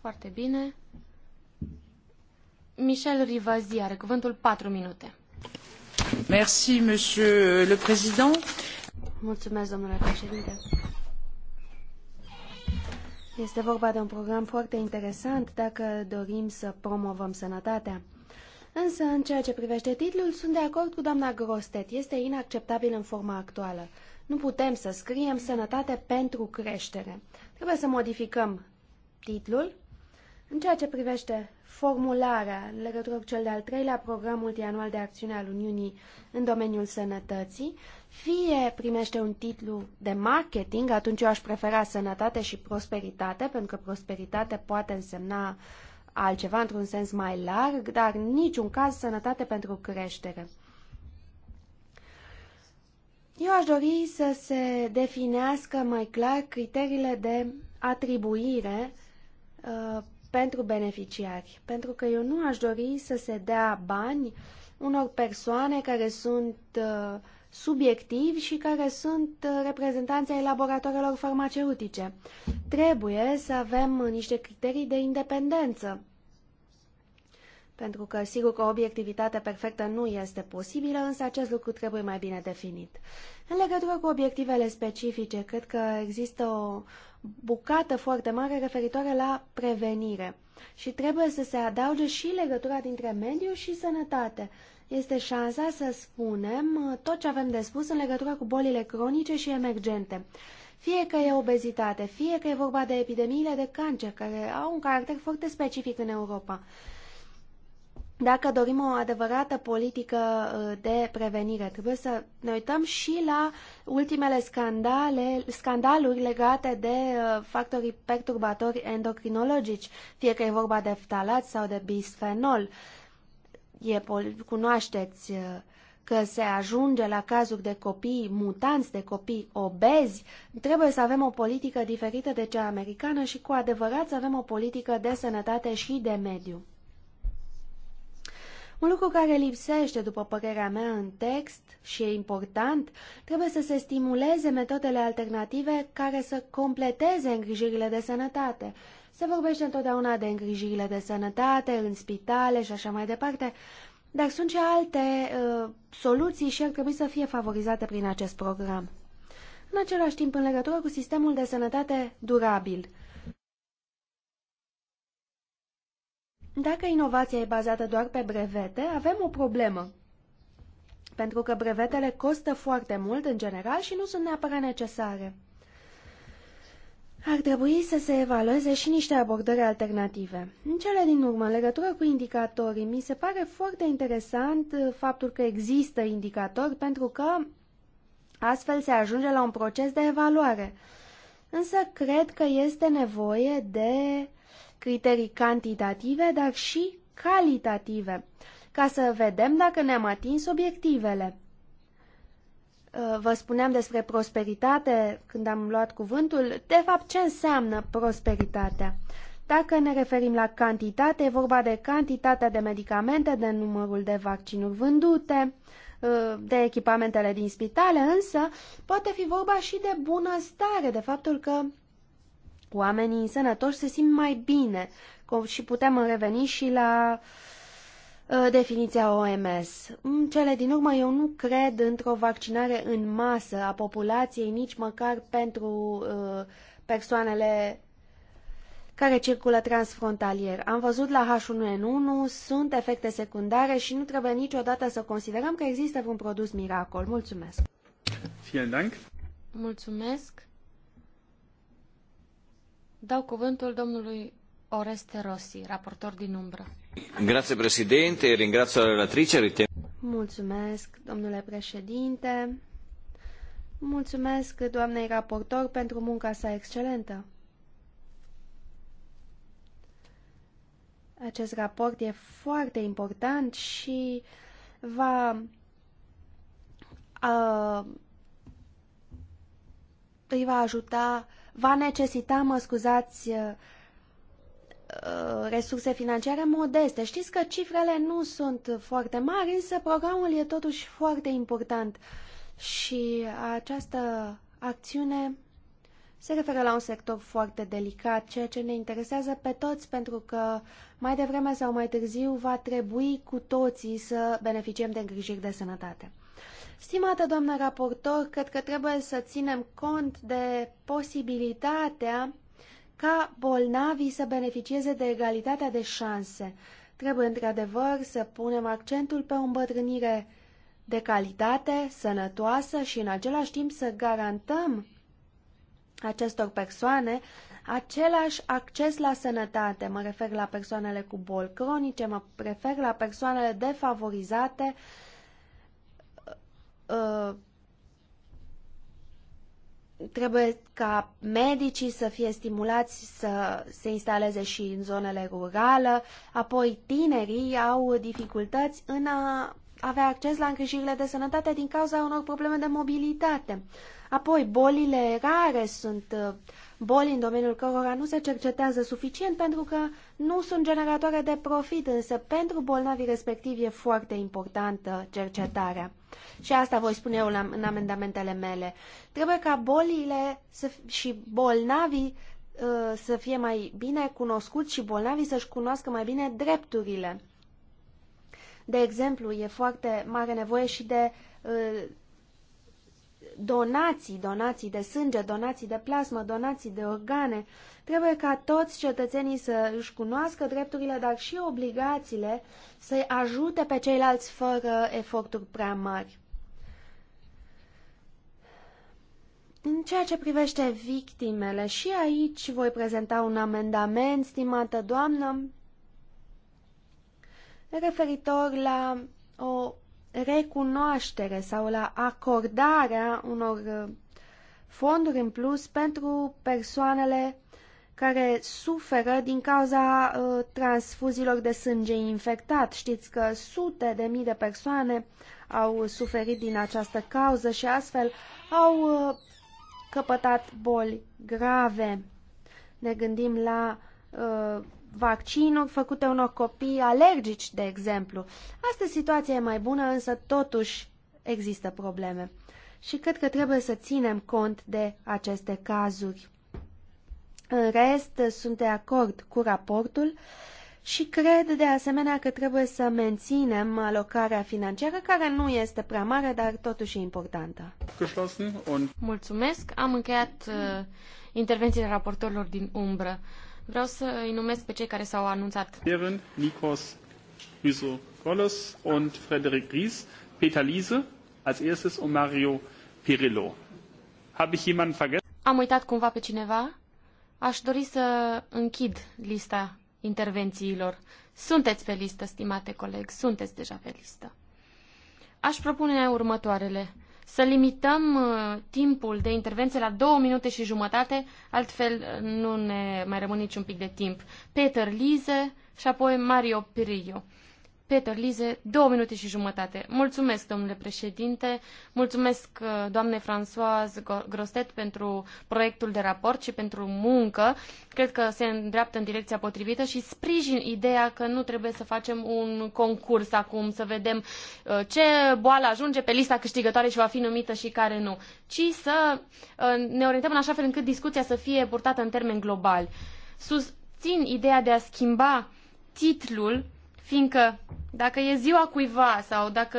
Foarte bine. Michel Rivazi are cuvântul 4 minute. Merci, Monsieur le Président. Mulțumesc, domnule președinte. Este vorba de un program foarte interesant dacă dorim să promovăm sănătatea. Însă, în ceea ce privește titlul, sunt de acord cu doamna Grostet. Este inacceptabil în forma actuală. Nu putem să scriem sănătate pentru creștere. Trebuie să modificăm titlul. În ceea ce privește formularea în legătură cu cel de-al treilea program multianual de acțiune al Uniunii în domeniul sănătății, fie primește un titlu de marketing, atunci eu aș prefera sănătate și prosperitate, pentru că prosperitate poate însemna altceva într-un sens mai larg, dar în niciun caz sănătate pentru creștere. Eu aș dori să se definească mai clar criteriile de atribuire uh, pentru beneficiari, pentru că eu nu aș dori să se dea bani unor persoane care sunt uh, subiectivi și care sunt uh, reprezentanții ai laboratoarelor farmaceutice. Trebuie să avem niște criterii de independență, pentru că sigur că obiectivitatea perfectă nu este posibilă, însă acest lucru trebuie mai bine definit. În legătură cu obiectivele specifice, cred că există o bucată foarte mare referitoare la prevenire. Și trebuie să se adauge și legătura dintre mediu și sănătate. Este șansa să spunem uh, tot ce avem de spus în legătura cu bolile cronice și emergente. Fie că e obezitate, fie că e vorba de epidemiile de cancer, care au un caracter foarte specific în Europa dacă dorim o adevărată politică uh, de prevenire, trebuie să ne uităm și la ultimele scandale, scandaluri legate de uh, factorii perturbatori endocrinologici, fie că e vorba de ftalat sau de bisfenol. E, cunoașteți uh, că se ajunge la cazuri de copii mutanți, de copii obezi, trebuie să avem o politică diferită de cea americană și cu adevărat să avem o politică de sănătate și de mediu. Un lucru care lipsește, după părerea mea, în text și e important, trebuie să se stimuleze metodele alternative care să completeze îngrijirile de sănătate. Se vorbește întotdeauna de îngrijirile de sănătate, în spitale și așa mai departe, dar sunt și alte uh, soluții și ar trebui să fie favorizate prin acest program. În același timp, în legătură cu sistemul de sănătate durabil, Dacă inovația e bazată doar pe brevete, avem o problemă. Pentru că brevetele costă foarte mult în general și nu sunt neapărat necesare. Ar trebui să se evalueze și niște abordări alternative. În cele din urmă, în legătură cu indicatorii, mi se pare foarte interesant uh, faptul că există indicatori pentru că astfel se ajunge la un proces de evaluare. Însă cred că este nevoie de criterii cantitative, dar și calitative, ca să vedem dacă ne-am atins obiectivele. Uh, vă spuneam despre prosperitate când am luat cuvântul. De fapt, ce înseamnă prosperitatea? Dacă ne referim la cantitate, e vorba de cantitatea de medicamente, de numărul de vaccinuri vândute, uh, de echipamentele din spitale, însă poate fi vorba și de bunăstare, de faptul că oamenii sănătoși se simt mai bine și putem reveni și la ă, definiția OMS. În cele din urmă, eu nu cred într-o vaccinare în masă a populației, nici măcar pentru ă, persoanele care circulă transfrontalier. Am văzut la H1N1, sunt efecte secundare și nu trebuie niciodată să considerăm că există un produs miracol. Mulțumesc! Vielen Dank! Mulțumesc! Dau cuvântul domnului Oreste Rossi, raportor din umbră. Grazie, președinte. Ringrazio la relatrice. Mulțumesc, domnule președinte. Mulțumesc, doamnei raportor, pentru munca sa excelentă. Acest raport e foarte important și va uh, îi va ajuta va necesita, mă scuzați, uh, uh, resurse financiare modeste. Știți că cifrele nu sunt foarte mari, însă programul e totuși foarte important și această acțiune se referă la un sector foarte delicat, ceea ce ne interesează pe toți, pentru că mai devreme sau mai târziu va trebui cu toții să beneficiem de îngrijiri de sănătate. Stimată doamnă raportor, cred că trebuie să ținem cont de posibilitatea ca bolnavii să beneficieze de egalitatea de șanse. Trebuie într-adevăr să punem accentul pe o îmbătrânire de calitate, sănătoasă și în același timp să garantăm acestor persoane același acces la sănătate. Mă refer la persoanele cu boli cronice, mă refer la persoanele defavorizate, uh, Uh, trebuie ca medicii să fie stimulați să se instaleze și în zonele rurale, apoi tinerii au dificultăți în a avea acces la îngrijirile de sănătate din cauza unor probleme de mobilitate. Apoi, bolile rare sunt uh, boli în domeniul cărora nu se cercetează suficient pentru că nu sunt generatoare de profit, însă pentru bolnavii respectivi e foarte importantă cercetarea. Și asta voi spune eu în amendamentele mele. Trebuie ca bolile să, și bolnavii uh, să fie mai bine cunoscuți și bolnavii să-și cunoască mai bine drepturile. De exemplu, e foarte mare nevoie și de uh, donații, donații de sânge, donații de plasmă, donații de organe. Trebuie ca toți cetățenii să își cunoască drepturile, dar și obligațiile să-i ajute pe ceilalți fără eforturi prea mari. În ceea ce privește victimele, și aici voi prezenta un amendament, stimată doamnă, referitor la o recunoaștere sau la acordarea unor fonduri în plus pentru persoanele care suferă din cauza uh, transfuziilor de sânge infectat. Știți că sute de mii de persoane au suferit din această cauză și astfel au uh, căpătat boli grave. Ne gândim la uh, vaccinuri făcute unor copii alergici, de exemplu. Astăzi situația e mai bună, însă totuși există probleme. Și cred că trebuie să ținem cont de aceste cazuri. În rest, sunt de acord cu raportul și cred de asemenea că trebuie să menținem alocarea financiară, care nu este prea mare, dar totuși e importantă. Mulțumesc. Am încheiat uh, intervențiile raportorilor din umbră. Vreau să îi numesc pe cei care s-au anunțat. Beren, Nikos Chrysogolos und Frederic Ries, Peter Liese als erstes und Mario Pirillo. Habe ich jemanden vergessen? Am uitat cumva pe cineva? Aș dori să închid lista intervențiilor. Sunteți pe listă, stimate coleg, sunteți deja pe listă. Aș propune următoarele. Să limităm uh, timpul de intervenție la două minute și jumătate, altfel uh, nu ne mai rămâne niciun pic de timp. Peter Lize și apoi Mario Pirillo. Peter Lize, două minute și jumătate. Mulțumesc, domnule președinte, mulțumesc uh, doamne François Grostet pentru proiectul de raport și pentru muncă. Cred că se îndreaptă în direcția potrivită și sprijin ideea că nu trebuie să facem un concurs acum, să vedem uh, ce boală ajunge pe lista câștigătoare și va fi numită și care nu, ci să uh, ne orientăm în așa fel încât discuția să fie purtată în termeni globali. Susțin ideea de a schimba titlul Fiindcă dacă e ziua cuiva sau dacă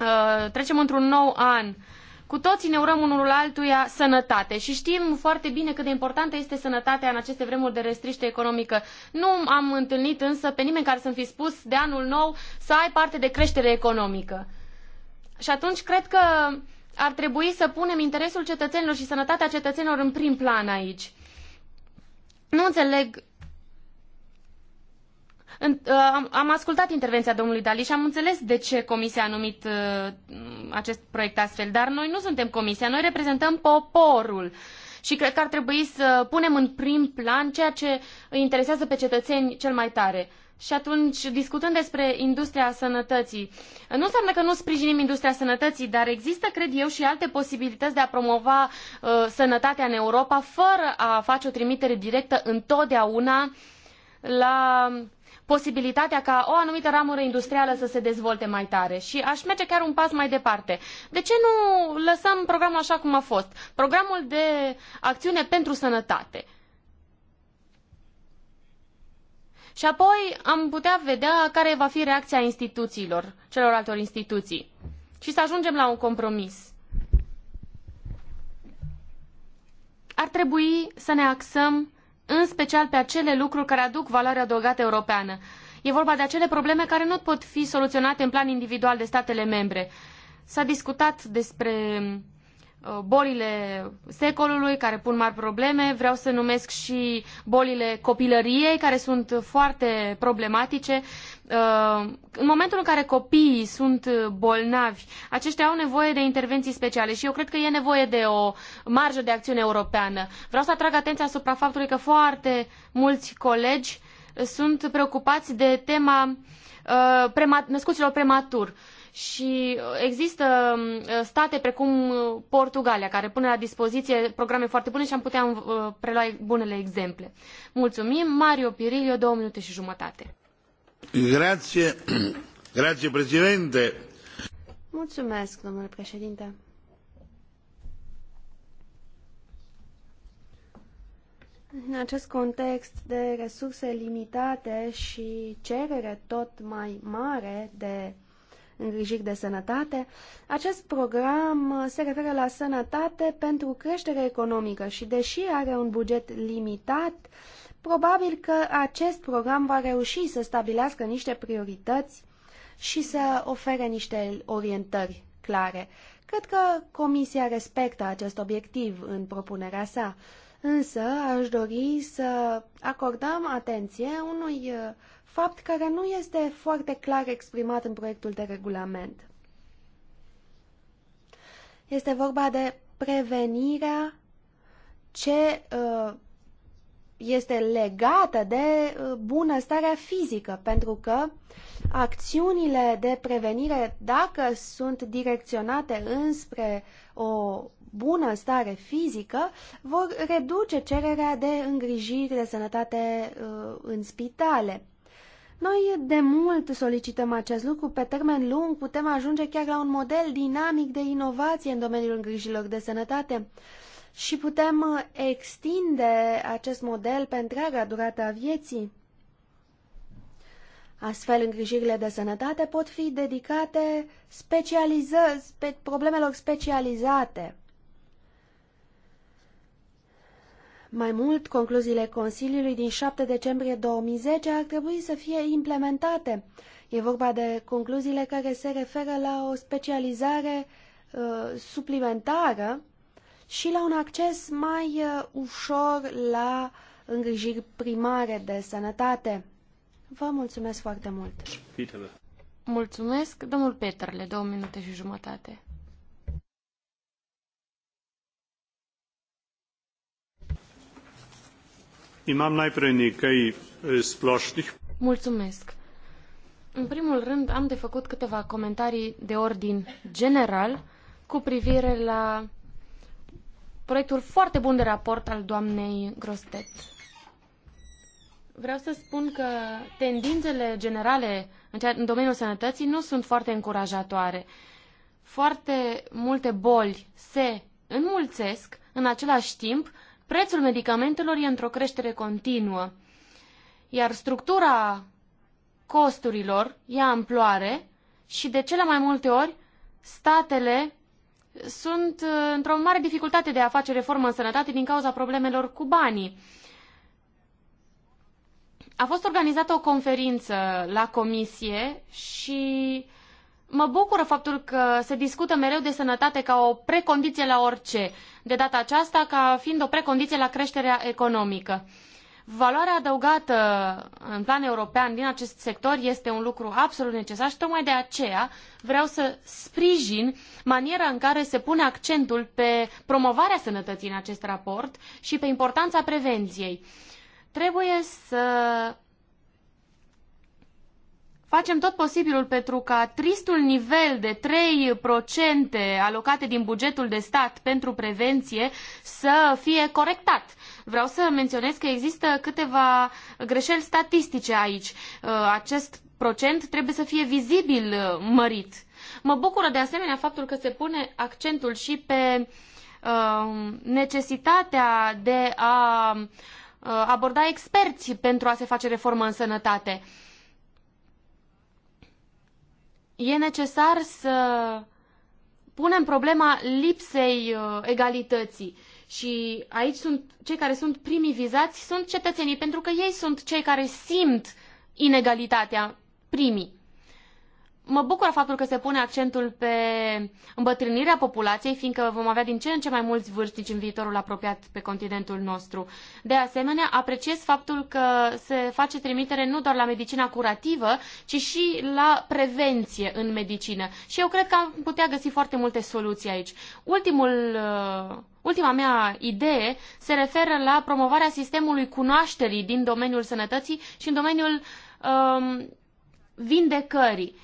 uh, trecem într-un nou an, cu toții ne urăm unul altuia sănătate și știm foarte bine cât de importantă este sănătatea în aceste vremuri de restriște economică. Nu am întâlnit însă pe nimeni care să-mi fi spus de anul nou să ai parte de creștere economică. Și atunci cred că ar trebui să punem interesul cetățenilor și sănătatea cetățenilor în prim plan aici. Nu înțeleg în, uh, am, ascultat intervenția domnului Dali și am înțeles de ce Comisia a numit uh, acest proiect astfel, dar noi nu suntem Comisia, noi reprezentăm poporul. Și cred că ar trebui să punem în prim plan ceea ce îi interesează pe cetățeni cel mai tare. Și atunci, discutând despre industria sănătății, nu înseamnă că nu sprijinim industria sănătății, dar există, cred eu, și alte posibilități de a promova uh, sănătatea în Europa fără a face o trimitere directă întotdeauna la posibilitatea ca o anumită ramură industrială să se dezvolte mai tare. Și aș merge chiar un pas mai departe. De ce nu lăsăm programul așa cum a fost? Programul de acțiune pentru sănătate. Și apoi am putea vedea care va fi reacția instituțiilor, celor altor instituții. Și să ajungem la un compromis. Ar trebui să ne axăm în special pe acele lucruri care aduc valoare adăugată europeană. E vorba de acele probleme care nu pot fi soluționate în plan individual de statele membre. S-a discutat despre uh, bolile secolului care pun mari probleme, vreau să numesc și bolile copilăriei care sunt foarte problematice. Uh, în momentul în care copiii sunt bolnavi, aceștia au nevoie de intervenții speciale și eu cred că e nevoie de o marjă de acțiune europeană. Vreau să atrag atenția asupra faptului că foarte mulți colegi sunt preocupați de tema uh, născuților prematur. Și există um, state precum uh, Portugalia, care pune la dispoziție programe foarte bune și am putea prelua bunele exemple. Mulțumim. Mario Pirilio, două minute și jumătate. Grazie, [CLEARS THROAT] grazie președinte. Mulțumesc, domnule președinte. În acest context de resurse limitate și cerere tot mai mare de îngrijiri de sănătate, acest program se referă la sănătate pentru creștere economică și, deși are un buget limitat, Probabil că acest program va reuși să stabilească niște priorități și să ofere niște orientări clare. Cred că Comisia respectă acest obiectiv în propunerea sa, însă aș dori să acordăm atenție unui uh, fapt care nu este foarte clar exprimat în proiectul de regulament. Este vorba de prevenirea ce uh, este legată de uh, bunăstarea fizică, pentru că acțiunile de prevenire, dacă sunt direcționate înspre o bună stare fizică, vor reduce cererea de îngrijiri de sănătate uh, în spitale. Noi de mult solicităm acest lucru, pe termen lung putem ajunge chiar la un model dinamic de inovație în domeniul îngrijilor de sănătate și putem uh, extinde acest model pe întreaga durată a vieții. Astfel, îngrijirile de sănătate pot fi dedicate specializă, spe, problemelor specializate. Mai mult, concluziile Consiliului din 7 decembrie 2010 ar trebui să fie implementate. E vorba de concluziile care se referă la o specializare uh, suplimentară și la un acces mai uh, ușor la îngrijiri primare de sănătate. Vă mulțumesc foarte mult! Peterle. Mulțumesc, domnul Peterle, două minute și jumătate. Imam najprej nekaj Mulțumesc. În primul rând, am de făcut câteva comentarii de ordin general cu privire la proiectul foarte bun de raport al doamnei Grostet. Vreau să spun că tendințele generale în domeniul sănătății nu sunt foarte încurajatoare. Foarte multe boli se înmulțesc, în același timp, prețul medicamentelor e într-o creștere continuă, iar structura costurilor ia amploare și de cele mai multe ori statele sunt uh, într-o mare dificultate de a face reformă în sănătate din cauza problemelor cu banii. A fost organizată o conferință la comisie și mă bucură faptul că se discută mereu de sănătate ca o precondiție la orice, de data aceasta ca fiind o precondiție la creșterea economică. Valoarea adăugată în plan european din acest sector este un lucru absolut necesar și tocmai de aceea vreau să sprijin maniera în care se pune accentul pe promovarea sănătății în acest raport și pe importanța prevenției. Trebuie să facem tot posibilul pentru ca tristul nivel de 3% alocate din bugetul de stat pentru prevenție să fie corectat Vreau să menționez că există câteva greșeli statistice aici. Uh, acest procent trebuie să fie vizibil uh, mărit. Mă bucură de asemenea faptul că se pune accentul și pe uh, necesitatea de a aborda experți pentru a se face reformă în sănătate. E necesar să punem problema lipsei egalității. Și aici sunt cei care sunt primii vizați sunt cetățenii, pentru că ei sunt cei care simt inegalitatea primii mă bucură faptul că se pune accentul pe îmbătrânirea populației, fiindcă vom avea din ce în ce mai mulți vârstnici în viitorul apropiat pe continentul nostru. De asemenea, apreciez faptul că se face trimitere nu doar la medicina curativă, ci și la prevenție în medicină. Și eu cred că am putea găsi foarte multe soluții aici. Ultimul uh, Ultima mea idee se referă la promovarea sistemului cunoașterii din domeniul sănătății și în domeniul um, vindecării.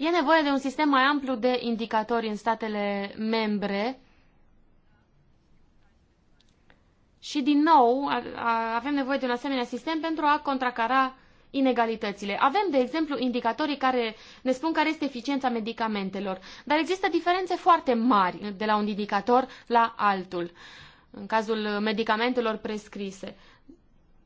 E nevoie de un sistem mai amplu de indicatori în statele membre și, din nou, avem nevoie de un asemenea sistem pentru a contracara inegalitățile. Avem, de exemplu, indicatorii care ne spun care este eficiența medicamentelor, dar există diferențe foarte mari de la un indicator la altul, în cazul medicamentelor prescrise.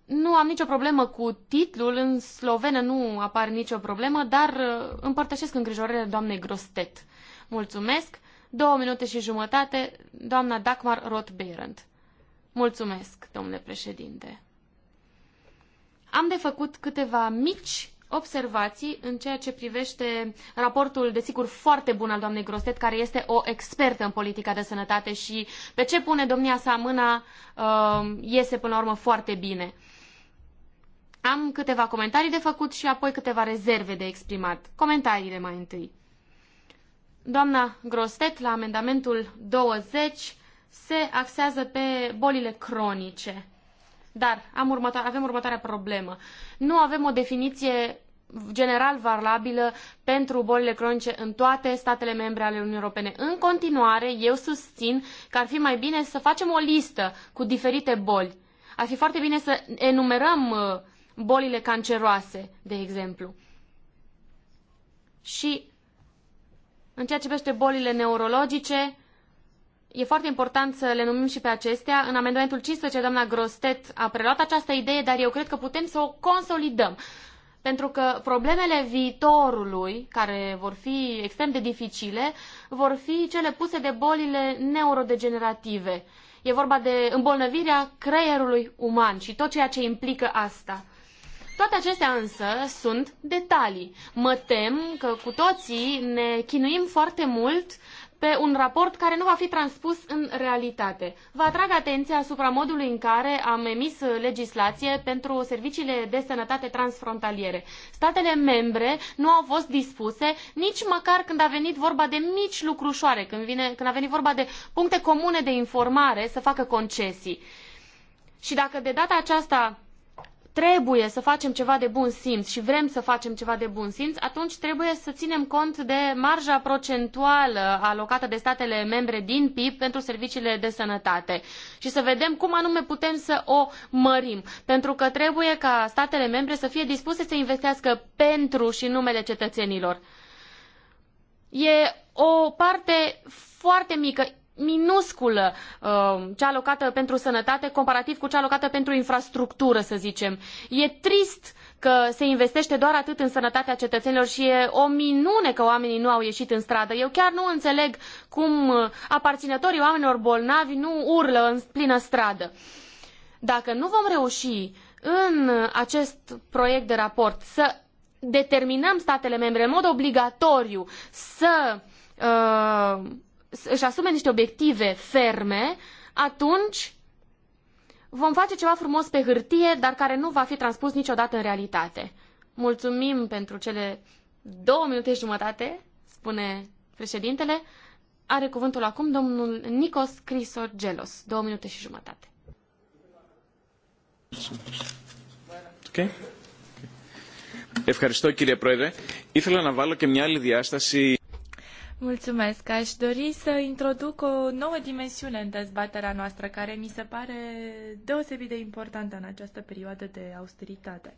Nu am nicio problemă cu titlul, în slovenă nu apare nicio problemă, dar uh, împărtășesc îngrijorările doamnei Grostet. Mulțumesc. Două minute și jumătate, doamna Dagmar Roth-Behrendt. Mulțumesc, domnule președinte. Am de făcut câteva mici observații în ceea ce privește raportul, desigur, foarte bun al doamnei Grostet, care este o expertă în politica de sănătate și pe ce pune domnia sa mâna uh, iese până la urmă foarte bine. Am câteva comentarii de făcut și apoi câteva rezerve de exprimat. Comentariile mai întâi. Doamna Grostet, la amendamentul 20, se axează pe bolile cronice. Dar am următo- avem următoarea problemă. Nu avem o definiție general valabilă pentru bolile cronice în toate statele membre ale Uniunii Europene. În continuare, eu susțin că ar fi mai bine să facem o listă cu diferite boli. Ar fi foarte bine să enumerăm uh, bolile canceroase, de exemplu. Și în ceea ce privește bolile neurologice, e foarte important să le numim și pe acestea. În amendamentul 15, doamna Grostet a preluat această idee, dar eu cred că putem să o consolidăm. Pentru că problemele viitorului, care vor fi extrem de dificile, vor fi cele puse de bolile neurodegenerative. E vorba de îmbolnăvirea creierului uman și tot ceea ce implică asta. Toate acestea însă sunt detalii. Mă tem că cu toții ne chinuim foarte mult pe un raport care nu va fi transpus în realitate. Vă atrag atenția asupra modului în care am emis legislație pentru serviciile de sănătate transfrontaliere. Statele membre nu au fost dispuse nici măcar când a venit vorba de mici lucrușoare, când, vine, când a venit vorba de puncte comune de informare să facă concesii. Și dacă de data aceasta trebuie să facem ceva de bun simț și vrem să facem ceva de bun simț, atunci trebuie să ținem cont de marja procentuală alocată de statele membre din PIB pentru serviciile de sănătate și să vedem cum anume putem să o mărim. Pentru că trebuie ca statele membre să fie dispuse să investească pentru și numele cetățenilor. E o parte foarte mică, minusculă uh, cea alocată pentru sănătate comparativ cu cea alocată pentru infrastructură, să zicem. E trist că se investește doar atât în sănătatea cetățenilor și e o minune că oamenii nu au ieșit în stradă. Eu chiar nu înțeleg cum uh, aparținătorii oamenilor bolnavi nu urlă în plină stradă. Dacă nu vom reuși în acest proiect de raport să determinăm statele membre în mod obligatoriu să uh, își asume niște obiective ferme, atunci vom face ceva frumos pe hârtie, dar care nu va fi transpus niciodată în realitate. Mulțumim pentru cele două minute și jumătate, spune președintele. Are cuvântul acum domnul Nikos Crisogelos. Două minute și jumătate. Ok. Ευχαριστώ κύριε Πρόεδρε. Ήθελα να βάλω και μια άλλη διάσταση Mulțumesc. Aș dori să introduc o nouă dimensiune în dezbaterea noastră, care mi se pare deosebit de importantă în această perioadă de austeritate.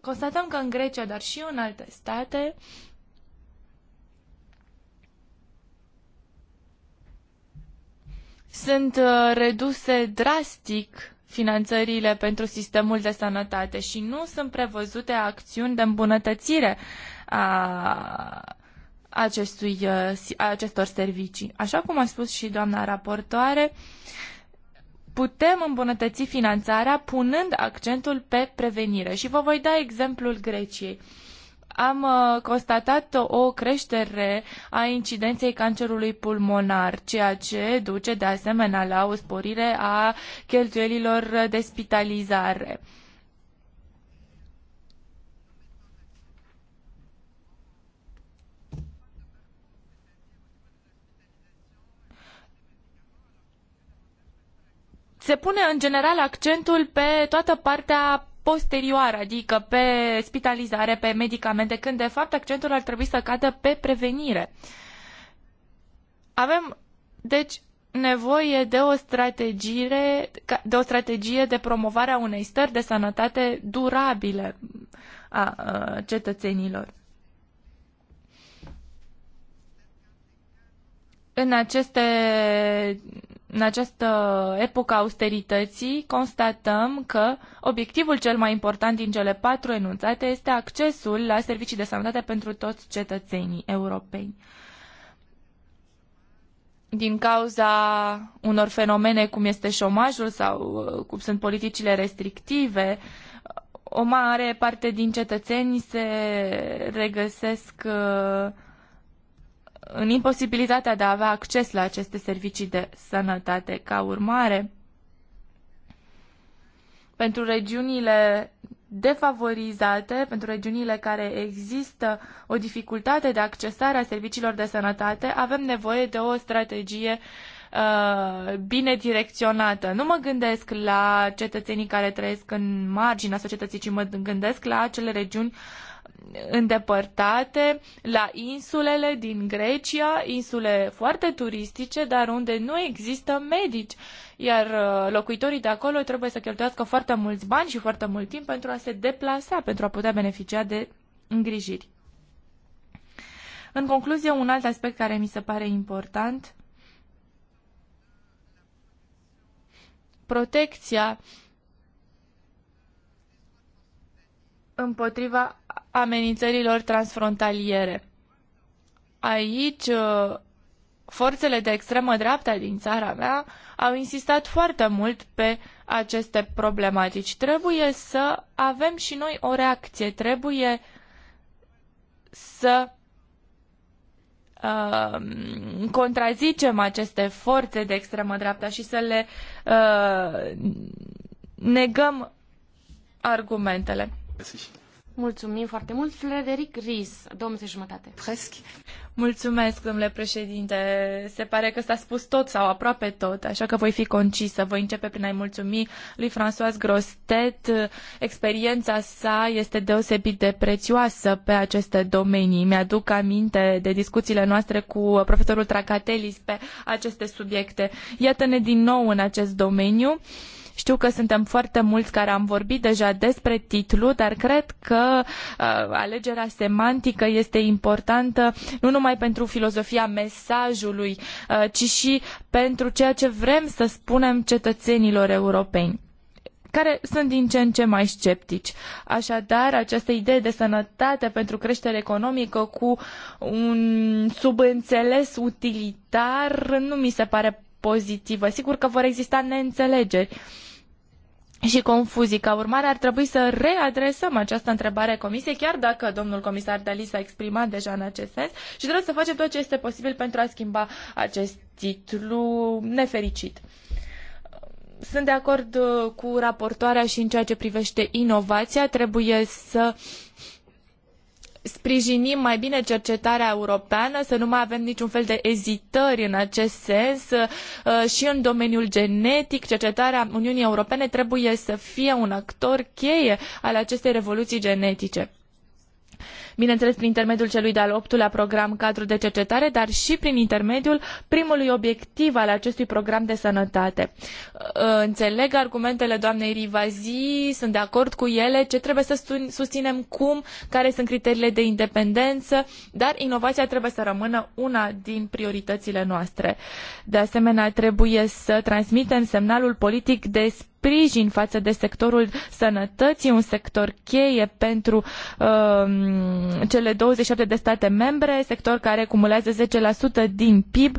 Constatăm că în Grecia, dar și în alte state, sunt uh, reduse drastic finanțările pentru sistemul de sănătate și nu sunt prevăzute acțiuni de îmbunătățire a acestui, uh, a acestor servicii. Așa cum a spus și doamna raportoare, putem îmbunătăți finanțarea punând accentul pe prevenire. Și vă voi da exemplul Greciei. Uh, am uh, constatat o creștere a incidenței cancerului pulmonar, ceea ce duce de asemenea la o sporire a cheltuielilor de spitalizare. Se pune în general accentul pe toată partea posterioară, adică pe spitalizare, pe medicamente, când de fapt accentul ar trebui să cadă pe prevenire. Avem, deci, nevoie de o strategie de, o strategie de promovare a unei stări de sănătate durabile a cetățenilor. În aceste în această epocă austerității constatăm că obiectivul cel mai important din cele patru enunțate este accesul la servicii de sănătate pentru toți cetățenii europeni. Din cauza unor fenomene cum este șomajul sau uh, cum sunt politicile restrictive, o mare parte din cetățeni se regăsesc uh, în imposibilitatea de a avea acces la aceste servicii de sănătate. Ca urmare, pentru regiunile defavorizate, pentru regiunile care există o dificultate de accesare a serviciilor de sănătate, avem nevoie de o strategie uh, bine direcționată. Nu mă gândesc la cetățenii care trăiesc în marginea societății, ci mă gândesc la acele regiuni îndepărtate la insulele din Grecia, insule foarte turistice, dar unde nu există medici, iar uh, locuitorii de acolo trebuie să cheltuiască foarte mulți bani și foarte mult timp pentru a se deplasa, pentru a putea beneficia de îngrijiri. În concluzie, un alt aspect care mi se pare important, protecția uh, împotriva amenințărilor transfrontaliere. Aici, uh, forțele de extremă dreapta din țara mea au insistat foarte mult pe aceste problematici. Trebuie să avem și noi o reacție, trebuie să uh, contrazicem aceste forțe de extremă dreapta și să le uh, negăm argumentele. Mulțumim foarte mult, Frederic Ries, două jumătate. Presc. Mulțumesc, domnule președinte. Se pare că s-a spus tot sau aproape tot, așa că voi fi concisă. Voi începe prin a-i mulțumi lui François Grostet. Experiența sa este deosebit de prețioasă pe aceste domenii. Mi-aduc aminte de discuțiile noastre cu profesorul Tracatelis pe aceste subiecte. Iată-ne din nou în acest domeniu. Uh, știu că suntem foarte mulți care am vorbit deja despre titlu, dar cred că uh, alegerea semantică este importantă nu numai pentru filozofia mesajului, uh, ci și pentru ceea ce vrem să spunem cetățenilor europeni care sunt din ce în ce mai sceptici. Așadar, această idee de sănătate pentru creștere economică cu un subînțeles utilitar nu mi se pare pozitivă. Sigur că vor exista neînțelegeri. Uh, și confuzii. Ca urmare, ar trebui să readresăm această întrebare comisiei, chiar dacă domnul comisar Dali s-a exprimat deja în acest sens și trebuie să facem tot ce este posibil pentru a schimba acest titlu nefericit. Sunt de acord uh, cu raportoarea și în ceea ce privește inovația. Trebuie să uh, sprijinim mai bine cercetarea europeană, să nu mai avem niciun fel de ezitări în acest sens uh, și în domeniul genetic. Cercetarea Uniunii Europene trebuie să fie un actor cheie al acestei revoluții genetice bineîneles prin intermediul celui de-al optulea program cadru de cercetare, dar și prin intermediul primului obiectiv al acestui program de sănătate. Ă, înțeleg argumentele doamnei Rivazi, sunt de acord cu ele, ce trebuie să susținem cum, care sunt criteriile de independență, dar inovația trebuie să rămână una din prioritățile noastre. De asemenea, trebuie să transmitem semnalul politic de sprijin față de sectorul sănătății, un sector cheie pentru uh, cele 27 de state membre, sector care cumulează 10% din PIB,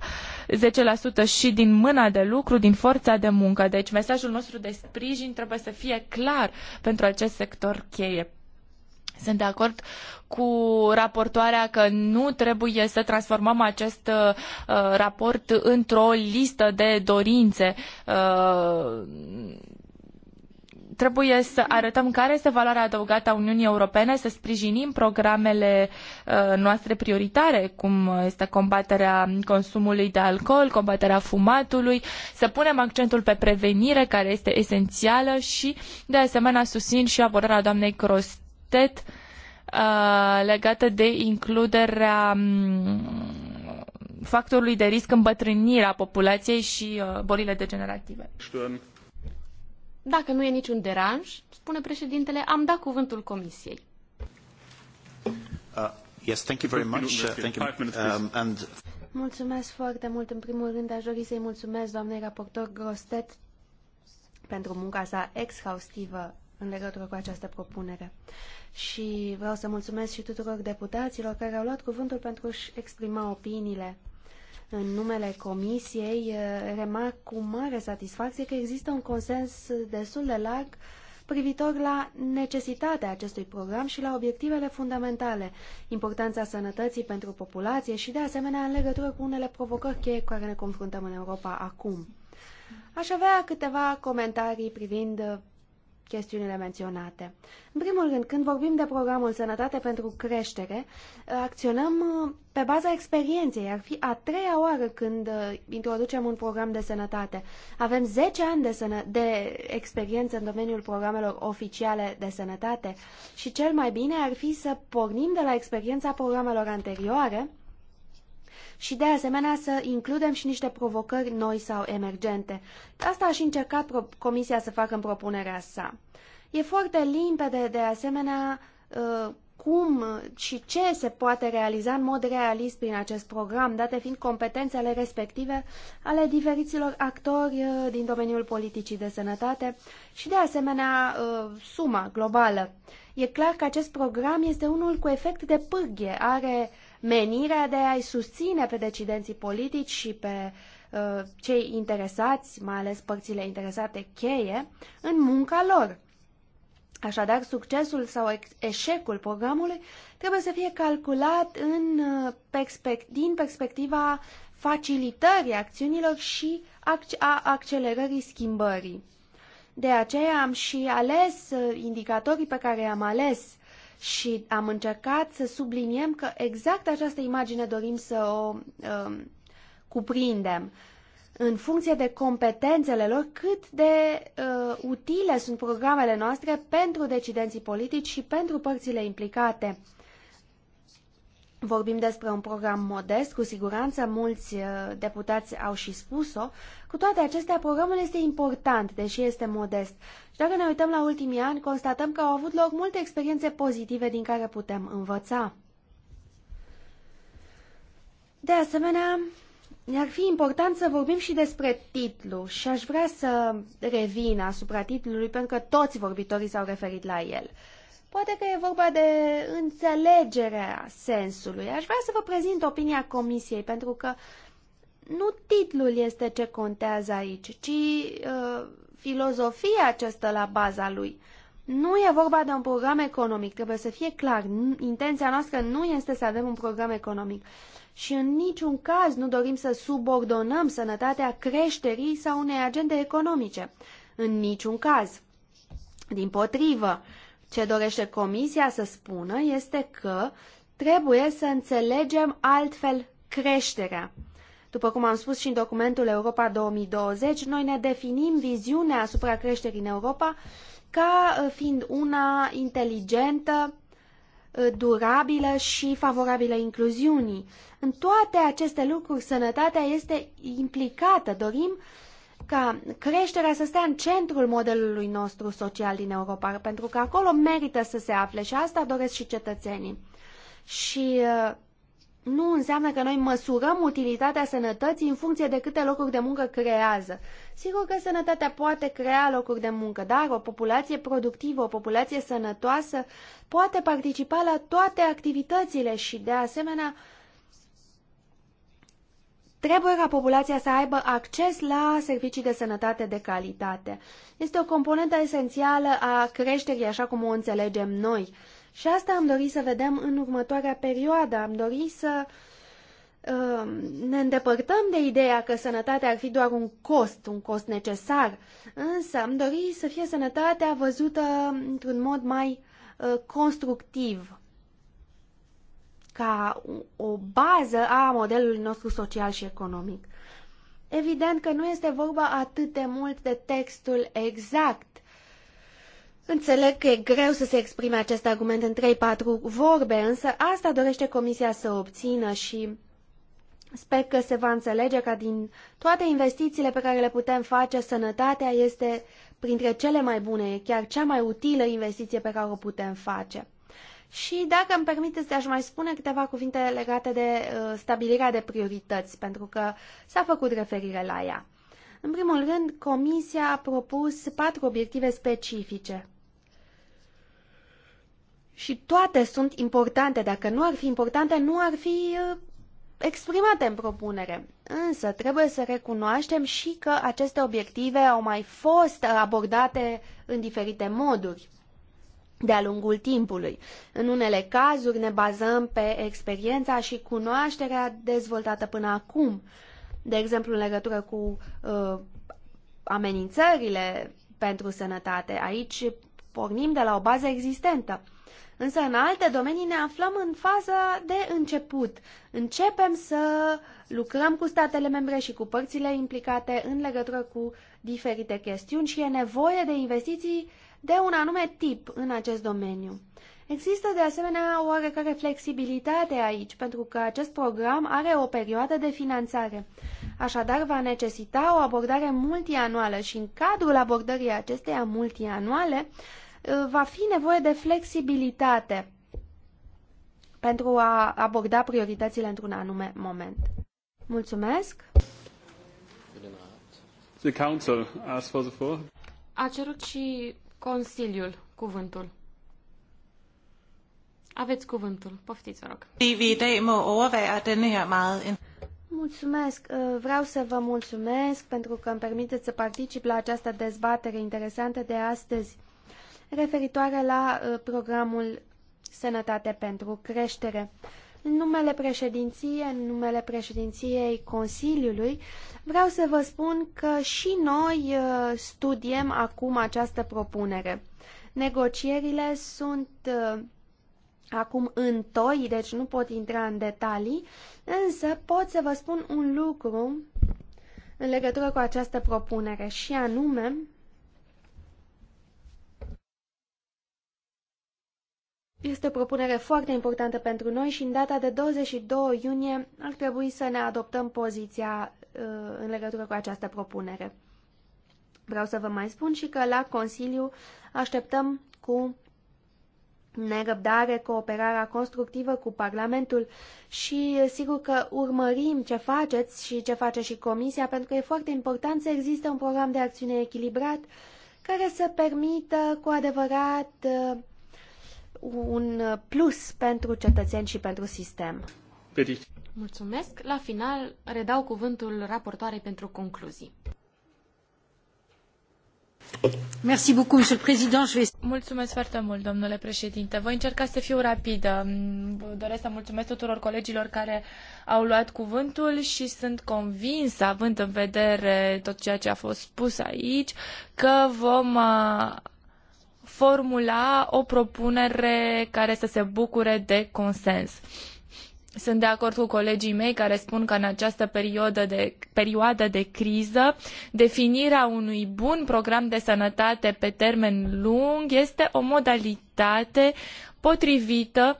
10% și din mâna de lucru, din forța de muncă. Deci mesajul nostru de sprijin trebuie să fie clar pentru acest sector cheie. Sunt de acord cu raportoarea că nu trebuie să transformăm acest uh, raport într-o listă de dorințe. Uh, trebuie să arătăm care este valoarea adăugată a Uniunii Europene, să sprijinim programele uh, noastre prioritare, cum este combaterea consumului de alcool, combaterea fumatului, să punem accentul pe prevenire, care este esențială și, de asemenea, susțin și abordarea doamnei Crostet uh, legată de includerea mm, factorului de risc îmbătrânirea populației și uh, bolile degenerative. Stern. Dacă nu e niciun deranj, spune președintele, am dat cuvântul comisiei. Uh, yes, thank you very much. Uh, thank you. Um, and... Mulțumesc foarte mult. În primul rând, aș dori să-i mulțumesc doamnei raportor Grostet pentru munca sa exhaustivă în legătură cu această propunere. Și vreau să mulțumesc și tuturor deputaților care au luat cuvântul pentru a-și exprima opiniile în numele Comisiei, eh, remarc cu mare satisfacție că există un consens destul de larg privitor la necesitatea acestui program și la obiectivele fundamentale, importanța sănătății pentru populație și, de asemenea, în legătură cu unele provocări cheie cu care ne confruntăm în Europa acum. Aș avea câteva comentarii privind chestiunile menționate. În primul rând, când vorbim de programul Sănătate pentru Creștere, acționăm uh, pe baza experienței. Ar fi a treia oară când uh, introducem un program de sănătate. Avem 10 ani de, sănă- de experiență în domeniul programelor oficiale de sănătate și cel mai bine ar fi să pornim de la experiența programelor anterioare, și de asemenea să includem și niște provocări noi sau emergente. Asta a și încercat Comisia să facă în propunerea sa. E foarte limpede de asemenea uh, cum și ce se poate realiza în mod realist prin acest program, date fiind competențele respective ale diferiților actori uh, din domeniul politicii de sănătate și, de asemenea, uh, suma globală. E clar că acest program este unul cu efect de pârghie, are menirea de a-i susține pe decidenții politici și pe uh, cei interesați, mai ales părțile interesate cheie, în munca lor. Așadar, succesul sau eșecul programului trebuie să fie calculat în uh, perspect- din perspectiva facilitării acțiunilor și ac- a accelerării schimbării. De aceea am și ales uh, indicatorii pe care i-am ales și am încercat să subliniem că exact această imagine dorim să o um, cuprindem. În funcție de competențele lor, cât de uh, utile sunt programele noastre pentru decidenții politici și pentru părțile implicate. Uh, Vorbim despre un program modest, cu siguranță mulți uh, deputați au și spus-o. Cu toate acestea, programul este important, deși este modest. Și dacă ne uităm la ultimii ani, constatăm că au avut loc multe experiențe pozitive din care putem învăța. De asemenea, ar fi important să vorbim și despre titlu și aș vrea să revin asupra titlului pentru că toți vorbitorii s-au referit la el. Poate că e vorba de înțelegerea sensului. Aș vrea să vă prezint opinia comisiei, pentru că nu titlul este ce contează aici, ci uh, filozofia aceasta la baza lui. Nu e vorba de un program economic, trebuie să fie clar. Intenția noastră nu este să avem un program economic. Și în niciun caz nu dorim să subordonăm sănătatea creșterii sau unei agende economice. În niciun caz. Din potrivă, uh, ce dorește Comisia să spună este că trebuie să înțelegem altfel creșterea. După cum am spus și în documentul Europa 2020, noi ne definim viziunea asupra creșterii în Europa ca uh, fiind una inteligentă, uh, durabilă și favorabilă incluziunii. În toate aceste lucruri, sănătatea este implicată. Dorim ca creșterea să stea în centrul modelului nostru social din Europa, pentru că acolo merită să se afle și asta doresc și cetățenii. Și uh, nu înseamnă că noi măsurăm utilitatea sănătății în funcție de câte locuri de muncă creează. Sigur că sănătatea poate crea locuri de muncă, dar o populație productivă, o populație sănătoasă poate participa la toate activitățile și, de asemenea, Trebuie ca populația să aibă acces la servicii de sănătate de calitate. Este o componentă esențială a creșterii, așa cum o înțelegem noi. Și asta am dorit să vedem în următoarea perioadă. Am dorit să um, ne îndepărtăm de ideea că sănătatea ar fi doar un cost, un cost necesar, însă am dorit să fie sănătatea văzută într-un mod mai uh, constructiv ca o bază a modelului nostru social și economic. Evident că nu este vorba atât de mult de textul exact. Înțeleg că e greu să se exprime acest argument în 3-4 vorbe, însă asta dorește Comisia să obțină și sper că se va înțelege că din toate investițiile pe care le putem face, sănătatea este printre cele mai bune, chiar cea mai utilă investiție pe care o putem face. Și dacă îmi permiteți de aș mai spune câteva cuvinte legate de uh, stabilirea de priorități, pentru că s-a făcut referire la ea. În primul rând, Comisia a propus patru obiective specifice. Și toate sunt importante. Dacă nu ar fi importante, nu ar fi uh, exprimate în propunere. Însă trebuie să recunoaștem și că aceste obiective au mai fost abordate în diferite moduri de-a lungul timpului. În unele cazuri ne bazăm pe experiența și cunoașterea dezvoltată până acum, de exemplu în legătură cu uh, amenințările pentru sănătate. Aici pornim de la o bază existentă. Însă în alte domenii ne aflăm în faza de început. Începem să lucrăm cu statele membre și cu părțile implicate în legătură cu diferite chestiuni și e nevoie de investiții uh, de un anume tip în acest domeniu. Există de asemenea o oarecare flexibilitate aici, pentru că acest program are o perioadă de finanțare. Așadar, va necesita o abordare multianuală și în cadrul abordării acesteia multianuale uh, va fi nevoie de flexibilitate pentru a aborda prioritățile într-un anume moment. Mulțumesc! The council asked for the floor. A cerut și Consiliul, cuvântul. Aveți cuvântul. Poftiți, vă rog. Mulțumesc. Uh, vreau să vă mulțumesc pentru că îmi permiteți să particip la această dezbatere interesantă de astăzi referitoare la uh, programul Sănătate pentru Creștere. În numele președinției, în numele președinției Consiliului, vreau să vă spun că și noi uh, studiem acum această propunere. Negocierile sunt uh, acum în toi, deci nu pot intra în detalii, însă pot să vă spun un lucru în legătură cu această propunere și anume Este o propunere foarte importantă pentru noi și în data de 22 iunie ar trebui să ne adoptăm poziția uh, în legătură cu această propunere. Vreau să vă mai spun și că la Consiliu așteptăm cu nerăbdare cooperarea constructivă cu Parlamentul și uh, sigur că urmărim ce faceți și ce face și Comisia, pentru că e foarte important să existe un program de acțiune echilibrat care să permită cu adevărat uh, un plus pentru cetățeni și pentru sistem. Petit. Mulțumesc. La final, redau cuvântul raportoarei pentru concluzii. Mulțumesc foarte mult, domnule președinte. Voi încerca să fiu rapidă. Doresc să mulțumesc tuturor colegilor care au luat cuvântul și sunt convinsă, având în vedere tot ceea ce a fost spus aici, că vom uh, formula o propunere care să se bucure de consens. Sunt de acord cu colegii mei care spun că în această perioadă de, perioadă de criză, definirea unui bun program de sănătate pe termen lung este o modalitate potrivită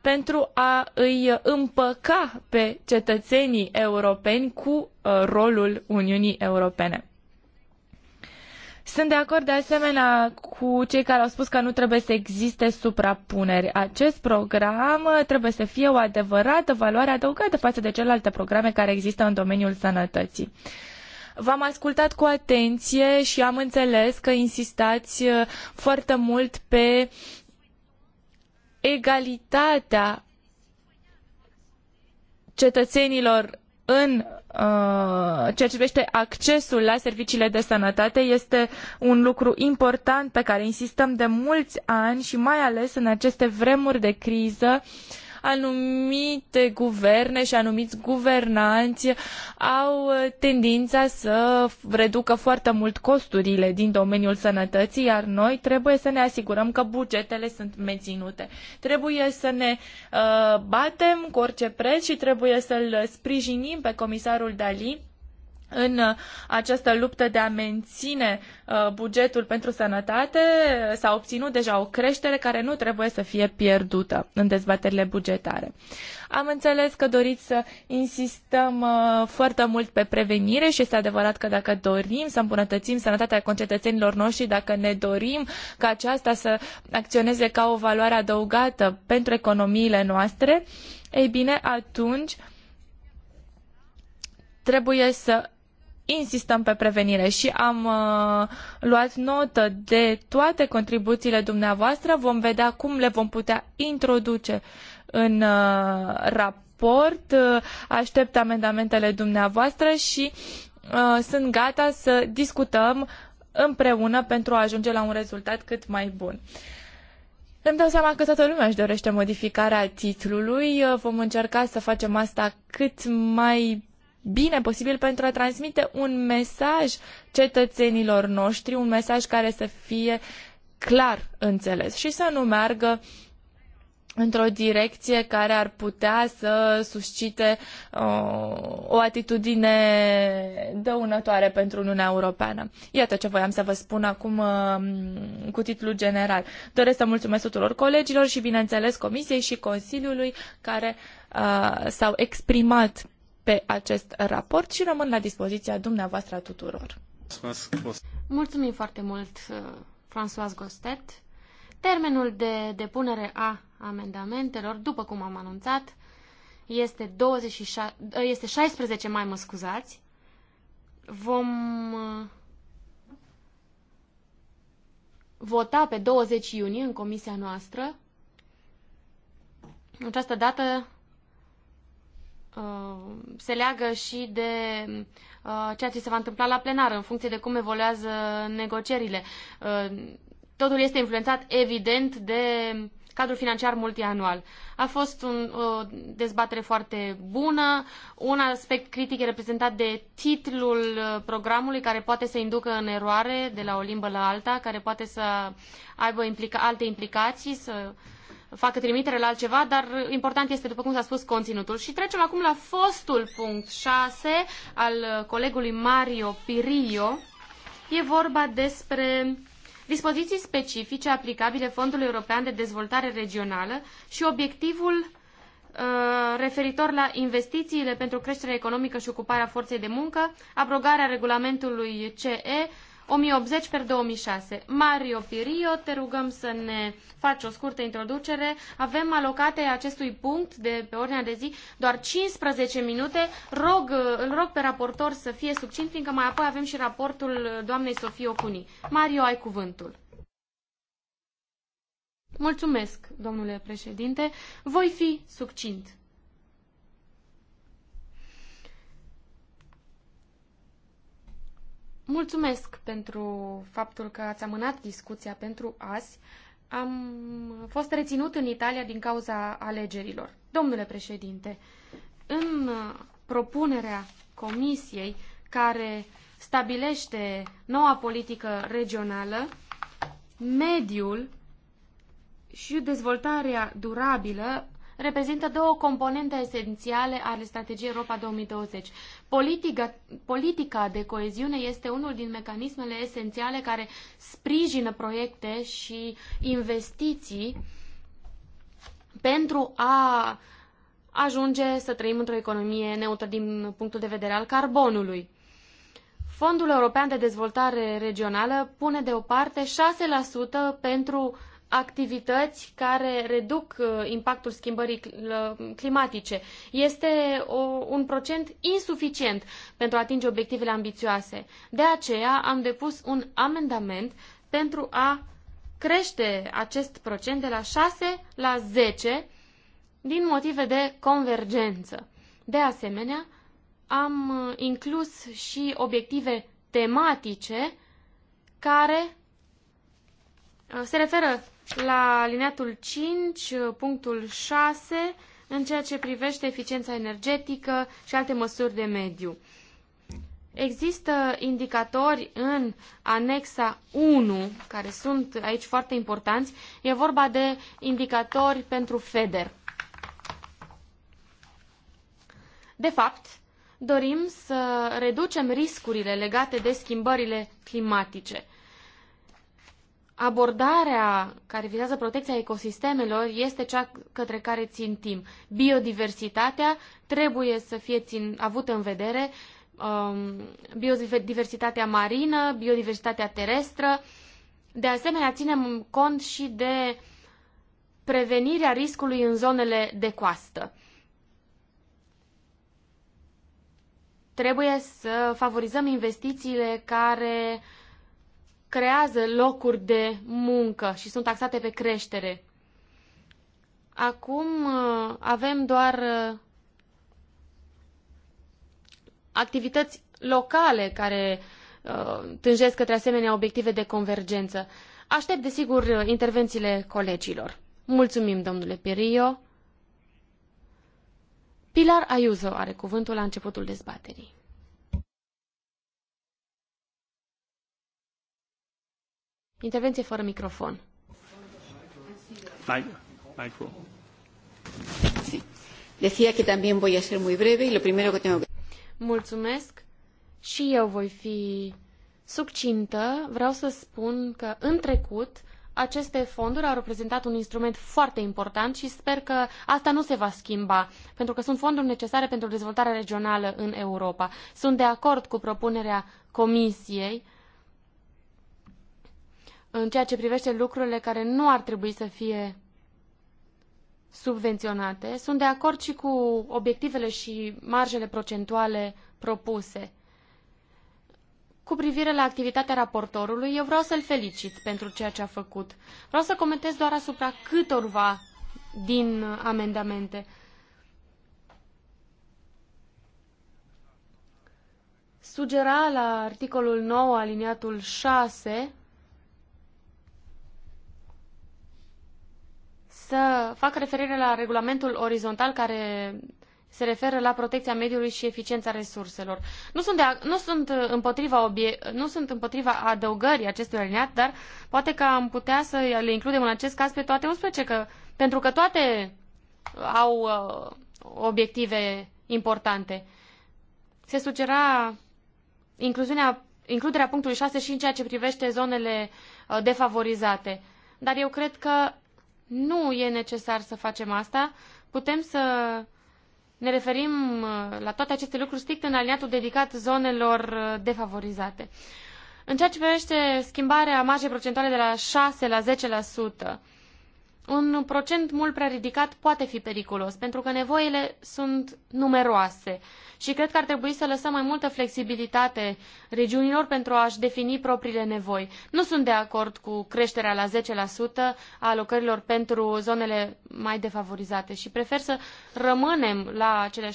pentru a îi împăca pe cetățenii europeni cu uh, rolul Uniunii Europene. Sunt de acord de asemenea cu cei care au spus că nu trebuie să existe suprapuneri. Acest program trebuie să fie o adevărată valoare adăugată față de celelalte programe care există în domeniul sănătății. V-am ascultat cu atenție și am înțeles că insistați uh, foarte mult pe egalitatea cetățenilor în Uh, ceea ce privește accesul la serviciile de sănătate este un lucru important pe care insistăm de mulți ani și mai ales în aceste vremuri de criză uh, anumite guverne și anumiți guvernanți au uh, tendința să reducă foarte mult costurile din domeniul sănătății, iar noi trebuie să ne asigurăm că bugetele sunt menținute. Trebuie să ne uh, batem cu orice preț și trebuie să-l sprijinim pe comisarul Dali în uh, această luptă de a menține uh, bugetul pentru sănătate s-a obținut deja o creștere care nu trebuie să fie pierdută în dezbaterile bugetare. Am înțeles că doriți să insistăm uh, foarte mult pe prevenire și este adevărat că dacă dorim să îmbunătățim sănătatea concetățenilor noștri, dacă ne dorim ca aceasta să acționeze ca o valoare adăugată pentru economiile noastre, ei bine, atunci trebuie să insistăm pe prevenire și am uh, luat notă de toate contribuțiile dumneavoastră. Vom vedea cum le vom putea introduce în uh, raport. Uh, aștept amendamentele dumneavoastră și uh, sunt gata să discutăm împreună pentru a ajunge la un rezultat cât mai bun. Îmi dau seama că toată lumea își dorește modificarea titlului. Uh, vom încerca să facem asta cât mai bine posibil pentru a transmite un mesaj cetățenilor noștri, un mesaj care să fie clar înțeles și să nu meargă într-o direcție care ar putea să suscite uh, o atitudine dăunătoare pentru Uniunea Europeană. Iată ce voiam să vă spun acum uh, cu titlul general. Doresc să mulțumesc tuturor colegilor și, bineînțeles, Comisiei și Consiliului care uh, s-au exprimat pe acest raport și rămân la dispoziția dumneavoastră a tuturor. Mulțumim foarte mult, uh, François Gostet. Termenul de depunere a amendamentelor, după cum am anunțat, este, 26, uh, este 16 mai, mă scuzați. Vom uh, vota pe 20 iunie în comisia noastră. În această dată Uh, se leagă și de uh, ceea ce se va întâmpla la plenară, în funcție de cum evoluează negocierile. Uh, totul este influențat, evident, de cadrul financiar multianual. A fost un, o dezbatere foarte bună. Un aspect critic e reprezentat de titlul programului, care poate să inducă în eroare de la o limbă la alta, care poate să aibă implica- alte implicații, să uh, facă trimitere la altceva, dar important este, după cum s-a spus, conținutul. Și trecem acum la fostul punct 6 al colegului Mario Pirillo. E vorba despre dispoziții specifice aplicabile Fondului European de Dezvoltare Regională și obiectivul uh, referitor la investițiile pentru creșterea economică și ocuparea forței de muncă, abrogarea regulamentului CE 1080 per 2006. Mario Pirio, te rugăm să ne faci o scurtă introducere. Avem alocate acestui punct de pe ordinea de zi doar 15 minute. Rog, îl rog pe raportor să fie succint, fiindcă mai apoi avem și raportul doamnei Sofie Ocuni. Mario, ai cuvântul. Mulțumesc, domnule președinte. Voi fi succint. Mulțumesc pentru faptul că ați amânat discuția pentru azi. Am fost reținut în Italia din cauza alegerilor. Domnule președinte, în uh, propunerea comisiei care stabilește noua politică regională, mediul și dezvoltarea durabilă reprezintă două componente esențiale ale strategiei Europa 2020. Politica, politica de coeziune este unul din mecanismele esențiale care sprijină proiecte și investiții pentru a ajunge să trăim într-o economie neutră din punctul de vedere al carbonului. Fondul European de Dezvoltare Regională pune deoparte 6% pentru activități care reduc uh, impactul schimbării uh, climatice. Este o, un procent insuficient pentru a atinge obiectivele ambițioase. De aceea am depus un amendament pentru a crește acest procent de la 6 la 10 din motive de convergență. De asemenea, am uh, inclus și obiective tematice care se referă la alineatul 5, punctul 6, în ceea ce privește eficiența energetică și alte măsuri de mediu. Există indicatori în anexa 1, care sunt aici foarte importanți. E vorba de indicatori pentru FEDER. De fapt, dorim să reducem riscurile legate de schimbările climatice abordarea care vizează protecția ecosistemelor este cea către care timp. Biodiversitatea trebuie să fie țin, avută în vedere, um, biodiversitatea marină, biodiversitatea terestră. De asemenea, ținem cont și de prevenirea riscului în zonele de coastă. Trebuie să favorizăm investițiile care uh, creează locuri de muncă și sunt taxate pe creștere. Acum uh, avem doar uh, activități locale care uh, tânjesc către asemenea obiective de convergență. Aștept, desigur, intervențiile colegilor. Mulțumim, domnule Pirio. Pilar Ayuso are cuvântul la începutul dezbaterii. Intervenție fără microfon. Micro. Sí. Decía que también voy a ser muy breve y lo primero que tengo que... Mulțumesc. Și eu voi fi succintă. Vreau să spun că în trecut aceste fonduri au reprezentat un instrument foarte important și sper că asta nu se va schimba, pentru că sunt fonduri necesare pentru dezvoltarea regională în Europa. Sunt de acord cu propunerea Comisiei uh, în ceea ce privește lucrurile care nu ar trebui să fie subvenționate. Sunt de acord și cu obiectivele și marjele procentuale propuse. Cu privire la activitatea raportorului, eu vreau să-l felicit pentru ceea ce a făcut. Vreau să comentez doar asupra câtorva din amendamente. Sugera la articolul 9, aliniatul 6, să fac referire la regulamentul orizontal care se referă la protecția mediului și eficiența resurselor. Nu sunt, de, nu sunt, împotriva, obie, nu sunt împotriva adăugării acestui alineat, dar poate că am putea să le includem în acest caz pe toate 11, că, pentru că toate uh, au uh, obiective importante. Se sugera incluziunea, includerea punctului 6 și în ceea ce privește zonele uh, defavorizate. Dar eu cred că nu e necesar să facem asta. Putem să ne referim uh, la toate aceste lucruri strict în aliniatul dedicat zonelor uh, defavorizate. În ceea ce privește schimbarea marjei procentuale de la 6 la 10%, un procent mult prea ridicat poate fi periculos, pentru că nevoile sunt numeroase. Uh, și cred că ar trebui să lăsăm mai multă flexibilitate regiunilor pentru a-și defini propriile nevoi. Nu sunt de acord cu creșterea la 10% a alocărilor pentru zonele mai defavorizate și prefer să rămânem la cele 6%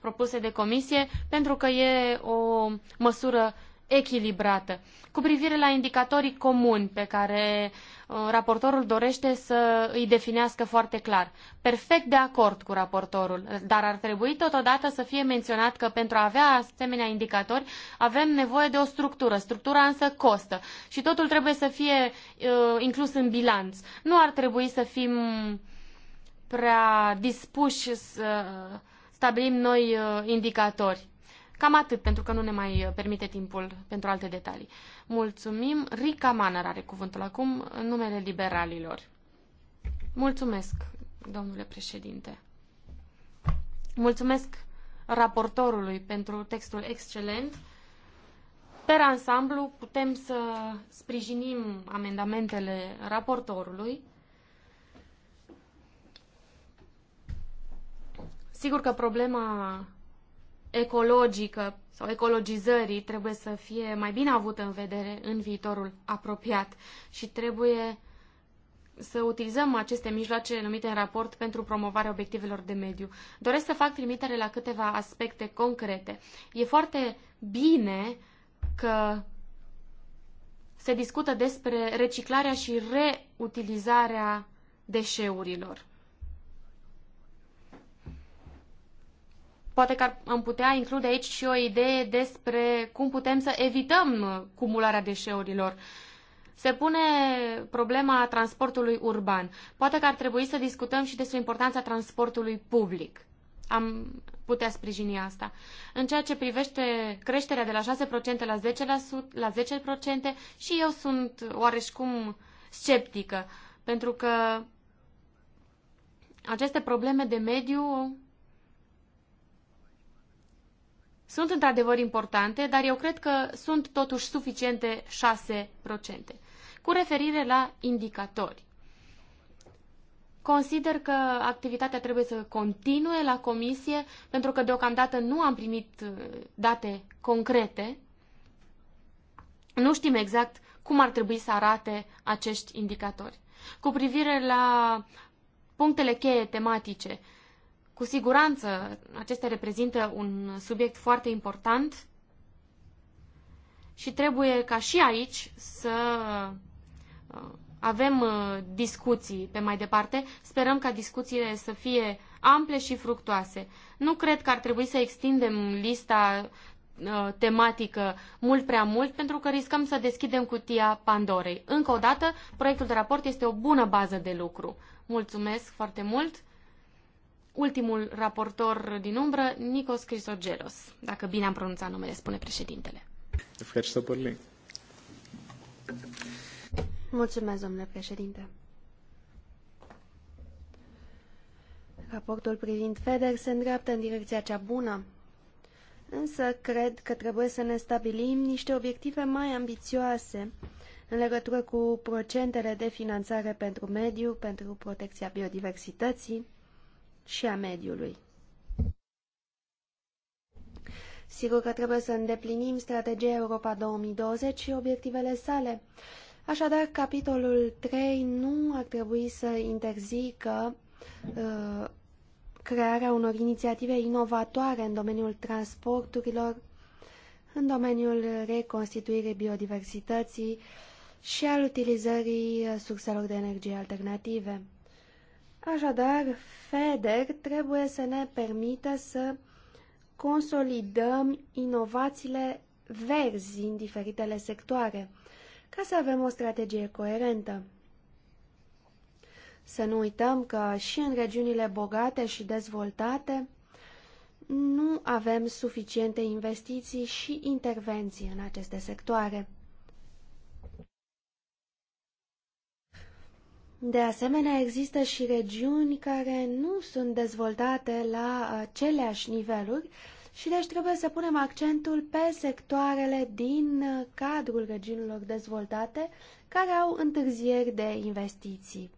propuse de comisie pentru că e o măsură echilibrată. Cu privire la indicatorii comuni pe care uh, raportorul dorește să îi definească foarte clar. Perfect de acord cu raportorul, dar ar trebui totodată să fie menționat că pentru a avea asemenea indicatori avem nevoie de o structură. Structura însă costă și totul trebuie să fie uh, inclus în bilanț. Nu ar trebui să fim prea dispuși să stabilim noi uh, indicatori. Cam atât, pentru că nu ne mai uh, permite timpul pentru alte detalii. Mulțumim. Rica Maner are cuvântul acum în numele liberalilor. Mulțumesc, domnule președinte. Mulțumesc raportorului pentru textul excelent. Per ansamblu, putem să sprijinim amendamentele raportorului. Sigur că problema ecologică sau ecologizării trebuie să fie mai bine avută în vedere în viitorul apropiat și trebuie să utilizăm aceste mijloace numite în raport pentru promovarea obiectivelor de mediu. Doresc să fac trimitere la câteva aspecte concrete. E foarte bine că se discută despre reciclarea și reutilizarea deșeurilor. Poate că am putea include aici și o idee despre cum putem să evităm cumularea deșeurilor. Se pune problema transportului urban. Poate că ar trebui să discutăm și despre importanța transportului public. Am putea sprijini asta. În ceea ce privește creșterea de la 6% la 10%, la 10% și eu sunt oareșcum sceptică, pentru că aceste probleme de mediu sunt într-adevăr importante, dar eu cred că sunt totuși suficiente 6%. Cu referire la indicatori, consider că activitatea trebuie să continue la comisie, pentru că deocamdată nu am primit uh, date concrete. Nu știm exact cum ar trebui să arate acești indicatori. Cu privire la punctele cheie tematice, cu siguranță, acestea reprezintă un subiect foarte important și trebuie ca și aici să uh, avem uh, discuții pe mai departe. Sperăm ca discuțiile să fie ample și fructoase. Nu cred că ar trebui să extindem lista uh, tematică mult prea mult, pentru că riscăm să deschidem cutia Pandorei. Încă o dată, proiectul de raport este o bună bază de lucru. Mulțumesc foarte mult! ultimul raportor din umbră, Nikos Chrysogelos, dacă bine am pronunțat numele, spune președintele. Mulțumesc, domnule președinte. Raportul privind FEDER se îndreaptă în direcția cea bună, însă cred că trebuie să ne stabilim niște obiective mai ambițioase în legătură cu procentele de finanțare pentru mediu, pentru protecția biodiversității, și a mediului. Sigur că trebuie să îndeplinim strategia Europa 2020 și obiectivele sale. Așadar, capitolul 3 nu ar trebui să interzică uh, crearea unor inițiative inovatoare în domeniul transporturilor, în domeniul reconstituirii biodiversității și al utilizării surselor de energie alternative. Așadar, FEDER trebuie să ne permită să consolidăm inovațiile verzi în diferitele sectoare, ca să avem o strategie coerentă. Să nu uităm că și în regiunile bogate și dezvoltate nu avem suficiente investiții și intervenții în aceste sectoare. De asemenea, există și regiuni care nu sunt dezvoltate la aceleași niveluri și deci trebuie să punem accentul pe sectoarele din cadrul regiunilor dezvoltate care au întârzieri de investiții.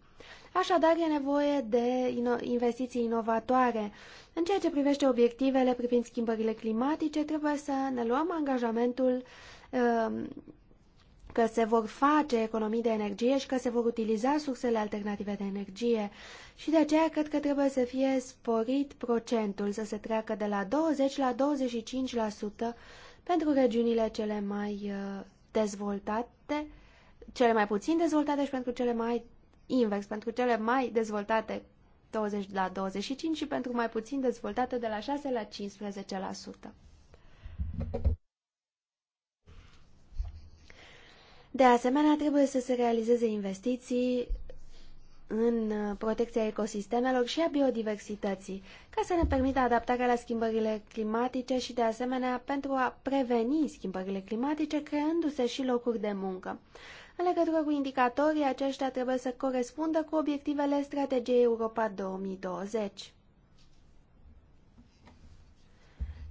Așadar, e nevoie de investiții inovatoare. În ceea ce privește obiectivele privind schimbările climatice, trebuie să ne luăm angajamentul um, că se vor face economii de energie și că se vor utiliza sursele alternative de energie și de aceea cred că trebuie să fie sporit procentul, să se treacă de la 20 la 25% pentru regiunile cele mai uh, dezvoltate, cele mai puțin dezvoltate și pentru cele mai invers, pentru cele mai dezvoltate 20 la 25 și pentru mai puțin dezvoltate de la 6 la 15%. De asemenea, trebuie să se realizeze investiții în uh, protecția ecosistemelor și a biodiversității, ca să ne permită adaptarea la schimbările climatice și, de asemenea, pentru a preveni schimbările climatice, creându-se și locuri de muncă. În legătură cu indicatorii, aceștia trebuie să corespundă cu obiectivele strategiei Europa 2020.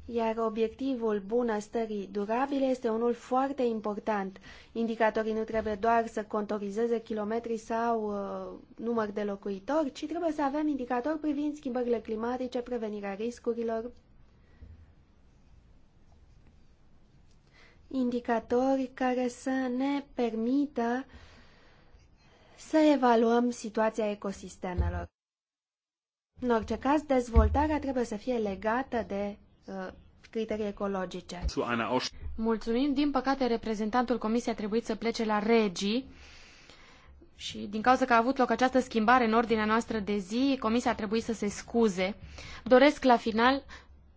iar obiectivul bunăstării durabile este unul foarte important. Indicatorii nu trebuie doar să contorizeze kilometri sau uh, număr de locuitori, ci trebuie să avem indicatori privind schimbările climatice, prevenirea riscurilor, indicatori care să ne permită să evaluăm situația ecosistemelor. În orice caz, dezvoltarea trebuie să fie legată de Uh, criterii ecologice. Mulțumim. Din păcate, reprezentantul Comisiei a trebuit să plece la regii. Și din cauza că a avut loc această schimbare în ordinea noastră de zi, comisia a trebuit să se scuze. Doresc la final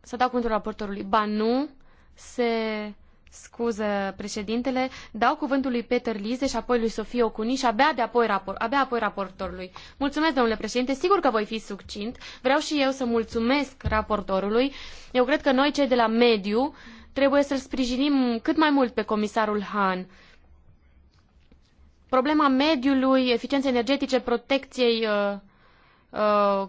să dau cuvântul raportorului. Ba nu, se Scuză, președintele, dau cuvântul lui Peter Lize și apoi lui Sofie Ocuni și abia, de apoi, rapor, abia apoi raportorului. Mulțumesc, domnule președinte, sigur că voi fi succint. Vreau și eu să mulțumesc raportorului. Eu cred că noi, cei de la mediu, trebuie să-l sprijinim cât mai mult pe comisarul Han problema mediului, eficienței energetice, protecției uh, uh,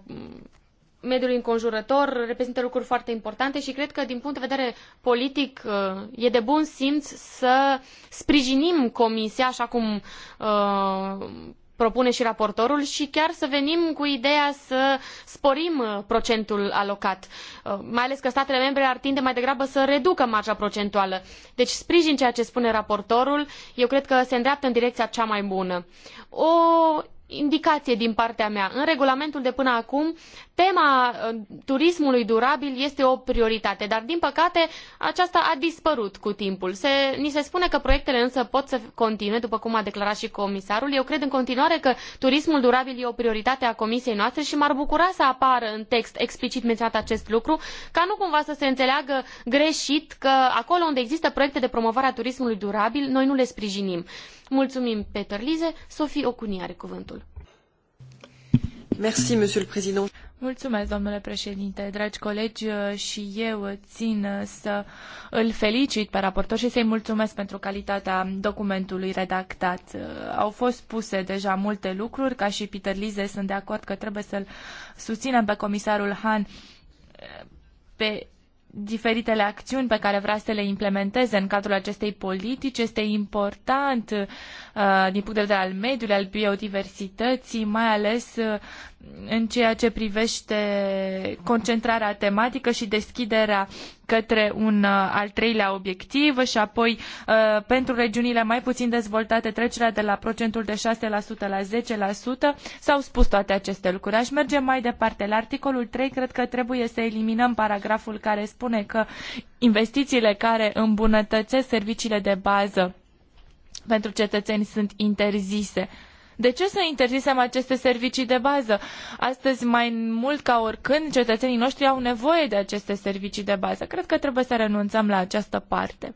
mediul înconjurător reprezintă lucruri foarte importante și cred că din punct de vedere politic uh, e de bun simț să sprijinim comisia așa cum uh, propune și raportorul și chiar să venim cu ideea să sporim uh, procentul alocat, uh, mai ales că statele membre ar tinde mai degrabă să reducă marja procentuală. Deci sprijin ceea ce spune raportorul, eu cred că se îndreaptă în direcția cea mai bună. O indicație din partea mea. În regulamentul de până acum, tema uh, turismului durabil este o prioritate, dar din păcate aceasta a dispărut cu timpul. Se, ni se spune că proiectele însă pot să continue, după cum a declarat și comisarul. Eu cred în continuare că turismul durabil e o prioritate a comisiei noastre și m-ar bucura să apară în text explicit menționat acest lucru, ca nu cumva să se înțeleagă greșit că acolo unde există proiecte de promovare a turismului durabil, noi nu le sprijinim. Mulțumim, Peter Lize. Sofie Ocuni are cuvântul. Merci, Monsieur le Président. Mulțumesc, domnule președinte, dragi colegi, și eu țin să îl felicit pe raportor și să-i mulțumesc pentru calitatea documentului redactat. Au fost puse deja multe lucruri, ca și Peter Lize, sunt de acord că trebuie să-l susținem pe comisarul Han pe diferitele acțiuni pe care vrea să le implementeze în cadrul acestei politici. Este important uh, din punct de vedere al mediului, al biodiversității, mai ales uh, în ceea ce privește concentrarea tematică și deschiderea către un uh, al treilea obiectiv și apoi uh, pentru regiunile mai puțin dezvoltate trecerea de la procentul de 6% la 10%. S-au spus toate aceste lucruri. Aș merge mai departe. La articolul 3 cred că trebuie să eliminăm paragraful care spune că investițiile care îmbunătățesc serviciile de bază pentru cetățeni sunt interzise. De ce să interzisem aceste servicii de bază? Astăzi, mai mult ca oricând, cetățenii noștri au nevoie de aceste servicii de bază. Cred că trebuie să renunțăm la această parte.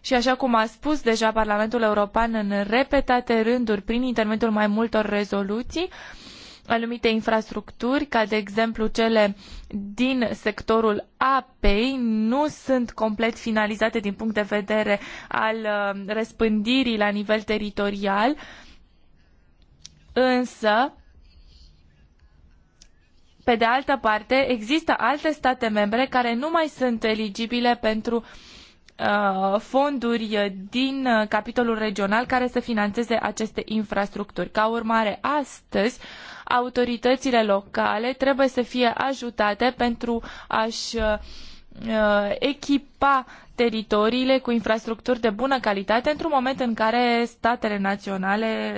Și așa cum a spus deja Parlamentul European în repetate rânduri prin intermediul mai multor rezoluții, uh, anumite infrastructuri, ca de exemplu cele din sectorul apei, nu sunt complet finalizate din punct de vedere al uh, răspândirii la nivel teritorial, însă pe de altă parte, există alte state membre care nu mai sunt eligibile pentru uh, fonduri din uh, capitolul regional care să financeze aceste infrastructuri. Ca urmare, astăzi autoritățile locale trebuie să fie ajutate pentru a-și uh, uh, echipa teritoriile cu infrastructuri de bună calitate într-un moment în care statele naționale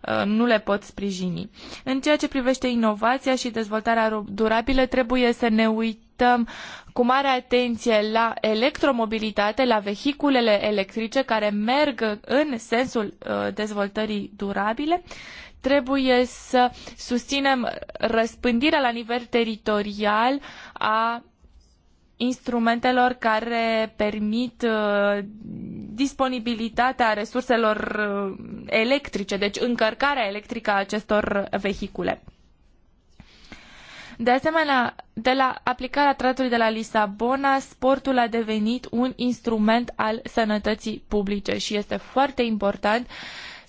uh, nu le pot sprijini. În ceea ce privește inovația și dezvoltarea durabilă, trebuie să ne uităm cu mare atenție la electromobilitate, la vehiculele electrice care merg în sensul dezvoltării durabile trebuie să susținem răspândirea la nivel teritorial a instrumentelor care permit uh, disponibilitatea resurselor uh, electrice, deci încărcarea electrică a acestor vehicule. De asemenea, de la aplicarea tratului de la Lisabona, sportul a devenit un instrument al sănătății publice și este foarte important uh,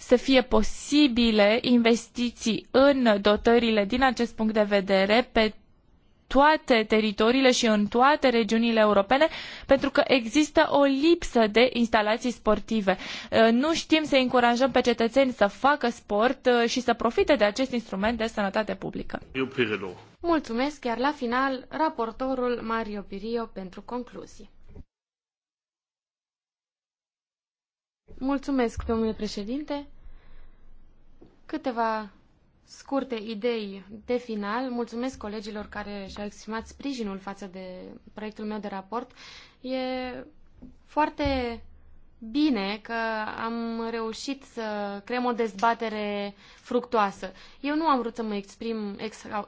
să fie posibile investiții în dotările din acest punct de vedere pe toate teritoriile și în toate regiunile europene, pentru că există o lipsă de instalații sportive. Uh, nu știm să încurajăm pe cetățeni să facă sport uh, și să profite de acest instrument de sănătate publică. Mulțumesc, chiar la final, raportorul Mario Pirio pentru concluzii. Mulțumesc, domnule președinte. Câteva scurte idei de final. Mulțumesc colegilor care și-au exprimat sprijinul față de proiectul meu de raport. E foarte bine că am reușit să creăm o dezbatere fructoasă. Eu nu am vrut să mă exprim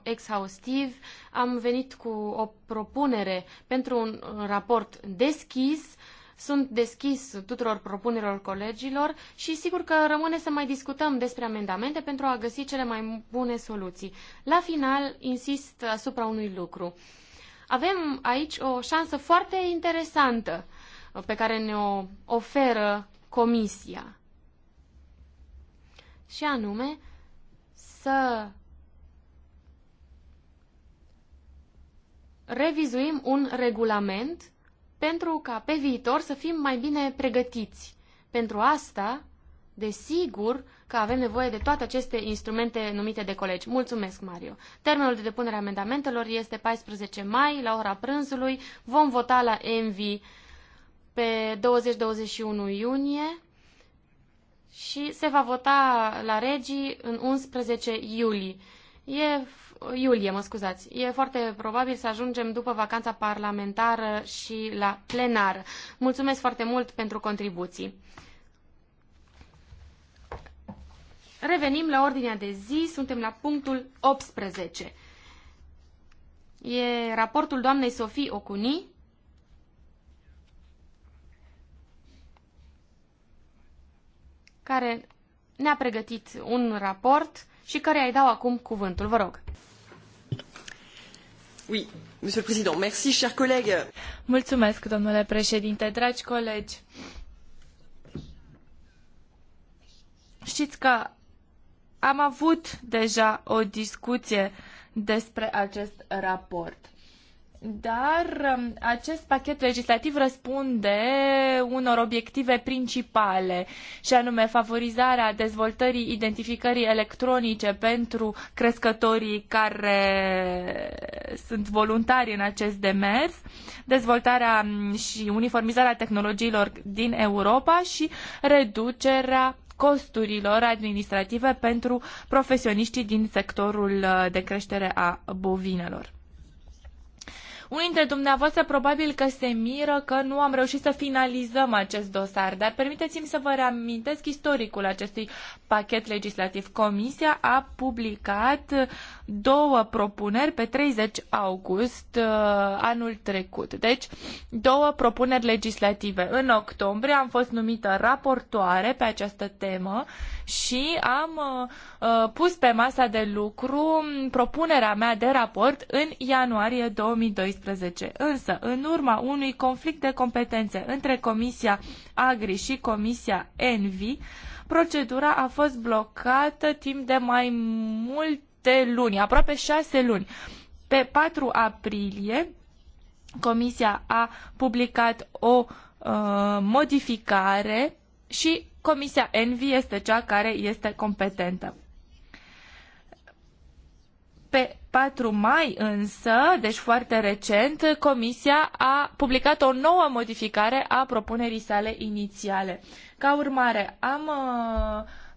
exhaustiv, am venit cu o propunere pentru un raport deschis, sunt deschis tuturor propunerilor colegilor și sigur că rămâne să mai discutăm despre amendamente pentru a găsi cele mai bune soluții. La final, insist asupra unui lucru. Avem aici o șansă foarte interesantă uh, pe care ne-o oferă Comisia. Și anume să revizuim un regulament pentru ca pe viitor să fim mai bine pregătiți. Pentru asta, desigur că avem nevoie de toate aceste instrumente numite de colegi. Mulțumesc, Mario. Termenul de depunere a amendamentelor este 14 mai, la ora prânzului. Vom vota la ENVI pe 20-21 iunie și se va vota la regii în 11 iulie. E iulie, mă scuzați. E foarte probabil să ajungem după vacanța parlamentară și la plenar. Mulțumesc foarte mult pentru contribuții. Revenim la ordinea de zi, suntem la punctul 18. E raportul doamnei Sofie Ocuni. care ne-a pregătit un raport și care îi dau acum cuvântul. Vă rog. Oui, monsieur le président, merci, chers collègues. Mulțumesc, domnule președinte, dragi colegi. Știți că am avut deja o discuție despre acest raport dar um, acest pachet legislativ răspunde unor obiective principale, și anume favorizarea dezvoltării identificării electronice pentru crescătorii care sunt voluntari în acest demers, dezvoltarea um, și uniformizarea tehnologiilor din Europa și reducerea costurilor administrative pentru profesioniștii din sectorul uh, de creștere a bovinelor. Unii dintre dumneavoastră probabil că se miră că nu am reușit să finalizăm acest dosar, dar permiteți-mi să vă reamintesc istoricul acestui pachet legislativ. Comisia a publicat două propuneri pe 30 august uh, anul trecut. Deci, două propuneri legislative. În octombrie am fost numită raportoare pe această temă și am uh, uh pus pe masa de lucru propunerea mea de raport în ianuarie 2012. 2012. Însă, în urma unui conflict de competențe între Comisia Agri și Comisia Envi, procedura a fost blocată timp de mai multe luni, aproape șase luni. Pe 4 aprilie, Comisia a publicat o uh, modificare și Comisia Envi este cea care este competentă. Pe 4 mai însă, deci foarte recent, Comisia a publicat o nouă modificare a propunerii sale inițiale. Ca urmare, am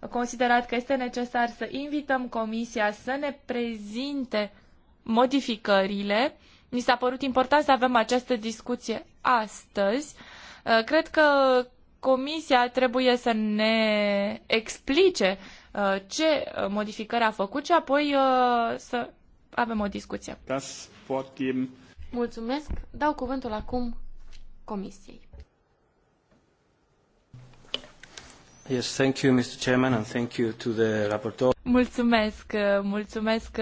uh, considerat că este necesar să invităm Comisia să ne prezinte modificările. Mi s-a părut important să avem această discuție astăzi. Uh, cred că Comisia trebuie să ne explice Uh, ce modificări a făcut și apoi uh, să avem o discuție. Mulțumesc. Dau cuvântul acum Comisiei. Yes, thank you, Mr. Chairman, and thank you to the rapporteur. Mulțumesc, uh, mulțumesc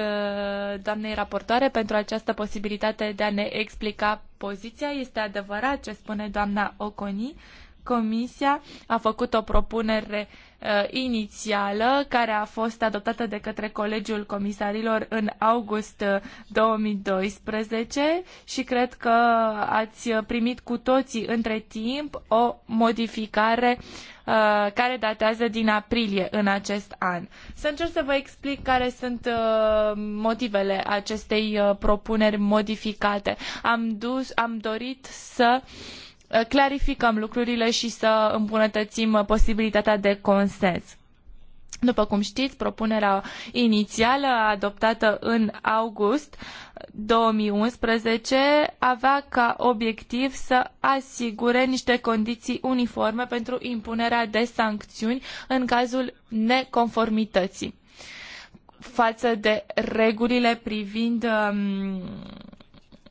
doamnei raportoare pentru această posibilitate de a ne explica poziția. Este adevărat ce spune doamna Oconi. Uh, Comisia a făcut o propunere uh, inițială care a fost adoptată de către Colegiul Comisarilor în august 2012 uh, și cred că ați primit cu toții între timp o modificare uh, care datează din aprilie în acest an. Să încerc să vă explic care sunt uh, motivele acestei uh, propuneri modificate. Am, dus, am dorit să uh, Uh, clarificăm lucrurile și să îmbunătățim uh, posibilitatea de consens. După cum știți, propunerea inițială adoptată în august 2011 uh, avea ca obiectiv să asigure niște condiții uniforme pentru impunerea de sancțiuni în cazul neconformității față de regulile privind um,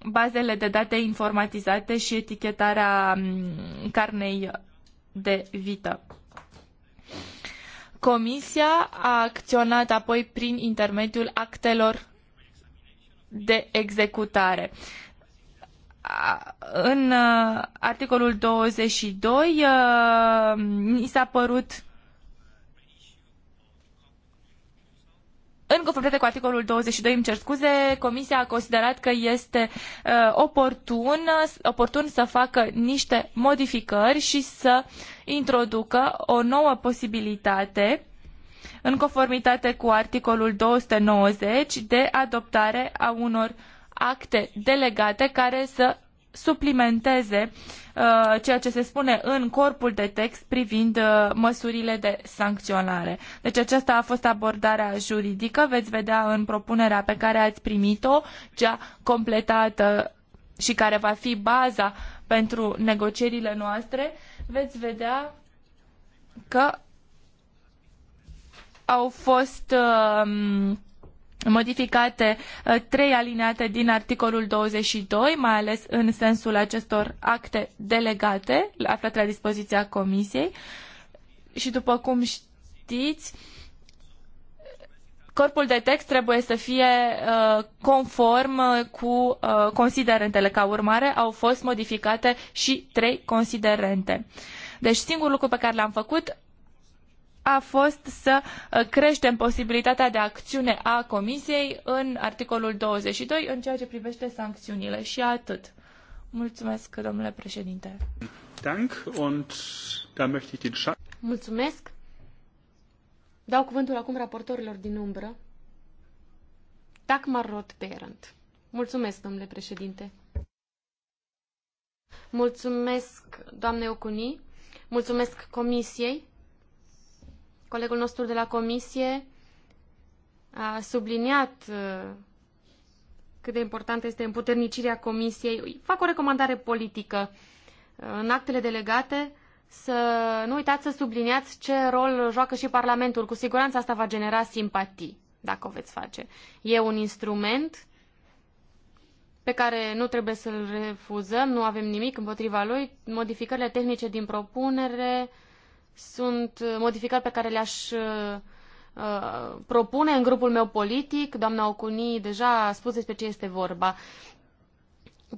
bazele de date informatizate și etichetarea mm, carnei de vită. Comisia a acționat apoi prin intermediul actelor de executare. În uh, articolul 22 uh, mi s-a părut în conformitate cu articolul 22, îmi cer scuze, Comisia a considerat că este uh, oportun, oportun să facă niște modificări și să introducă o nouă posibilitate în conformitate cu articolul 290 de adoptare a unor acte delegate care să suplimenteze uh, Uh, ceea ce se spune în corpul de text privind uh, măsurile de sancționare. Deci aceasta a fost abordarea juridică, veți vedea în propunerea pe care ați primit-o, cea completată și care va fi baza pentru negocierile noastre, veți vedea că au fost uh, modificate uh, trei alineate din articolul 22, mai ales în sensul acestor acte delegate aflate la dispoziția Comisiei. Și după cum știți, corpul de text trebuie să fie uh, conform uh, cu uh, considerentele. Ca urmare, au fost modificate și trei considerente. Deci singurul lucru pe care l-am făcut a fost să uh, creștem posibilitatea de acțiune a Comisiei în articolul 22 în ceea ce privește sancțiunile și atât. Mulțumesc, domnule președinte. Dank und da möchte ich den Mulțumesc. Dau cuvântul acum raportorilor din umbră. Dagmar Roth-Berend. Mulțumesc, domnule președinte. Mulțumesc, doamne Ocuni. Mulțumesc comisiei Colegul nostru de la comisie a subliniat uh, cât de importantă este împuternicirea comisiei. Fac o recomandare politică uh, în actele delegate să nu uitați să subliniați ce rol joacă și Parlamentul. Cu siguranță asta va genera simpatii, dacă o veți face. E un instrument pe care nu trebuie să-l refuzăm, nu avem nimic împotriva lui. Modificările tehnice din propunere uh, sunt modificări pe care le-aș uh, propune în grupul meu politic. Doamna Ocunii deja a spus despre ce este vorba.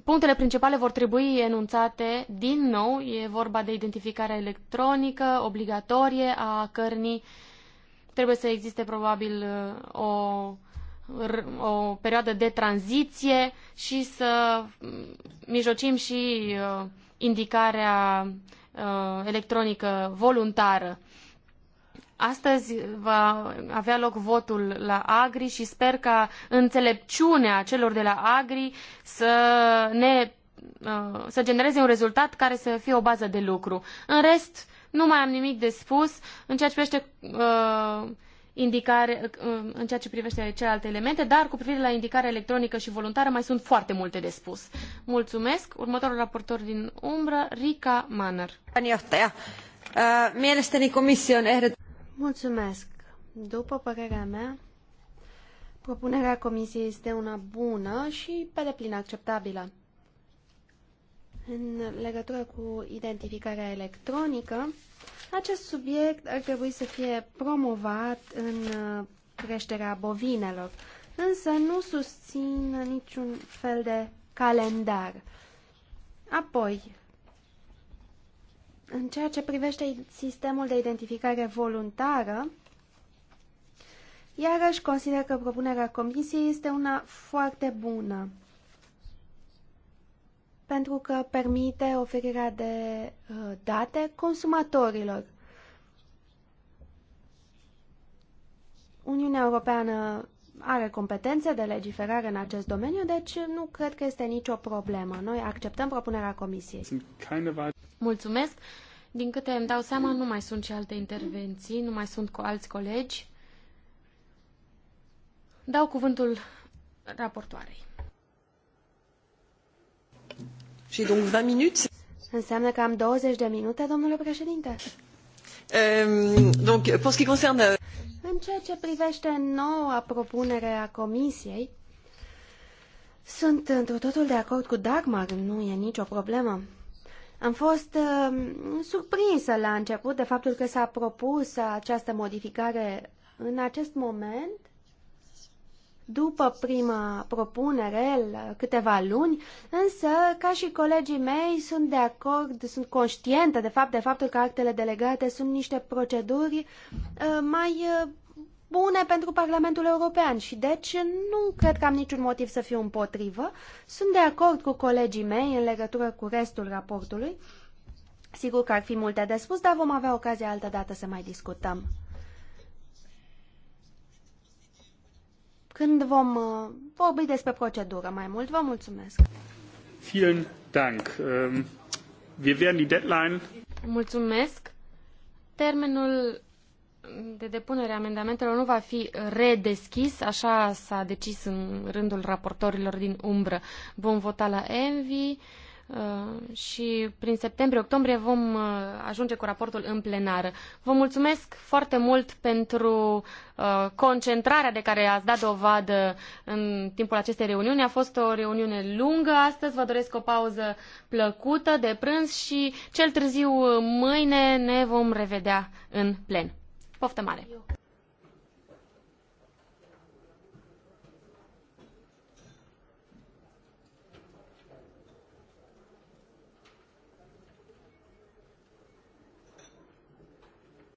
Punctele principale vor trebui enunțate din nou. E vorba de identificarea electronică obligatorie a cărnii. Trebuie să existe probabil uh, o, o perioadă de tranziție și să mm, mijlocim și uh, indicarea uh, electronică voluntară. Astăzi va avea loc votul la Agri și sper ca înțelepciunea celor de la Agri să ne uh, să genereze un rezultat care să fie o bază de lucru. În rest, nu mai am nimic de spus în ceea ce privește uh, indicare, uh, în ceea ce privește celelalte elemente, dar cu privire la indicarea electronică și voluntară mai sunt foarte multe de spus. Mulțumesc. Următorul raportor din umbră, Rica Manner. Uh, Mulțumesc. După părerea mea, propunerea Comisiei este una bună și pe deplin acceptabilă. În legătură cu identificarea electronică, acest subiect ar trebui să fie promovat în uh, creșterea bovinelor, însă nu susțin niciun fel de calendar. Apoi, în ceea ce privește sistemul de identificare voluntară, iarăși consider că propunerea comisiei este una foarte bună pentru că permite oferirea de uh, date consumatorilor. Uniunea Europeană are competențe de legiferare în acest domeniu, deci nu cred că este nicio problemă. Noi acceptăm propunerea Comisiei. Mulțumesc! Din câte îmi dau seama, nu mai sunt și alte intervenții, nu mai sunt cu alți colegi. Dau cuvântul raportoarei. J'ai donc 20 minutes. Înseamnă că am 20 de minute, domnule președinte. Ehm, donc, pour ce qui concerne... Euh, în ceea ce privește noua propunere a Comisiei, sunt într totul de acord cu Dagmar, nu e nicio problemă. Am fost uh, surprinsă la început de faptul că s-a propus această modificare în acest moment după prima propunere, câteva luni, însă, ca și colegii mei, sunt de acord, sunt conștientă de fapt de faptul că actele delegate sunt niște proceduri ă, mai ă, bune pentru Parlamentul European și deci nu cred că am niciun motiv să fiu împotrivă. Sunt de acord cu colegii mei în legătură cu restul raportului. Sigur că ar fi multe de spus, dar vom avea ocazia altă dată să mai discutăm. când vom uh, vorbi despre procedură mai mult. Vă mulțumesc! Vielen Dank! Ähm, wir werden die Deadline... Mulțumesc! Termenul de depunere a amendamentelor nu va fi redeschis, așa s-a decis în rândul raportorilor din umbră. Vom vota la Envi Uh, și prin septembrie-octombrie vom uh, ajunge cu raportul în plenară. Vă mulțumesc foarte mult pentru uh, concentrarea de care ați dat dovadă în timpul acestei reuniuni. A fost o reuniune lungă astăzi, vă doresc o pauză plăcută de prânz și cel târziu mâine ne vom revedea în plen. Poftă mare!